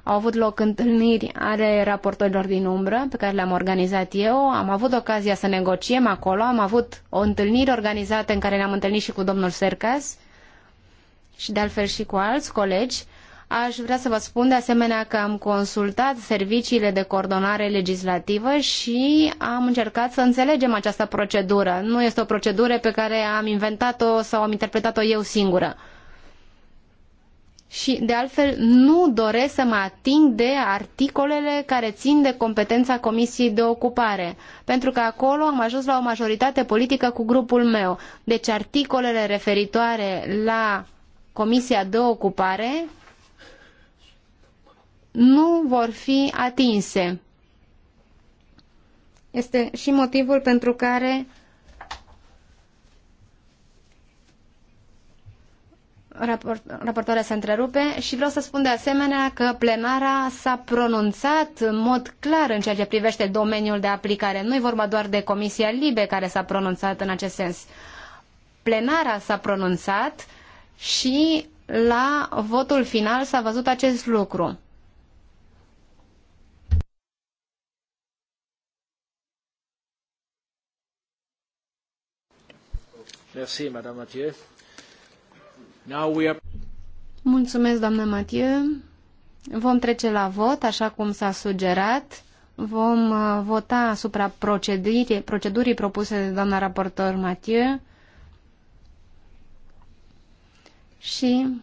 au avut loc întâlniri ale raportorilor din umbră pe care le-am organizat eu. Am avut ocazia să negociem acolo, am avut o întâlnire organizată în care ne-am întâlnit și cu domnul Sercas și de altfel și cu alți colegi Aș vrea să vă spun de asemenea că am consultat serviciile de coordonare legislativă și am încercat să înțelegem această procedură. Nu este o procedură pe care am inventat-o sau am interpretat-o eu singură. Și, de altfel, nu doresc să mă ating de articolele care țin de competența Comisiei de Ocupare, pentru că acolo am ajuns la o majoritate politică cu grupul meu. Deci, articolele referitoare la Comisia de Ocupare nu vor fi atinse. Este și motivul pentru care raport, raportoarea se întrerupe și vreau să spun de asemenea că plenara s-a pronunțat în mod clar în ceea ce privește domeniul de aplicare. Nu e vorba doar de Comisia Libe care s-a pronunțat în acest sens. Plenara s-a pronunțat și la votul final s-a văzut acest lucru. Merci, Madame Mathieu. Now we are... Mulțumesc, doamnă Mathieu. Vom trece la vot, așa cum s-a sugerat. Vom uh, vota asupra procedurii, procedurii propuse de doamna raportor Mathieu și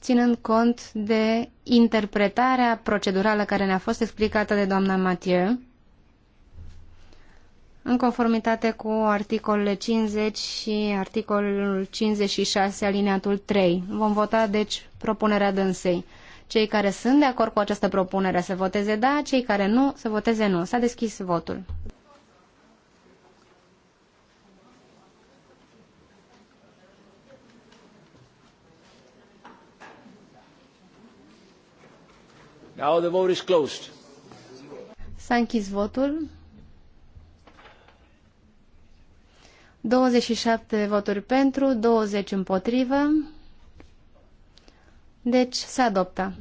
ținând cont de interpretarea procedurală care ne-a fost explicată de doamna Mathieu în conformitate cu articolele 50 și articolul 56 alineatul 3. Vom vota, deci, propunerea dânsei. Cei care sunt de acord cu această propunere să voteze da, cei care nu să voteze nu. S-a deschis votul. Now the vote is closed. S-a închis votul. 27 de voturi pentru, 20 împotrivă. Deci se adoptă.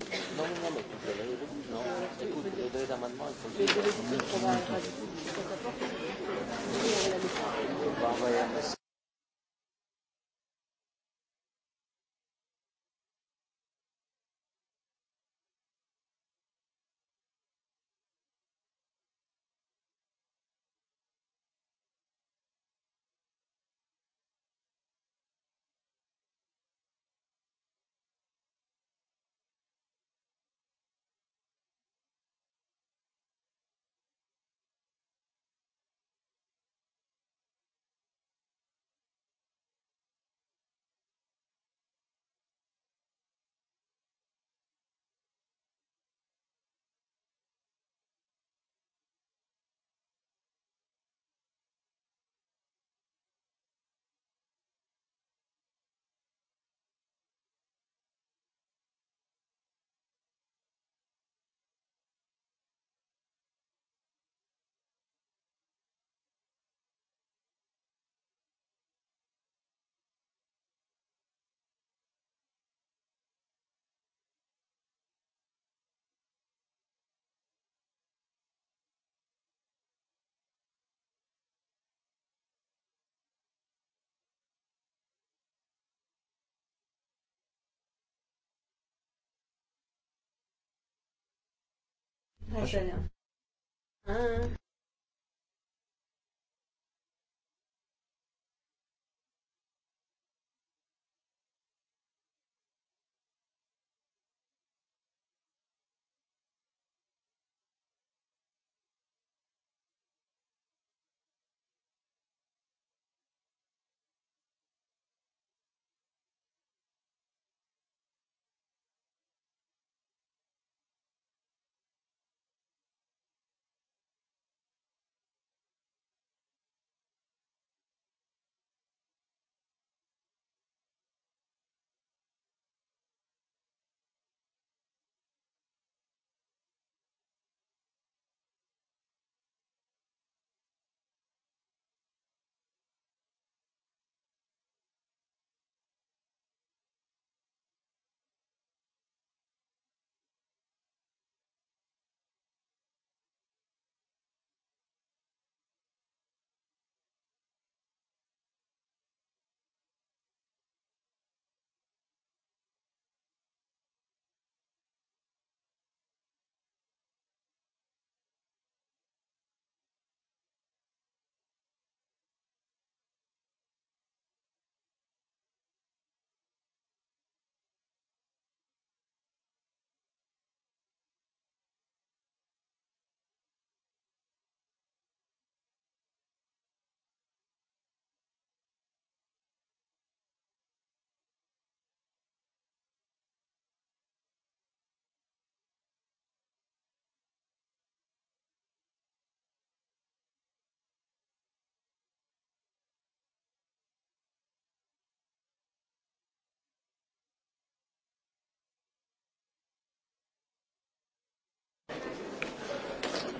Așa.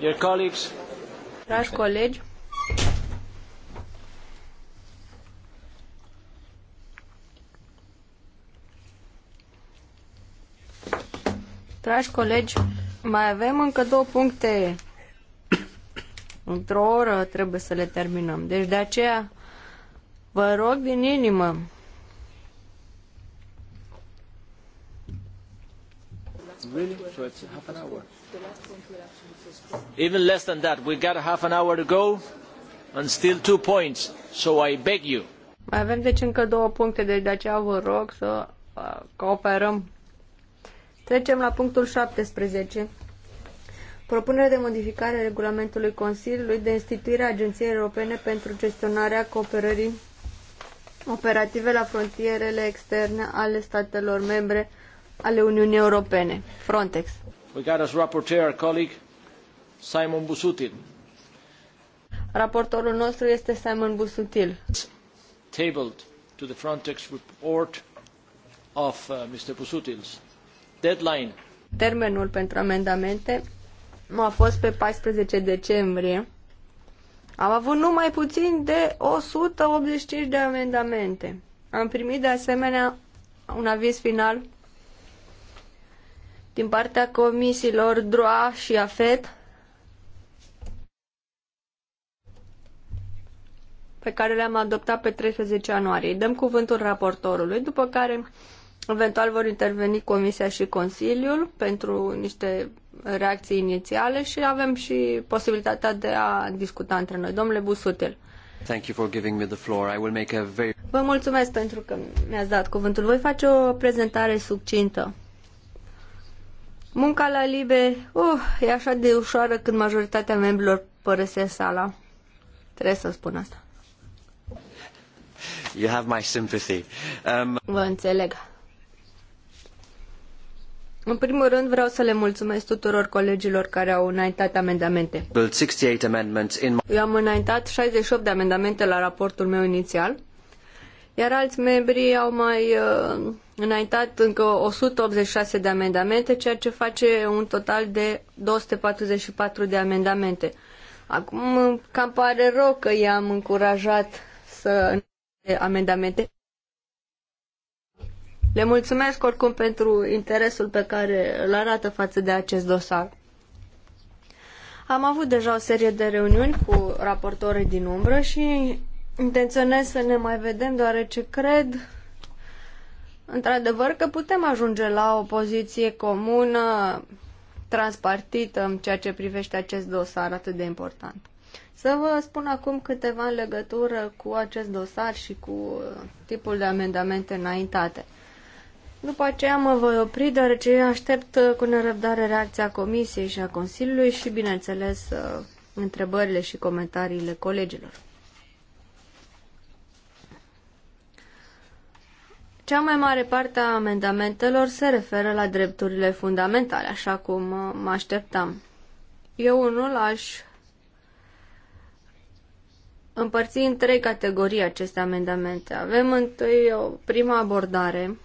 Dragi colegi. Dragi colegi, mai avem încă două puncte. Într-o oră trebuie să le terminăm. Deci de aceea vă rog din inimă Really? So it's half an hour. Even less than that. We got half an hour to go and still two points. So I beg you. Mai avem deci încă două puncte, deci de aceea vă rog să uh, cooperăm. Trecem la punctul 17. Propunere de modificare a regulamentului Consiliului de instituire a Agenției Europene pentru gestionarea cooperării operative la frontierele externe ale statelor membre ale Uniunii Europene, Frontex. We got as rapporteur colleague Simon Busutil. Raportorul nostru este Simon Busutil. Tabled to the Frontex report of uh, Mr. Busutil's deadline. Termenul pentru amendamente a fost pe 14 decembrie. Am avut numai puțin de 185 de amendamente. Am primit de asemenea un aviz final din partea comisiilor DROA și AFET pe care le-am adoptat pe 13 ianuarie. Dăm cuvântul raportorului, după care eventual vor interveni Comisia și Consiliul pentru niște reacții inițiale și avem și posibilitatea de a discuta între noi. Domnule Busutel. Thank you for giving me the floor. I will make a very... Vă mulțumesc pentru că mi-ați dat cuvântul. Voi face o prezentare succintă. Munca la libe, uh, e așa de ușoară când majoritatea membrilor părăsesc sala. Trebuie să spun asta. You have my sympathy. Um... Vă înțeleg. În primul rând vreau să le mulțumesc tuturor colegilor care au înaintat amendamente. Eu am înaintat 68 de amendamente la raportul meu inițial iar alți membri au mai uh, înaintat încă 186 de amendamente, ceea ce face un total de 244 de amendamente. Acum cam pare rău că i-am încurajat să amendamente. Le mulțumesc oricum pentru interesul pe care îl arată față de acest dosar. Am avut deja o serie de reuniuni cu raportorii din umbră și Intenționez să ne mai vedem, deoarece cred într-adevăr că putem ajunge la o poziție comună, transpartită în ceea ce privește acest dosar atât de important. Să vă spun acum câteva în legătură cu acest dosar și cu uh, tipul de amendamente înaintate. După aceea mă voi opri, deoarece aștept uh, cu nerăbdare reacția Comisiei și a Consiliului și, bineînțeles, uh, întrebările și comentariile colegilor. Cea mai mare parte a amendamentelor se referă la drepturile fundamentale, așa cum uh, mă așteptam. Eu unul aș împărți în trei categorii aceste amendamente. Avem întâi o prima abordare,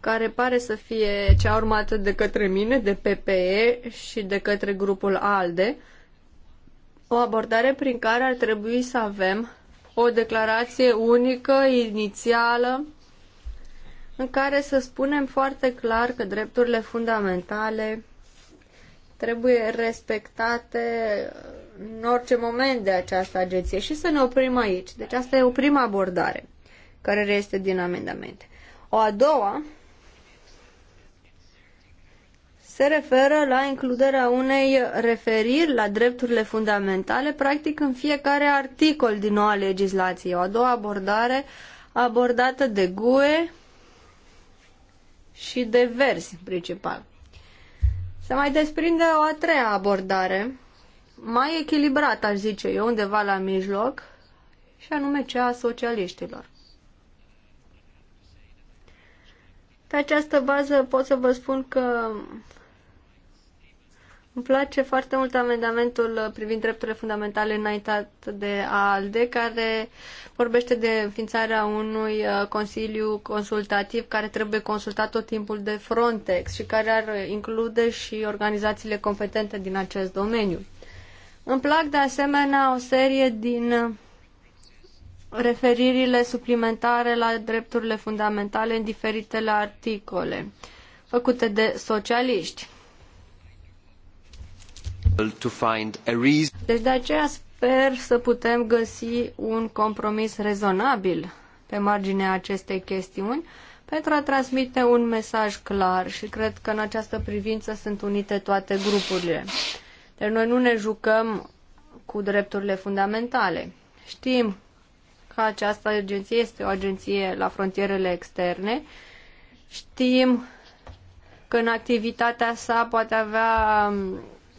care pare să fie cea urmată de către mine, de PPE și de către grupul ALDE, o abordare prin care ar trebui să avem o declarație unică, inițială, în care să spunem foarte clar că drepturile fundamentale trebuie respectate în orice moment de această agenție și să ne oprim aici. Deci asta e o prima abordare care reiese din amendamente. O a doua se referă la includerea unei referiri la drepturile fundamentale, practic în fiecare articol din noua legislație. O a doua abordare abordată de GUE și de verzi, principal. Se mai desprinde o a treia abordare, mai echilibrată, aș zice eu, undeva la mijloc, și anume cea a socialiștilor. Pe această bază pot să vă spun că îmi place foarte mult amendamentul privind drepturile fundamentale înaintat de ALDE, care vorbește de înființarea unui uh, consiliu consultativ care trebuie consultat tot timpul de Frontex și care ar include și organizațiile competente din acest domeniu. Îmi plac de asemenea o serie din referirile suplimentare la drepturile fundamentale în diferitele articole făcute de socialiști. Deci de aceea sper să putem găsi un compromis rezonabil pe marginea acestei chestiuni pentru a transmite un mesaj clar și cred că în această privință sunt unite toate grupurile. Deci noi nu ne jucăm cu drepturile fundamentale. Știm că această agenție este o agenție la frontierele externe. Știm că în activitatea sa poate avea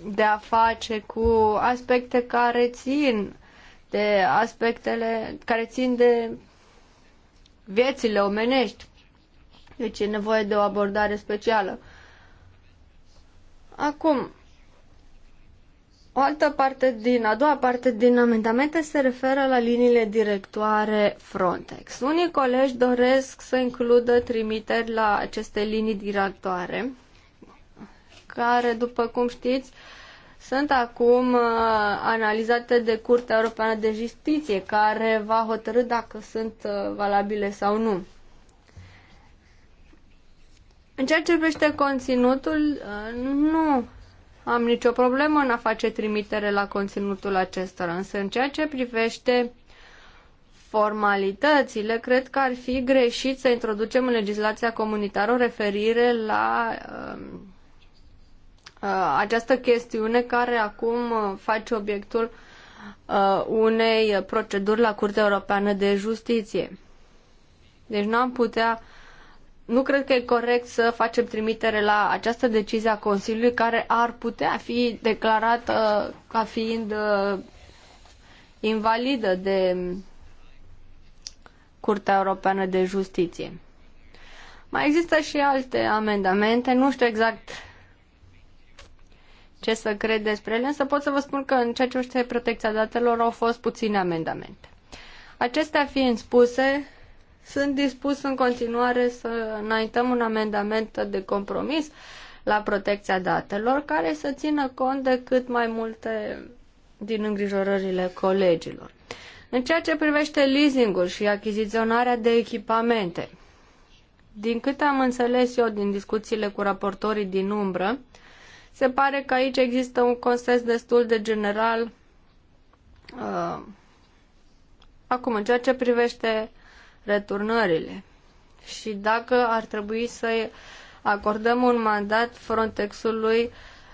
de a face cu aspecte care țin de aspectele care țin de viețile omenești. Deci e nevoie de o abordare specială. Acum, o altă parte din, a doua parte din amendamente se referă la liniile directoare Frontex. Unii colegi doresc să includă trimiteri la aceste linii directoare care, după cum știți, sunt acum uh, analizate de Curtea Europeană de Justiție, care va hotărâ dacă sunt uh, valabile sau nu. În ceea ce privește conținutul, uh, nu am nicio problemă în a face trimitere la conținutul acestor, însă în ceea ce privește formalitățile, cred că ar fi greșit să introducem în legislația comunitară o referire la Uh, Uh, această chestiune care acum uh, face obiectul uh, unei proceduri la Curtea Europeană de Justiție. Deci nu am putea nu cred că e corect să facem trimitere la această decizie a Consiliului care ar putea fi declarată ca fiind invalidă de Curtea Europeană de Justiție. Mai există și alte amendamente, nu știu exact ce să cred despre ele, însă pot să vă spun că în ceea ce privește protecția datelor au fost puține amendamente. Acestea fiind spuse, sunt dispus în continuare să înaintăm un amendament de compromis la protecția datelor care să țină cont de cât mai multe din îngrijorările colegilor. În ceea ce privește leasingul și achiziționarea de echipamente, din câte am înțeles eu din discuțiile cu raportorii din umbră, uh, se pare că aici există un consens destul de general. Uh, acum, în ceea ce privește returnările și dacă ar trebui să acordăm un mandat Frontexului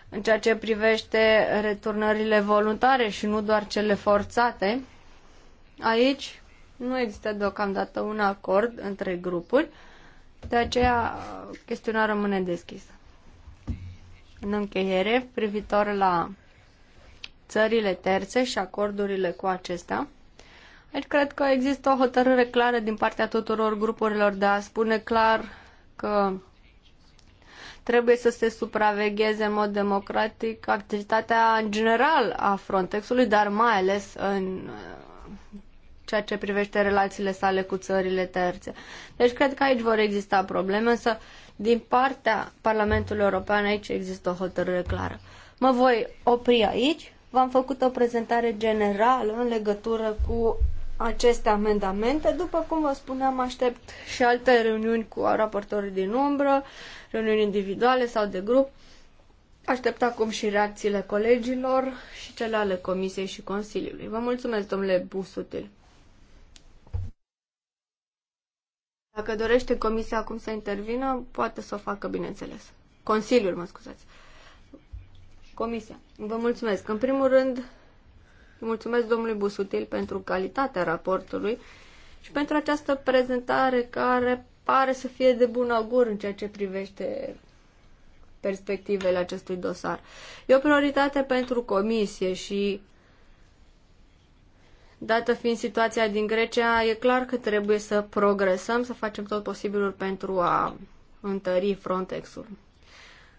în ceea ce privește returnările voluntare și nu doar cele forțate, aici nu există deocamdată un acord între grupuri, de aceea chestiunea rămâne deschisă. În încheiere, privitor la țările terțe și acordurile cu acestea, aici cred că există o hotărâre clară din partea tuturor grupurilor de a spune clar că trebuie să se supravegheze în mod democratic activitatea în general a Frontexului, dar mai ales în ceea ce privește relațiile sale cu țările terțe. Deci cred că aici vor exista probleme, însă din partea Parlamentului European aici există o hotărâre clară. Mă voi opri aici. V-am făcut o prezentare generală în legătură cu aceste amendamente. După cum vă spuneam, aștept și alte reuniuni cu raportorii din umbră, reuniuni individuale sau de grup. Aștept acum și reacțiile colegilor și cele ale Comisiei și Consiliului. Vă mulțumesc, domnule Busutil. Dacă dorește comisia acum să intervină, poate să o facă, bineînțeles. Consiliul, mă scuzați. Comisia, vă mulțumesc. În primul rând, mulțumesc domnului Busutil pentru calitatea raportului și pentru această prezentare care pare să fie de bun augur în ceea ce privește perspectivele acestui dosar. E o prioritate pentru comisie și Dată fiind situația din Grecia, e clar că trebuie să progresăm, să facem tot posibilul pentru a întări Frontex-ul.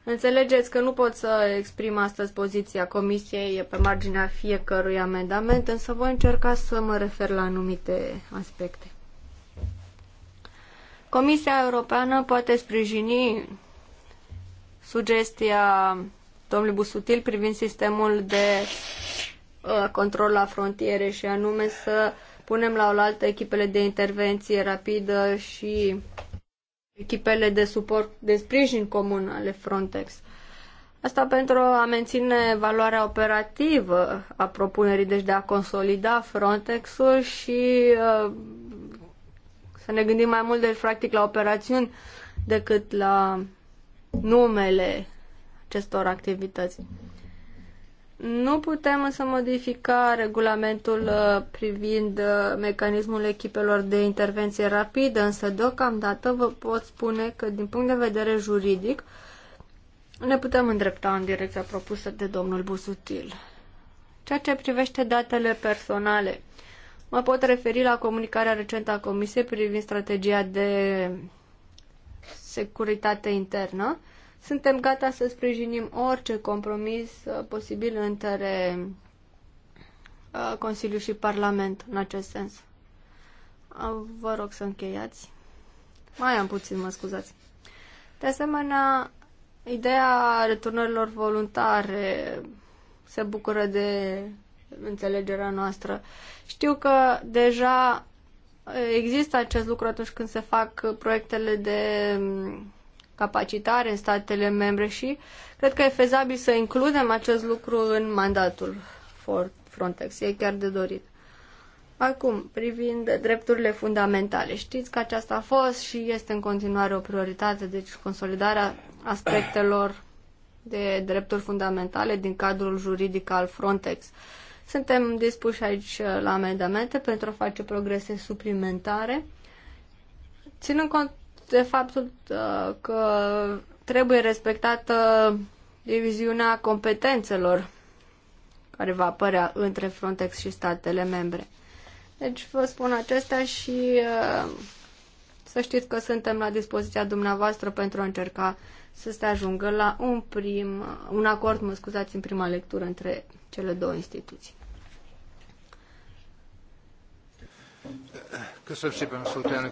Înțelegeți că nu pot să exprim astăzi poziția comisiei pe marginea fiecărui amendament, însă voi încerca să mă refer la anumite aspecte. Comisia Europeană poate sprijini sugestia domnului Busutil privind sistemul de Uh, control la frontiere și anume să punem la oaltă echipele de intervenție rapidă și echipele de suport, de sprijin comun ale Frontex. Asta pentru a menține valoarea operativă a propunerii, deci de a consolida Frontex-ul și uh, să ne gândim mai mult, de deci, practic, la operațiuni decât la numele acestor activități. Nu putem însă modifica regulamentul uh, privind uh, mecanismul echipelor de intervenție rapidă, însă deocamdată vă pot spune că din punct de vedere juridic ne putem îndrepta în direcția propusă de domnul Busutil. Ceea ce privește datele personale, mă pot referi la comunicarea recentă a Comisiei privind strategia de securitate internă, suntem gata să sprijinim orice compromis uh, posibil între uh, Consiliu și Parlament în acest sens. Vă rog să încheiați. Mai am puțin, mă scuzați. De asemenea, ideea returnărilor voluntare se bucură de înțelegerea noastră. Știu că deja uh, există acest lucru atunci când se fac proiectele de capacitare în statele membre și cred că e fezabil să includem acest lucru în mandatul Frontex. E chiar de dorit. Acum, privind drepturile fundamentale, știți că aceasta a fost și este în continuare o prioritate, deci consolidarea aspectelor de drepturi fundamentale din cadrul juridic al Frontex. Suntem dispuși aici la amendamente pentru a face progrese suplimentare, ținând cont de faptul uh, că trebuie respectată diviziunea competențelor care va apărea între Frontex și statele membre. Deci vă spun acestea și uh, să știți că suntem la dispoziția dumneavoastră pentru a încerca să se ajungă la un, prim, un acord, mă scuzați, în prima lectură între cele două instituții.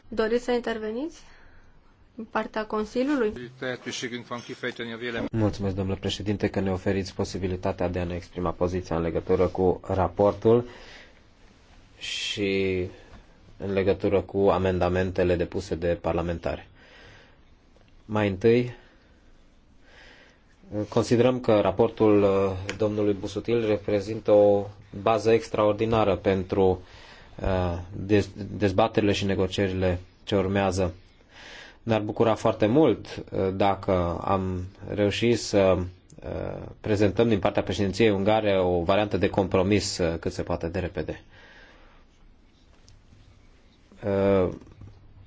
Doriți să interveniți? partea Consiliului? Mulțumesc, domnule președinte, că ne oferiți posibilitatea de a ne exprima poziția în legătură cu raportul și în legătură cu amendamentele depuse de parlamentare. Mai întâi, considerăm că raportul uh, domnului Busutil reprezintă o bază extraordinară pentru uh, dezbaterile și negocierile ce urmează ne-ar bucura foarte mult uh, dacă am reușit să uh, prezentăm din partea președinției ungare o variantă de compromis uh, cât se poate de repede.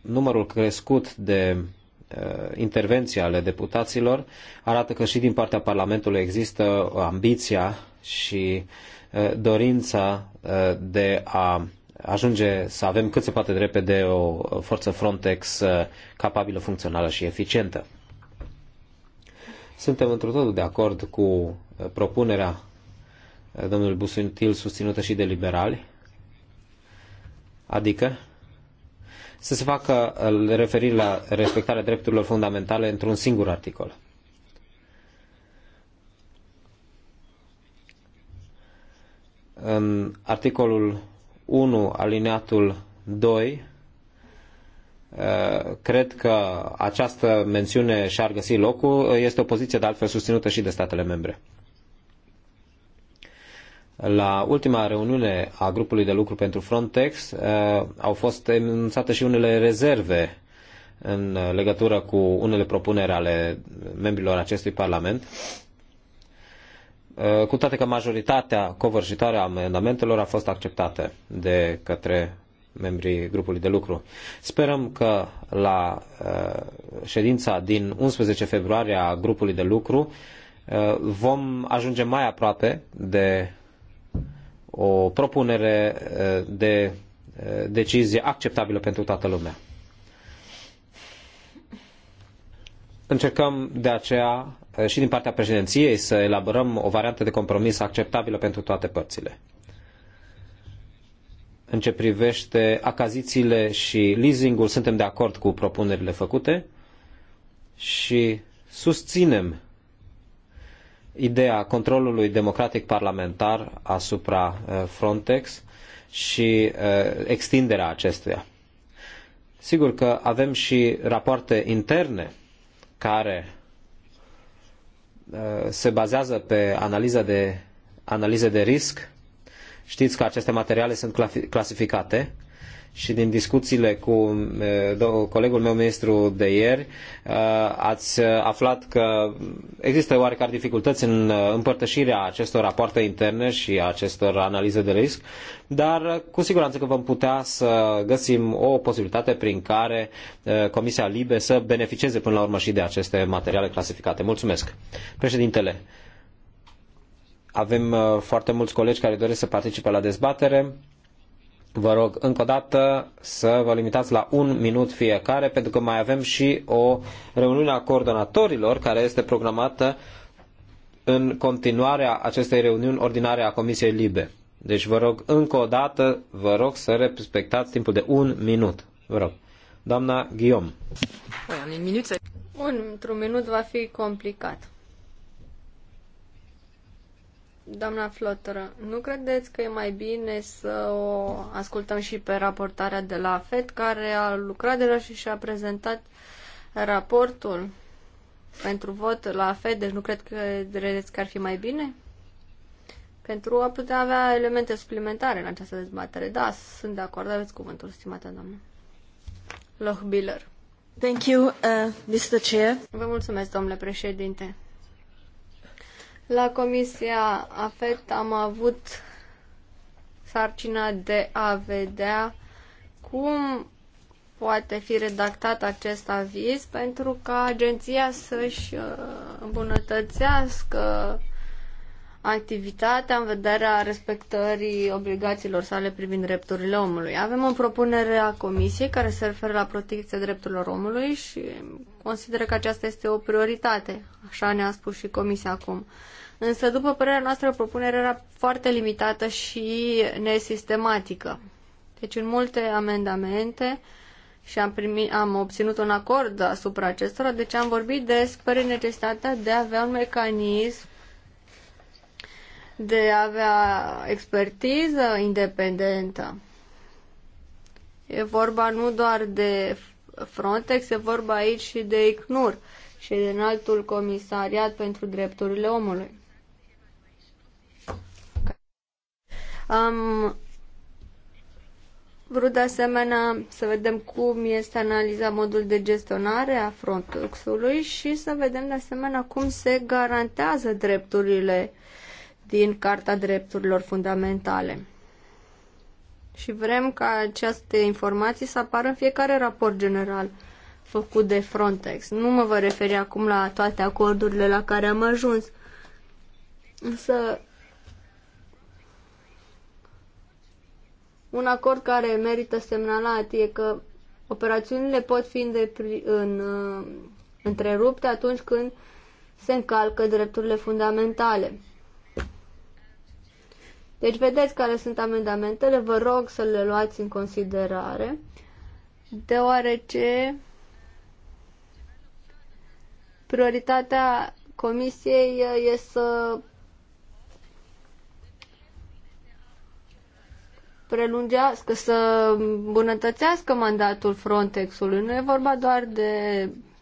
Numărul crescut de intervenții ale deputaților arată că și din partea Parlamentului există ambiția și dorința de a ajunge să avem cât se poate de repede o forță Frontex uh, capabilă, funcțională și eficientă. Suntem într totul de acord cu uh, propunerea uh, domnului Busuntil susținută și de liberali, adică să se facă referire la respectarea drepturilor fundamentale într-un singur articol. În articolul 1, alineatul 2, uh, cred că această mențiune și-ar găsi locul. Este o poziție de altfel susținută și de statele membre. La ultima reuniune a grupului de lucru pentru Frontex uh, au fost enunțate și unele rezerve în legătură cu unele propuneri ale membrilor acestui Parlament Uh, cu toate că majoritatea covârșitoare a amendamentelor a fost acceptată de către membrii grupului de lucru. Sperăm că la uh, ședința din 11 februarie a grupului de lucru uh, vom ajunge mai aproape de o propunere de decizie acceptabilă pentru toată lumea. Încercăm de aceea Uh, și din partea președinției să elaborăm o variantă de compromis acceptabilă pentru toate părțile. În ce privește acazițiile și leasingul, suntem de acord cu propunerile făcute și susținem ideea controlului democratic parlamentar asupra uh, Frontex și uh, extinderea acestuia. Sigur că avem și rapoarte interne care Uh, se bazează pe analiza de, analize de risc. Știți că aceste materiale sunt clasificate și din discuțiile cu eh, colegul meu ministru de ieri, eh, ați aflat că există oarecare dificultăți în eh, împărtășirea acestor rapoarte interne și acestor analize de risc, dar cu siguranță că vom putea să găsim o posibilitate prin care Comisia Libe să beneficieze până la urmă și de aceste materiale clasificate. Mulțumesc. Președintele, avem foarte mulți colegi care doresc să participe la dezbatere Vă rog încă o dată să vă limitați la un minut fiecare, pentru că mai avem și o reuniune a coordonatorilor care este programată în continuarea acestei reuniuni ordinare a Comisiei Libe. Deci vă rog încă o dată, vă rog să respectați timpul de un minut. Vă rog. Doamna Guillaume. Păi, într-un minut va fi complicat. Doamna Flotără, nu credeți că e mai bine să o ascultăm și pe raportarea de la FED, care a lucrat deja și și-a prezentat raportul pentru vot la FED, deci nu cred că credeți că ar fi mai bine? Pentru a putea avea elemente suplimentare în această dezbatere. Da, sunt de acord, aveți cuvântul, stimată doamnă. Lochbiller. Thank you, uh, Mr. Chair. Vă mulțumesc, domnule președinte. La Comisia AFET am avut sarcina de a vedea cum poate fi redactat acest aviz pentru ca agenția să-și uh, îmbunătățească activitatea în vederea respectării obligațiilor sale privind drepturile omului. Avem o propunere a Comisiei care se referă la protecția drepturilor omului și consideră că aceasta este o prioritate. Așa ne-a spus și Comisia acum. Însă, după părerea noastră, propunerea era foarte limitată și nesistematică. Deci, în multe amendamente și am, primit, am obținut un acord asupra acestora, deci am vorbit despre necesitatea de a avea un mecanism de a avea expertiză independentă. E vorba nu doar de Frontex, e vorba aici și de ICNUR și de înaltul comisariat pentru drepturile omului. Am vrut de asemenea să vedem cum este analizat modul de gestionare a frontuxului și să vedem de asemenea cum se garantează drepturile din Carta Drepturilor Fundamentale. Și vrem ca aceste informații să apară în fiecare raport general făcut de Frontex. Nu mă voi referi acum la toate acordurile la care am ajuns, însă Un acord care merită semnalat e că operațiunile pot fi îndepri- în, uh, întrerupte atunci când se încalcă drepturile fundamentale. Deci vedeți care sunt amendamentele, vă rog să le luați în considerare, deoarece prioritatea comisiei uh, e să prelungească, să îmbunătățească mandatul Frontex-ului. Nu e vorba doar de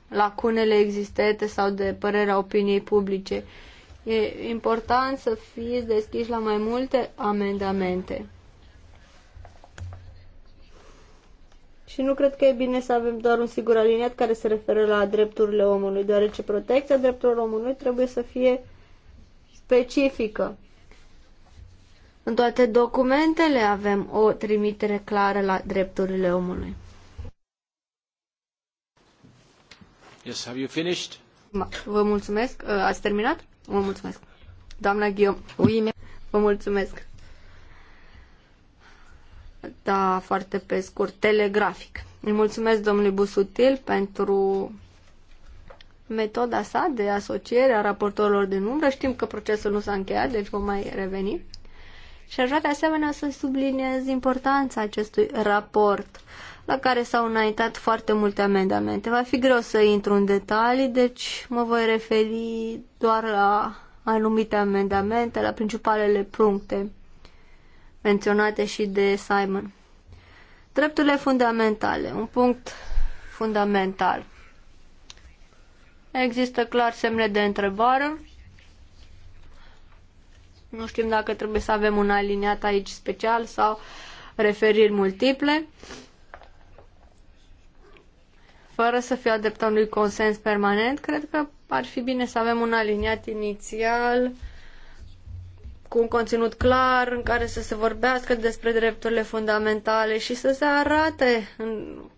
lacunele existente sau de părerea opiniei publice. E important să fiți deschiși la mai multe amendamente. Și nu cred că e bine să avem doar un singur aliniat care se referă la drepturile omului, deoarece protecția drepturilor omului trebuie să fie specifică în toate documentele avem o trimitere clară la drepturile omului. Yes, have you finished? Vă mulțumesc. Uh, ați terminat? Vă mulțumesc. Doamna Ghiom, uime. Vă mulțumesc. Da, foarte pe scurt, telegrafic. Îi mulțumesc domnului Busutil pentru metoda sa de asociere a raportorilor din umbră. Știm că procesul nu s-a încheiat, deci vom mai reveni. Și aș vrea de asemenea să subliniez importanța acestui raport la care s-au înaintat foarte multe amendamente. Va fi greu să intru în detalii, deci mă voi referi doar la anumite amendamente, la principalele puncte menționate și de Simon. Drepturile fundamentale, un punct fundamental. Există clar semne de întrebare nu știm dacă trebuie să avem un aliniat aici special sau referiri multiple, fără să fie adeptă unui consens permanent, cred că ar fi bine să avem un aliniat inițial cu un conținut clar în care să se vorbească despre drepturile fundamentale și să se arate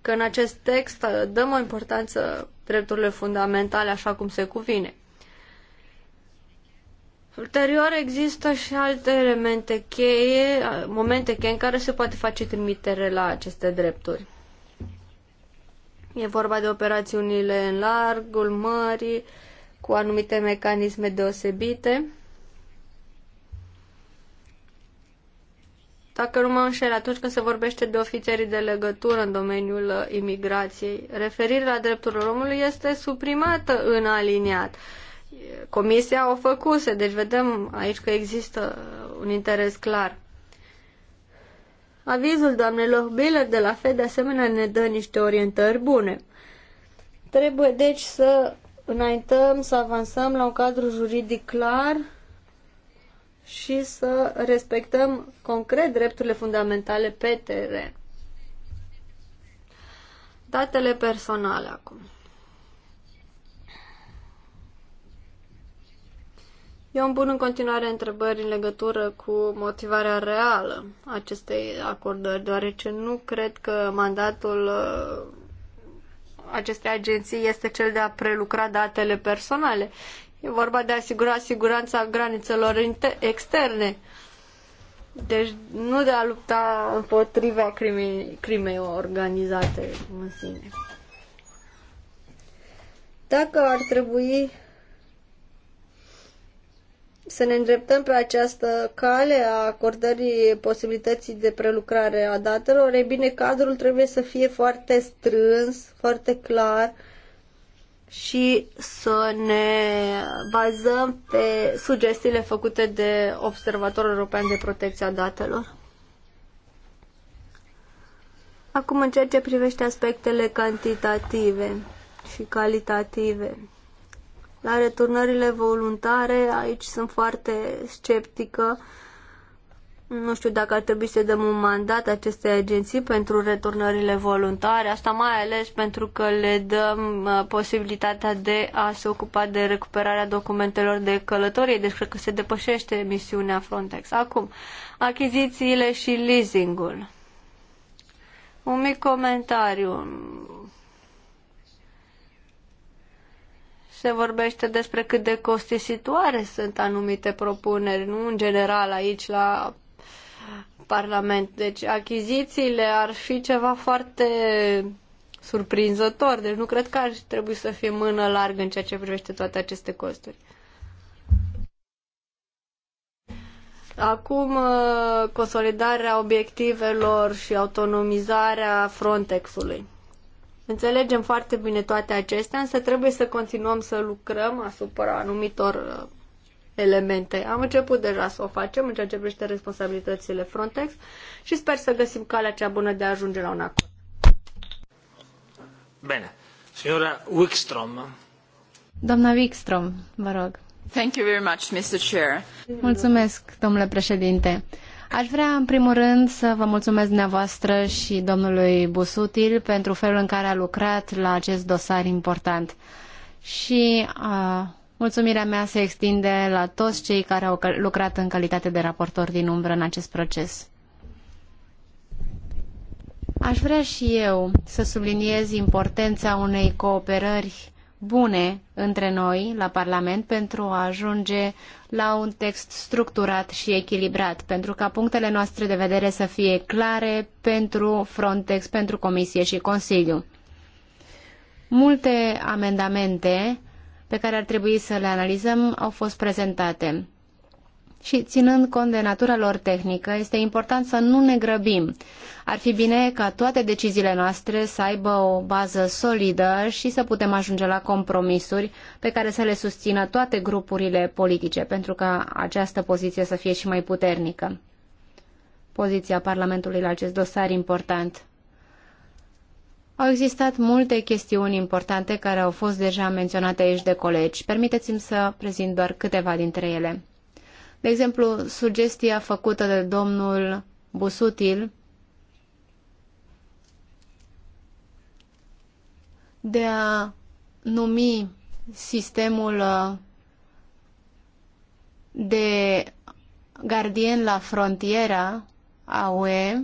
că în acest text dăm o importanță drepturile fundamentale așa cum se cuvine. Ulterior există și alte elemente cheie, momente cheie în care se poate face trimitere la aceste drepturi. E vorba de operațiunile în largul mării, cu anumite mecanisme deosebite. Dacă nu mă înșel, atunci când se vorbește de ofițerii de legătură în domeniul uh, imigrației, referirea la drepturile omului este suprimată în aliniat comisia o făcuse, deci vedem aici că există un interes clar. Avizul doamnelor Biller de la FED de asemenea ne dă niște orientări bune. Trebuie deci să înaintăm, să avansăm la un cadru juridic clar și să respectăm concret drepturile fundamentale pe teren. Datele personale acum. Eu îmi pun în continuare întrebări în legătură cu motivarea reală acestei acordări, deoarece nu cred că mandatul uh, acestei agenții este cel de a prelucra datele personale. E vorba de a asigura siguranța granițelor externe. Deci nu de a lupta împotriva crimei, crimei organizate în sine. Dacă ar trebui să ne îndreptăm pe această cale a acordării posibilității de prelucrare a datelor, e bine, cadrul trebuie să fie foarte strâns, foarte clar și să ne bazăm pe sugestiile făcute de Observatorul European de Protecție a Datelor. Acum, în ceea ce privește aspectele cantitative și calitative, la returnările voluntare, aici sunt foarte sceptică. Nu știu dacă ar trebui să dăm un mandat acestei agenții pentru returnările voluntare, asta mai ales pentru că le dăm uh, posibilitatea de a se ocupa de recuperarea documentelor de călătorie, deci cred că se depășește misiunea Frontex. Acum, achizițiile și leasingul. Un mic comentariu. se vorbește despre cât de costisitoare sunt anumite propuneri, nu în general aici la Parlament. Deci achizițiile ar fi ceva foarte surprinzător, deci nu cred că ar trebui să fie mână largă în ceea ce privește toate aceste costuri. Acum, consolidarea obiectivelor și autonomizarea Frontex-ului. Înțelegem foarte bine toate acestea, însă trebuie să continuăm să lucrăm asupra anumitor uh, elemente. Am început deja să o facem în ceea ce privește responsabilitățile Frontex și sper să găsim calea cea bună de a ajunge la un acord. Bine. Signora Wickstrom. Doamna Wickstrom, vă rog. Thank you very much, Mr. Chair. Mulțumesc, domnule președinte. Aș vrea, în primul rând, să vă mulțumesc dumneavoastră și domnului Busutil pentru felul în care a lucrat la acest dosar important. Și uh, mulțumirea mea se extinde la toți cei care au lucrat în calitate de raportor din umbră în acest proces. Aș vrea și eu să subliniez importanța unei cooperări bune între noi la Parlament pentru a ajunge la un text structurat și echilibrat, pentru ca punctele noastre de vedere să fie clare pentru Frontex, pentru Comisie și Consiliu. Multe amendamente pe care ar trebui să le analizăm au fost prezentate și ținând cont de natura lor tehnică, este important să nu ne grăbim. Ar fi bine ca toate deciziile noastre să aibă o bază solidă și să putem ajunge la compromisuri pe care să le susțină toate grupurile politice, pentru ca această poziție să fie și mai puternică. Poziția Parlamentului la acest dosar important. Au existat multe chestiuni importante care au fost deja menționate aici de colegi. Permiteți-mi să prezint doar câteva dintre ele. De exemplu, sugestia făcută de domnul Busutil de a numi sistemul uh, de gardien la frontiera a UE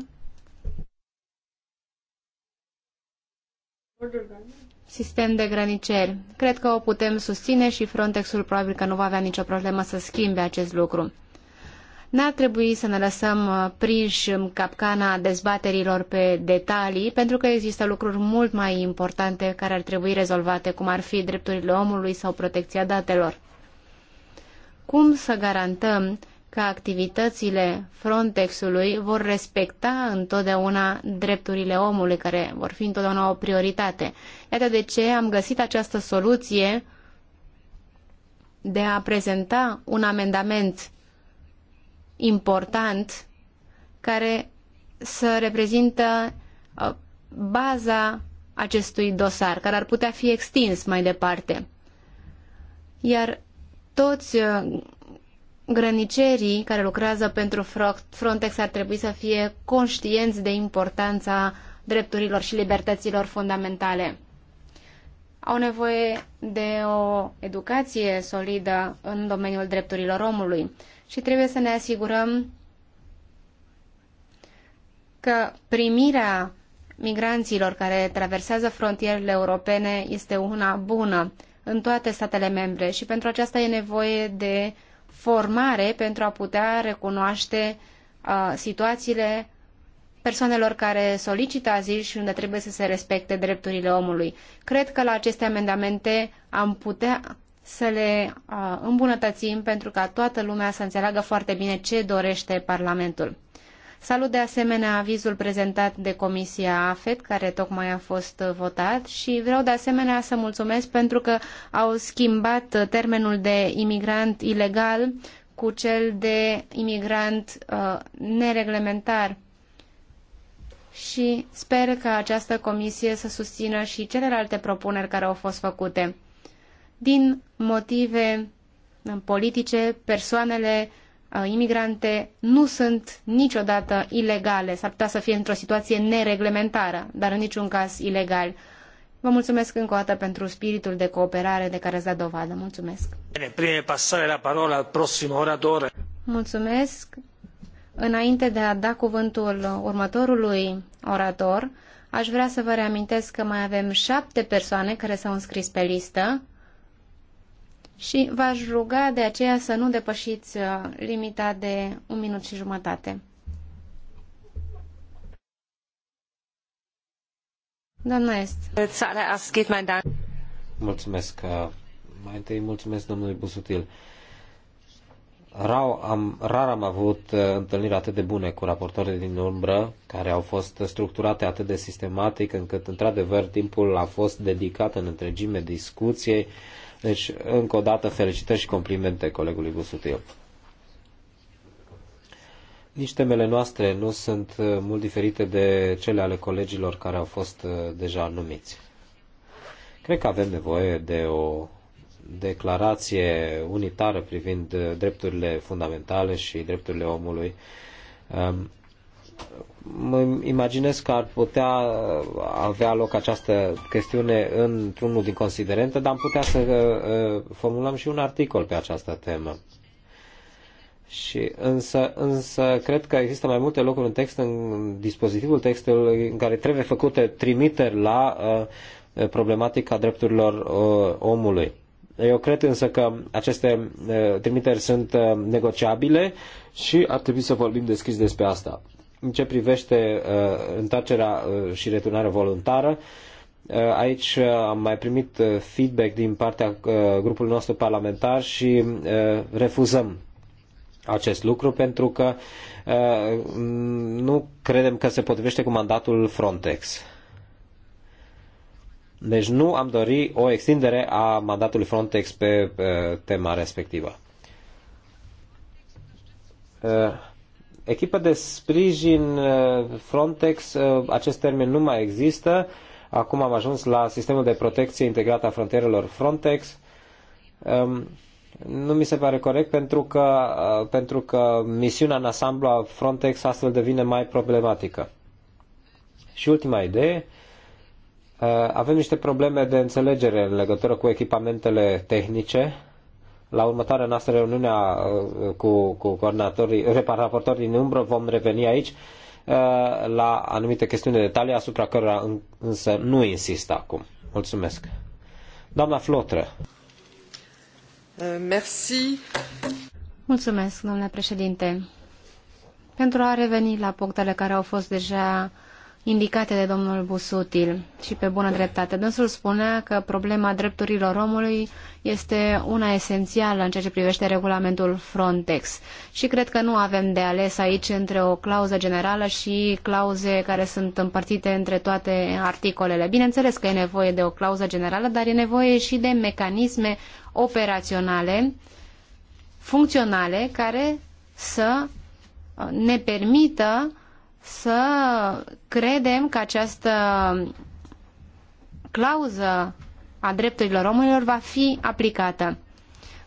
sistem de graniceri. Cred că o putem susține și Frontexul probabil că nu va avea nicio problemă să schimbe acest lucru. N-ar trebui să ne lăsăm uh, prinși în capcana dezbaterilor pe detalii, pentru că există lucruri mult mai importante care ar trebui rezolvate, cum ar fi drepturile omului sau protecția datelor. Cum să garantăm că activitățile Frontexului vor respecta întotdeauna drepturile omului, care vor fi întotdeauna o prioritate. Iată de ce am găsit această soluție de a prezenta un amendament important care să reprezintă uh, baza acestui dosar, care ar putea fi extins mai departe. Iar toți uh, grănicerii care lucrează pentru Frontex ar trebui să fie conștienți de importanța drepturilor și libertăților fundamentale. Au nevoie de o educație solidă în domeniul drepturilor omului și trebuie să ne asigurăm că primirea migranților care traversează frontierele europene este una bună în toate statele membre și pentru aceasta e nevoie de formare pentru a putea recunoaște uh, situațiile persoanelor care solicită azil și unde trebuie să se respecte drepturile omului. Cred că la aceste amendamente am putea să le uh, îmbunătățim pentru ca toată lumea să înțeleagă foarte bine ce dorește Parlamentul. Salut de asemenea avizul prezentat de Comisia AFET, care tocmai a fost votat și vreau de asemenea să mulțumesc pentru că au schimbat termenul de imigrant ilegal cu cel de imigrant uh, nereglementar. Și sper că această comisie să susțină și celelalte propuneri care au fost făcute. Din motive politice, persoanele uh, Uh, imigrante nu sunt niciodată ilegale. S-ar putea să fie într-o situație nereglementară, dar în niciun caz ilegal. Vă mulțumesc încă o dată pentru spiritul de cooperare de care ați dat dovadă. Mulțumesc. Bine, prime pasare la parola al prossimo Mulțumesc. Înainte de a da cuvântul următorului orator, aș vrea să vă reamintesc că mai avem șapte persoane care s-au înscris pe listă și v-aș ruga de aceea să nu depășiți uh, limita de un minut și jumătate. Doamna Est. Mulțumesc. Uh, mai întâi mulțumesc domnului Busutil. Rau, am, rar am avut uh, întâlniri atât de bune cu raportorii din umbră, care au fost structurate atât de sistematic, încât, într-adevăr, timpul a fost dedicat în întregime discuției deci, încă o dată, felicitări și complimente colegului Busutiu. Nici temele noastre nu sunt uh, mult diferite de cele ale colegilor care au fost uh, deja numiți. Cred că avem nevoie de o declarație unitară privind uh, drepturile fundamentale și drepturile omului um, mă imaginez că ar putea uh, avea loc această chestiune într-unul din considerente, dar am putea să uh, uh, formulăm și un articol pe această temă. Și însă, însă cred că există mai multe locuri în text, în dispozitivul textului, în care trebuie făcute trimiteri la problematica drepturilor omului. Eu cred însă că aceste trimiteri sunt negociabile și ar trebui să vorbim deschis despre asta. În ce privește uh, întoarcerea uh, și returnarea voluntară, uh, Aici am mai primit feedback din partea grupului nostru parlamentar și refuzăm acest lucru pentru că nu credem că se potrivește cu mandatul Frontex. Deci nu am dori o extindere a mandatului Frontex pe tema respectivă echipă de sprijin uh, Frontex, uh, acest termen nu mai există. Acum am ajuns la sistemul de protecție integrată a frontierelor Frontex. Um, nu mi se pare corect pentru că, uh, pentru că misiunea în ansamblu a Frontex astfel devine mai problematică. Și ultima idee, avem niște probleme de înțelegere în legătură cu echipamentele tehnice la următoarea noastră reuniune uh, cu, cu coordonatorii, raportorii din umbră, vom reveni aici uh, la anumite chestiuni de detalii asupra cărora însă nu insist acum. Mulțumesc. Doamna Flotră. Uh, merci. Mulțumesc, domnule președinte. Pentru a reveni la punctele care au fost deja indicate de domnul Busutil și pe bună dreptate. Dânsul spunea că problema drepturilor omului este una esențială în ceea ce privește regulamentul Frontex și cred că nu avem de ales aici între o clauză generală și clauze care sunt împărțite între toate articolele. Bineînțeles că e nevoie de o clauză generală, dar e nevoie și de mecanisme operaționale, funcționale, care să ne permită uh, să credem că această clauză a drepturilor omului va fi aplicată.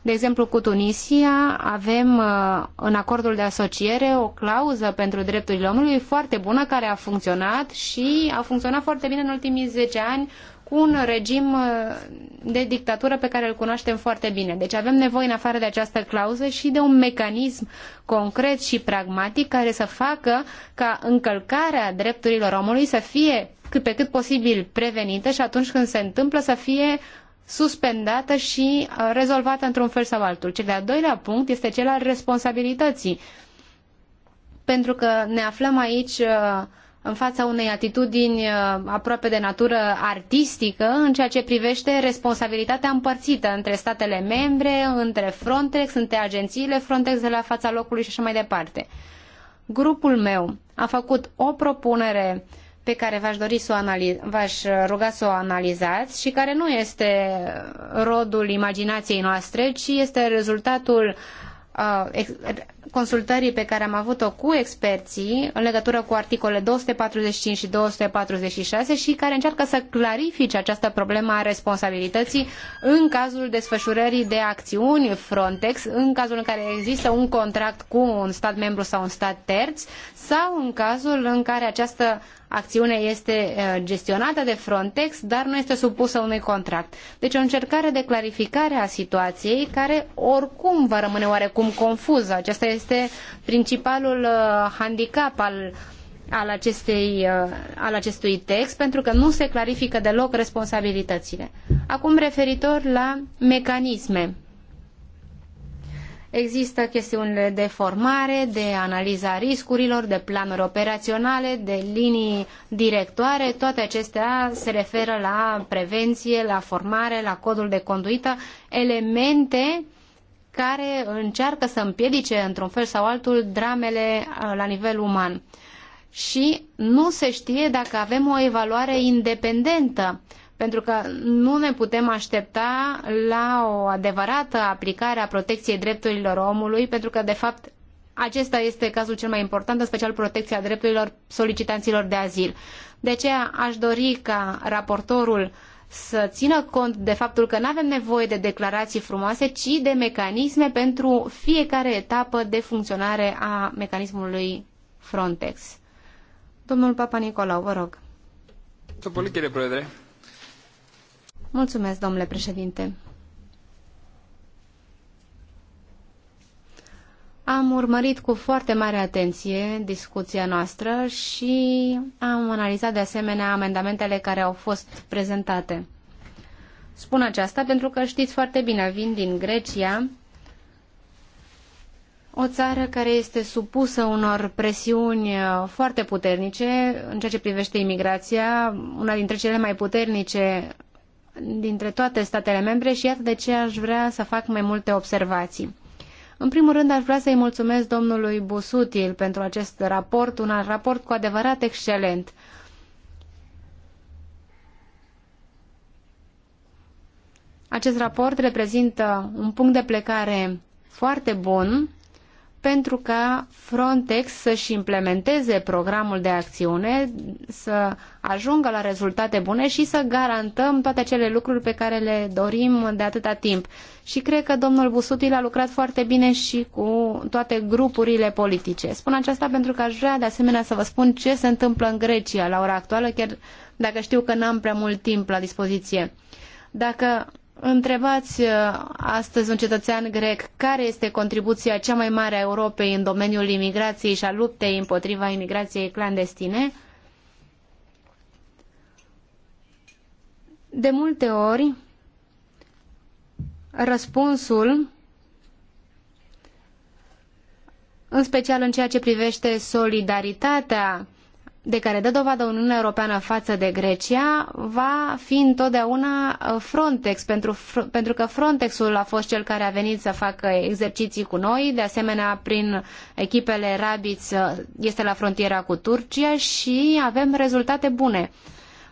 De exemplu, cu Tunisia avem uh, în acordul de asociere o clauză pentru drepturile omului foarte bună care a funcționat și a funcționat foarte bine în ultimii zece ani cu un regim uh, de dictatură pe care îl cunoaștem foarte bine. Deci avem nevoie, în afară de această clauză, și de un mecanism concret și pragmatic care să facă ca încălcarea drepturilor omului să fie cât pe cât posibil prevenită și atunci când se întâmplă să fie suspendată și uh, rezolvată într-un fel sau altul. Cel de-al doilea punct este cel al responsabilității. Pentru că ne aflăm aici uh, în fața unei atitudini uh, aproape de natură artistică în ceea ce privește responsabilitatea împărțită între statele membre, între Frontex, între agențiile Frontex de la fața locului și așa mai departe. Grupul meu a făcut o propunere pe care v-aș dori să o analiz- v-aș ruga să o analizați și care nu este rodul imaginației noastre, ci este rezultatul consultării pe care am avut-o cu experții în legătură cu articolele 245 și 246 și care încearcă să clarifice această problemă a responsabilității în cazul desfășurării de acțiuni Frontex, în cazul în care există un contract cu un stat membru sau un stat terț sau în cazul în care această acțiune este uh, gestionată de Frontex, dar nu este supusă unui contract. Deci o încercare de clarificare a situației care oricum va rămâne oarecum confuză. Acesta este principalul uh, handicap al al, acestei, uh, al acestui text, pentru că nu se clarifică deloc responsabilitățile. Acum, referitor la mecanisme Există chestiunile de formare, de analiza riscurilor, de planuri operaționale, de linii directoare. Toate acestea se referă la prevenție, la formare, la codul de conduită, elemente care încearcă să împiedice într-un fel sau altul dramele uh, la nivel uman. Și nu se știe dacă avem o evaluare independentă pentru că nu ne putem aștepta la o adevărată aplicare a protecției drepturilor omului, pentru că, de fapt, acesta este cazul cel mai important, în special protecția drepturilor solicitanților de azil. De aceea aș dori ca raportorul să țină cont de faptul că nu avem nevoie de declarații frumoase, ci de mecanisme pentru fiecare etapă de funcționare a mecanismului Frontex. Domnul Papa Nicolau, vă rog. Mulțumesc, Mulțumesc, domnule președinte. Am urmărit cu foarte mare atenție discuția noastră și am analizat de asemenea amendamentele care au fost prezentate. Spun aceasta pentru că știți foarte bine, vin din Grecia, o țară care este supusă unor presiuni foarte puternice în ceea ce privește imigrația, una dintre cele mai puternice dintre toate statele membre și iată de ce aș vrea să fac mai multe observații. În primul rând, aș vrea să-i mulțumesc domnului Busutil pentru acest raport, un raport cu adevărat excelent. Acest raport reprezintă un punct de plecare foarte bun pentru ca Frontex să-și implementeze programul de acțiune, să ajungă la rezultate bune și să garantăm toate acele lucruri pe care le dorim de atâta timp. Și cred că domnul Busutil a lucrat foarte bine și cu toate grupurile politice. Spun aceasta pentru că aș vrea de asemenea să vă spun ce se întâmplă în Grecia la ora actuală, chiar dacă știu că n-am prea mult timp la dispoziție. Dacă Întrebați uh, astăzi un cetățean grec care este contribuția cea mai mare a Europei în domeniul imigrației și a luptei împotriva imigrației clandestine. De multe ori, răspunsul, în special în ceea ce privește solidaritatea de care dă dovadă Uniunea Europeană față de Grecia va fi întotdeauna uh, Frontex, pentru, pentru că Frontexul a fost cel care a venit să facă exerciții cu noi, de asemenea prin echipele rabbits uh, este la frontiera cu Turcia și avem rezultate bune.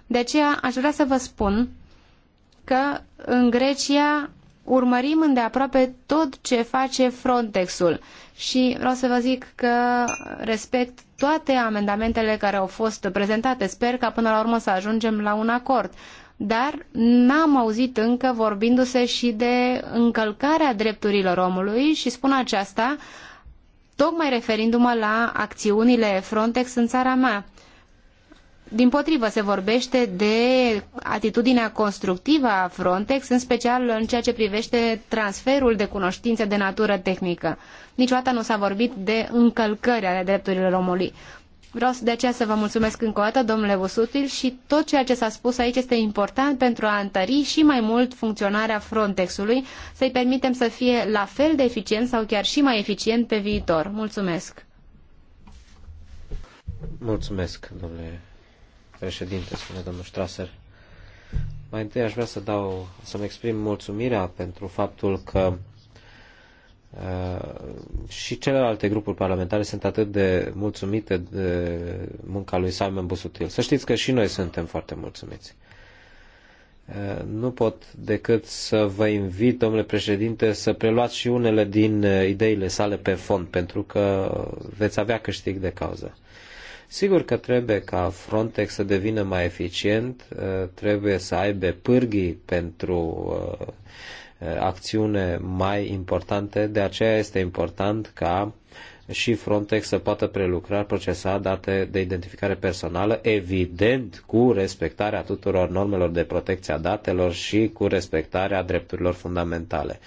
De aceea aș vrea să vă spun că în Grecia urmărim îndeaproape tot ce face Frontexul și vreau să vă zic că respect toate amendamentele care au fost prezentate. Sper ca până la urmă să ajungem la un acord. Dar n-am auzit încă vorbindu-se și de încălcarea drepturilor omului și spun aceasta tocmai referindu-mă la acțiunile Frontex în țara mea. Din potrivă, se vorbește de atitudinea constructivă a Frontex, în special în ceea ce privește transferul de cunoștințe de natură tehnică. Niciodată nu s-a vorbit de încălcări ale drepturilor omului. Vreau de aceea să vă mulțumesc încă o dată, domnule Vosutil, și tot ceea ce s-a spus aici este important pentru a întări și mai mult funcționarea Frontexului, să-i permitem să fie la fel de eficient sau chiar și mai eficient pe viitor. Mulțumesc! Mulțumesc, domnule președinte, spune domnul Strasser. Mai întâi aș vrea să dau, să-mi exprim mulțumirea pentru faptul că uh, și celelalte grupuri parlamentare sunt atât de mulțumite de munca lui Simon Busutil. Să știți că și noi suntem foarte mulțumiți. Uh, nu pot decât să vă invit, domnule președinte, să preluați și unele din uh, ideile sale pe fond, pentru că veți avea câștig de cauză. Sigur că trebuie ca Frontex să devină mai eficient, uh, trebuie să aibă pârghii pentru uh, uh, acțiune mai importante, de aceea este important ca și Frontex să poată prelucra, procesa date de identificare personală, evident cu respectarea tuturor normelor de protecție a datelor și cu respectarea drepturilor fundamentale.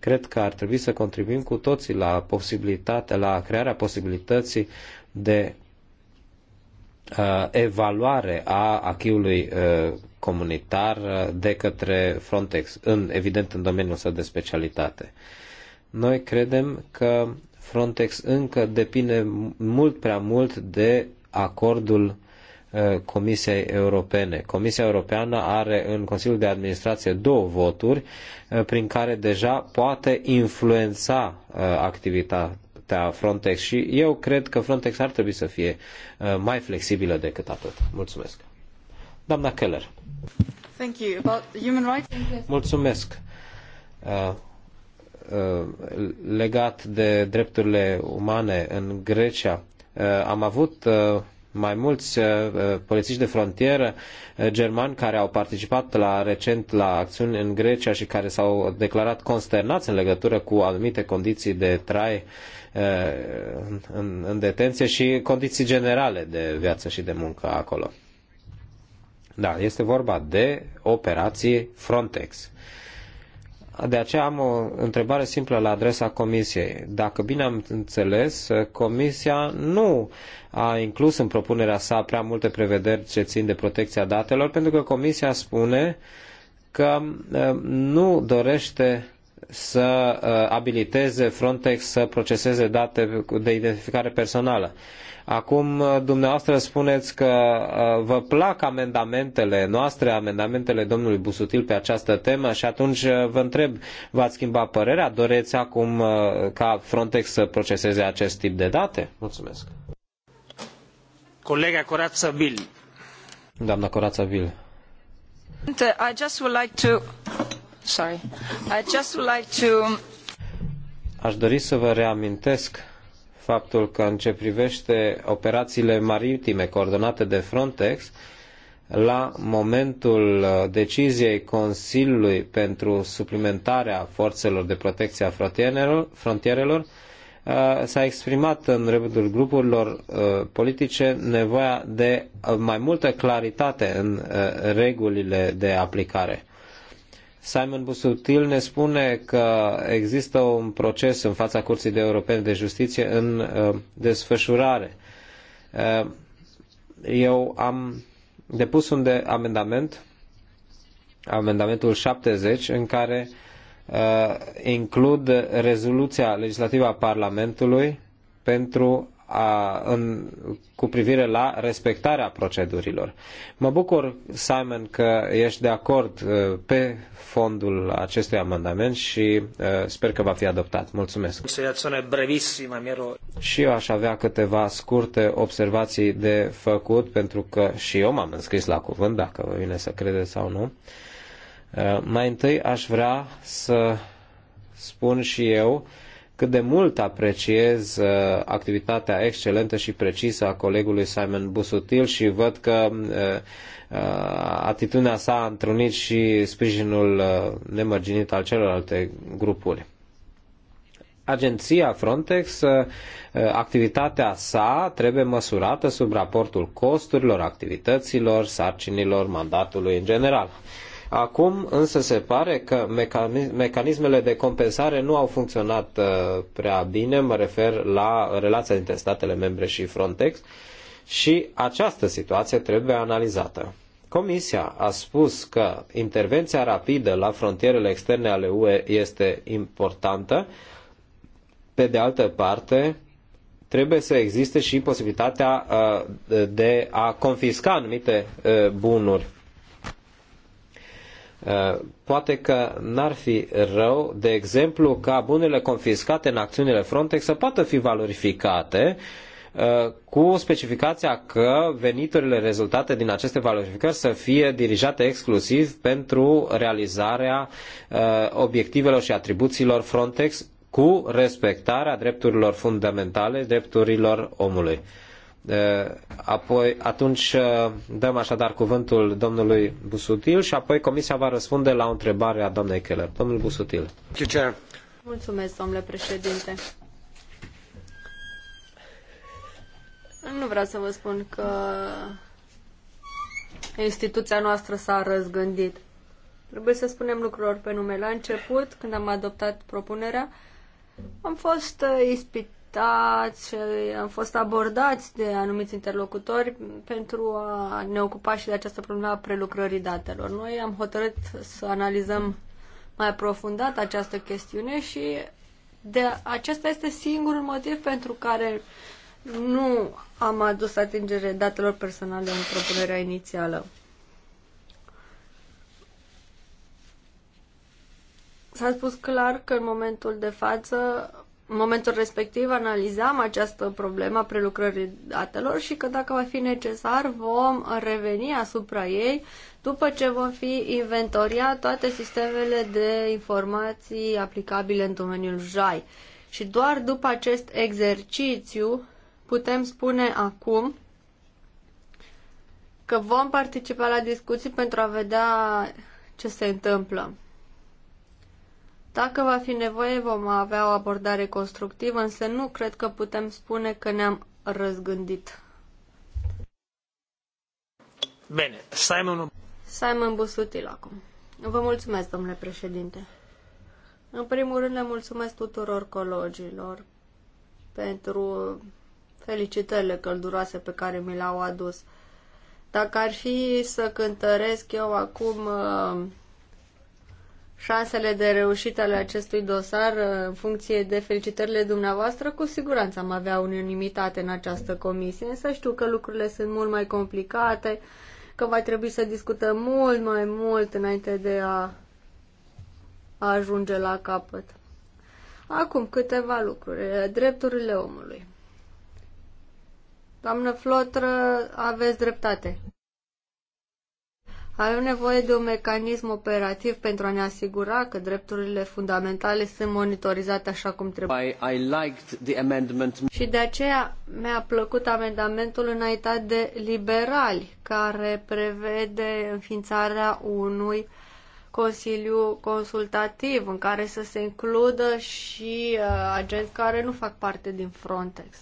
Cred că ar trebui să contribuim cu toții la posibilitatea, la crearea posibilității de Uh, evaluare a acquis uh, comunitar uh, de către Frontex, în, evident în domeniul său de specialitate. Noi credem că Frontex încă depinde mult prea mult de acordul Comisiei Europene. Comisia Europeană are în Consiliul de Administrație două voturi prin care deja poate influența activitatea partea Frontex și eu cred că Frontex ar trebui să fie uh, mai flexibilă decât atât. Mulțumesc. Doamna Keller. Thank you. About human rights... Mulțumesc. Uh, uh, legat de drepturile umane în Grecia, uh, am avut uh, mai mulți uh, polițiști de frontieră germani care au participat la recent la acțiuni în Grecia și care s-au declarat consternați în legătură cu anumite condiții de trai Uh, în, în detenție și condiții generale de viață și de muncă acolo. Da, este vorba de operații Frontex. De aceea am o întrebare simplă la adresa Comisiei. Dacă bine am înțeles, Comisia nu a inclus în propunerea sa prea multe prevederi ce țin de protecția datelor, pentru că Comisia spune că uh, nu dorește să uh, abiliteze Frontex să proceseze date de identificare personală. Acum, uh, dumneavoastră spuneți că uh, vă plac amendamentele noastre, amendamentele domnului Busutil pe această temă și atunci vă întreb, v-ați schimbat părerea? Doreți acum ca Frontex să proceseze acest tip de date? Mulțumesc. Colega Corața Bil. Doamna Corața Bil. I just would like to Sorry. I just would like to... Aș dori să vă reamintesc faptul că în ce privește operațiile maritime coordonate de Frontex, la momentul uh, deciziei Consiliului pentru suplimentarea forțelor de protecție a frontierelor, frontierelor uh, s-a exprimat în rândul grupurilor uh, politice nevoia de mai multă claritate în regulile de aplicare. Simon Busutil ne spune că există un proces în fața Curții de Europene de Justiție în uh, desfășurare. Uh, eu am depus un de amendament, amendamentul 70, în care uh, includ rezoluția legislativă a Parlamentului pentru a, în, cu privire la respectarea procedurilor. Mă bucur, Simon, că ești de acord uh, pe fondul acestui amendament și uh, sper că va fi adoptat. Mulțumesc. Și eu aș avea câteva scurte observații de făcut, pentru că și eu m-am înscris la cuvânt, dacă vă vine să credeți sau nu. Uh, mai întâi aș vrea să spun și eu cât de mult apreciez uh, activitatea excelentă și precisă a colegului Simon Busutil și văd că uh, uh, atitudinea sa a întrunit și sprijinul nemărginit al celorlalte grupuri agenția Frontex, activitatea sa trebuie măsurată sub raportul costurilor, activităților, sarcinilor, mandatului în general. Acum însă se pare că mecanismele de compensare nu au funcționat uh, prea bine, mă refer la relația dintre statele membre și Frontex și această situație trebuie analizată. Comisia a spus că intervenția rapidă la frontierele externe ale UE este importantă. Pe de altă parte, trebuie să existe și posibilitatea uh, de a confisca anumite uh, bunuri Eh, poate că n-ar fi rău, de exemplu, ca bunele confiscate în acțiunile Frontex să poată fi valorificate eh, cu specificația că veniturile rezultate din aceste valorificări să fie dirijate exclusiv pentru realizarea eh, obiectivelor și atribuțiilor Frontex cu respectarea drepturilor fundamentale, drepturilor omului. Eh, apoi, atunci eh, dăm așadar cuvântul domnului Busutil și apoi comisia va răspunde la o întrebare a doamnei Keller. Domnul Busutil. Mulțumesc, domnule președinte. Nu vreau să vă spun că instituția noastră s-a răzgândit. Trebuie să spunem lucrurilor pe nume. La început, când am adoptat propunerea, am fost eh, ispit contactați, am fost abordați de anumiți interlocutori pentru a ne ocupa și de această problemă a prelucrării datelor. Noi am hotărât să analizăm mai aprofundat această chestiune și de acesta este singurul motiv pentru care nu am adus atingere datelor personale în propunerea inițială. S-a spus clar că în momentul de față în momentul respectiv analizam această problemă a prelucrării datelor și că dacă va fi necesar vom reveni asupra ei după ce vom fi inventoria toate sistemele de informații aplicabile în domeniul JAI. Și doar după acest exercițiu putem spune acum că vom participa la discuții pentru a vedea ce se întâmplă. Dacă va fi nevoie, vom avea o abordare constructivă, însă nu cred că putem spune că ne-am răzgândit. Bine, Simon... Simon Busutil acum. Vă mulțumesc, domnule președinte. În primul rând, le mulțumesc tuturor colegilor pentru felicitările călduroase pe care mi le-au adus. Dacă ar fi să cântăresc eu acum uh, șansele de reușită ale acestui dosar uh, în funcție de felicitările dumneavoastră, cu siguranță am avea unanimitate în această comisie, însă știu că lucrurile sunt mult mai complicate, că va trebui să discutăm mult mai mult înainte de a, a ajunge la capăt. Acum câteva lucruri. Drepturile omului. Doamnă Flotră, aveți dreptate. Avem nevoie de un mecanism operativ pentru a ne asigura că drepturile fundamentale sunt monitorizate așa cum trebuie. Și de aceea mi-a plăcut amendamentul înaintat de liberali, care prevede înființarea unui consiliu consultativ în care să se includă și uh, agenți care nu fac parte din Frontex.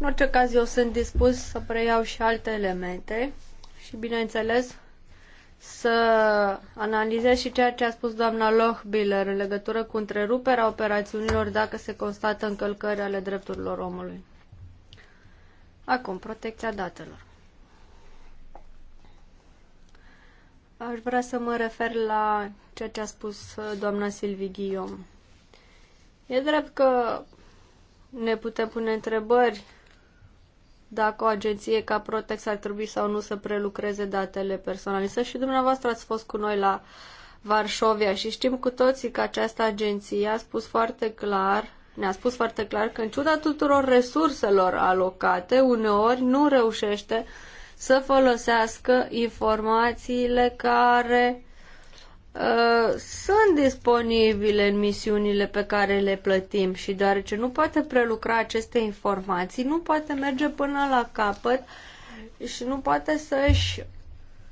În orice caz, eu sunt dispus să preiau și alte elemente și, bineînțeles, să analizez și ceea ce a spus doamna Lochbiller în legătură cu întreruperea operațiunilor dacă se constată încălcări ale drepturilor omului. Acum, protecția datelor. Aș vrea să mă refer la ceea ce a spus uh, doamna Silvi Guillaume. E drept că ne putem pune întrebări dacă o agenție ca Protex ar trebui sau nu să prelucreze datele personale. Și dumneavoastră ați fost cu noi la Varșovia și știm cu toții că această agenție a spus foarte clar, ne-a spus foarte clar că în ciuda tuturor resurselor alocate, uneori nu reușește să folosească informațiile care Uh, sunt disponibile în misiunile pe care le plătim și deoarece nu poate prelucra aceste informații, nu poate merge până la capăt și nu poate să-și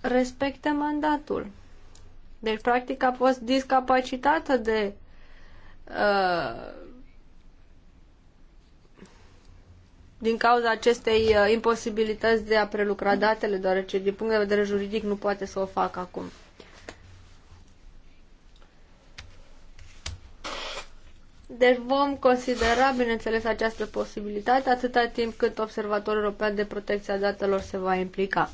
respecte mandatul. Deci, practic, a fost discapacitată de uh, din cauza acestei uh, imposibilități de a prelucra datele, deoarece din punct de vedere juridic nu poate să o facă acum. Deci vom considera, bineînțeles, această posibilitate atâta timp cât Observatorul European de Protecție a Datelor se va implica.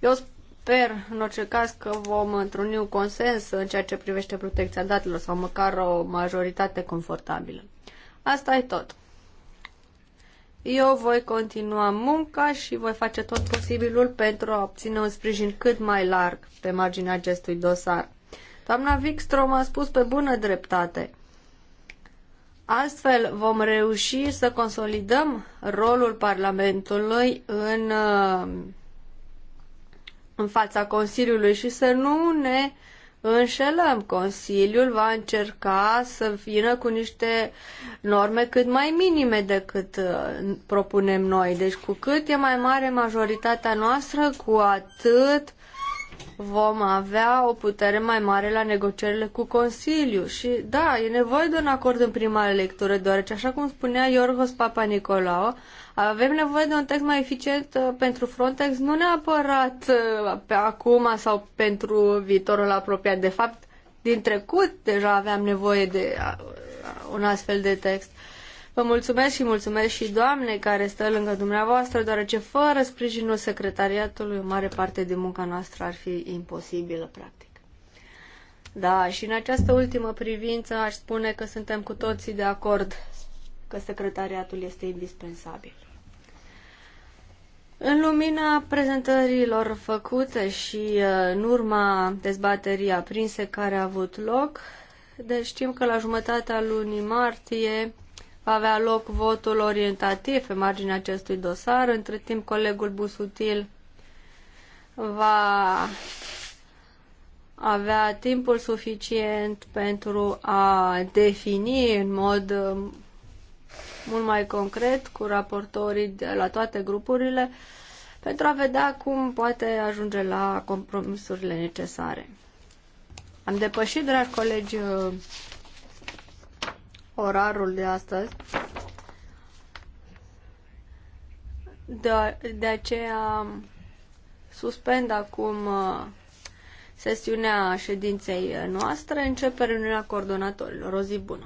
Eu sper, în orice caz, că vom întruni un consens în ceea ce privește protecția datelor sau măcar o majoritate confortabilă. Asta e tot. Eu voi continua munca și voi face tot posibilul pentru a obține un sprijin cât mai larg pe marginea acestui dosar. Doamna Wikstrom a spus pe bună dreptate – Astfel vom reuși să consolidăm rolul Parlamentului în, uh, în fața Consiliului și să nu ne înșelăm. Consiliul va încerca să vină cu niște norme cât mai minime decât uh, propunem noi. Deci cu cât e mai mare majoritatea noastră, cu atât vom avea o putere mai mare la negocierile cu Consiliu și da, e nevoie de un acord în prima lectură, deoarece așa cum spunea Iorgos Papa Nicolau, avem nevoie de un text mai eficient uh, pentru Frontex, nu neapărat uh, pe acum sau pentru viitorul apropiat. De fapt, din trecut deja aveam nevoie de uh, un astfel de text. Vă mulțumesc și mulțumesc și doamnei care stă lângă dumneavoastră, deoarece fără sprijinul secretariatului, o mare parte din munca noastră ar fi imposibilă, practic. Da, și în această ultimă privință aș spune că suntem cu toții de acord că secretariatul este indispensabil. În lumina prezentărilor făcute și uh, în urma dezbaterii aprinse care a avut loc, deci știm că la jumătatea lunii martie va avea loc votul orientativ pe marginea acestui dosar. Între timp, colegul Busutil va avea timpul suficient pentru a defini în mod um, mult mai concret cu raportorii de la toate grupurile pentru a vedea cum poate ajunge la compromisurile necesare. Am depășit, dragi colegi, orarul de astăzi. De, de aceea suspend acum uh, sesiunea ședinței noastre. Începe reuniunea coordonatorilor. O zi bună!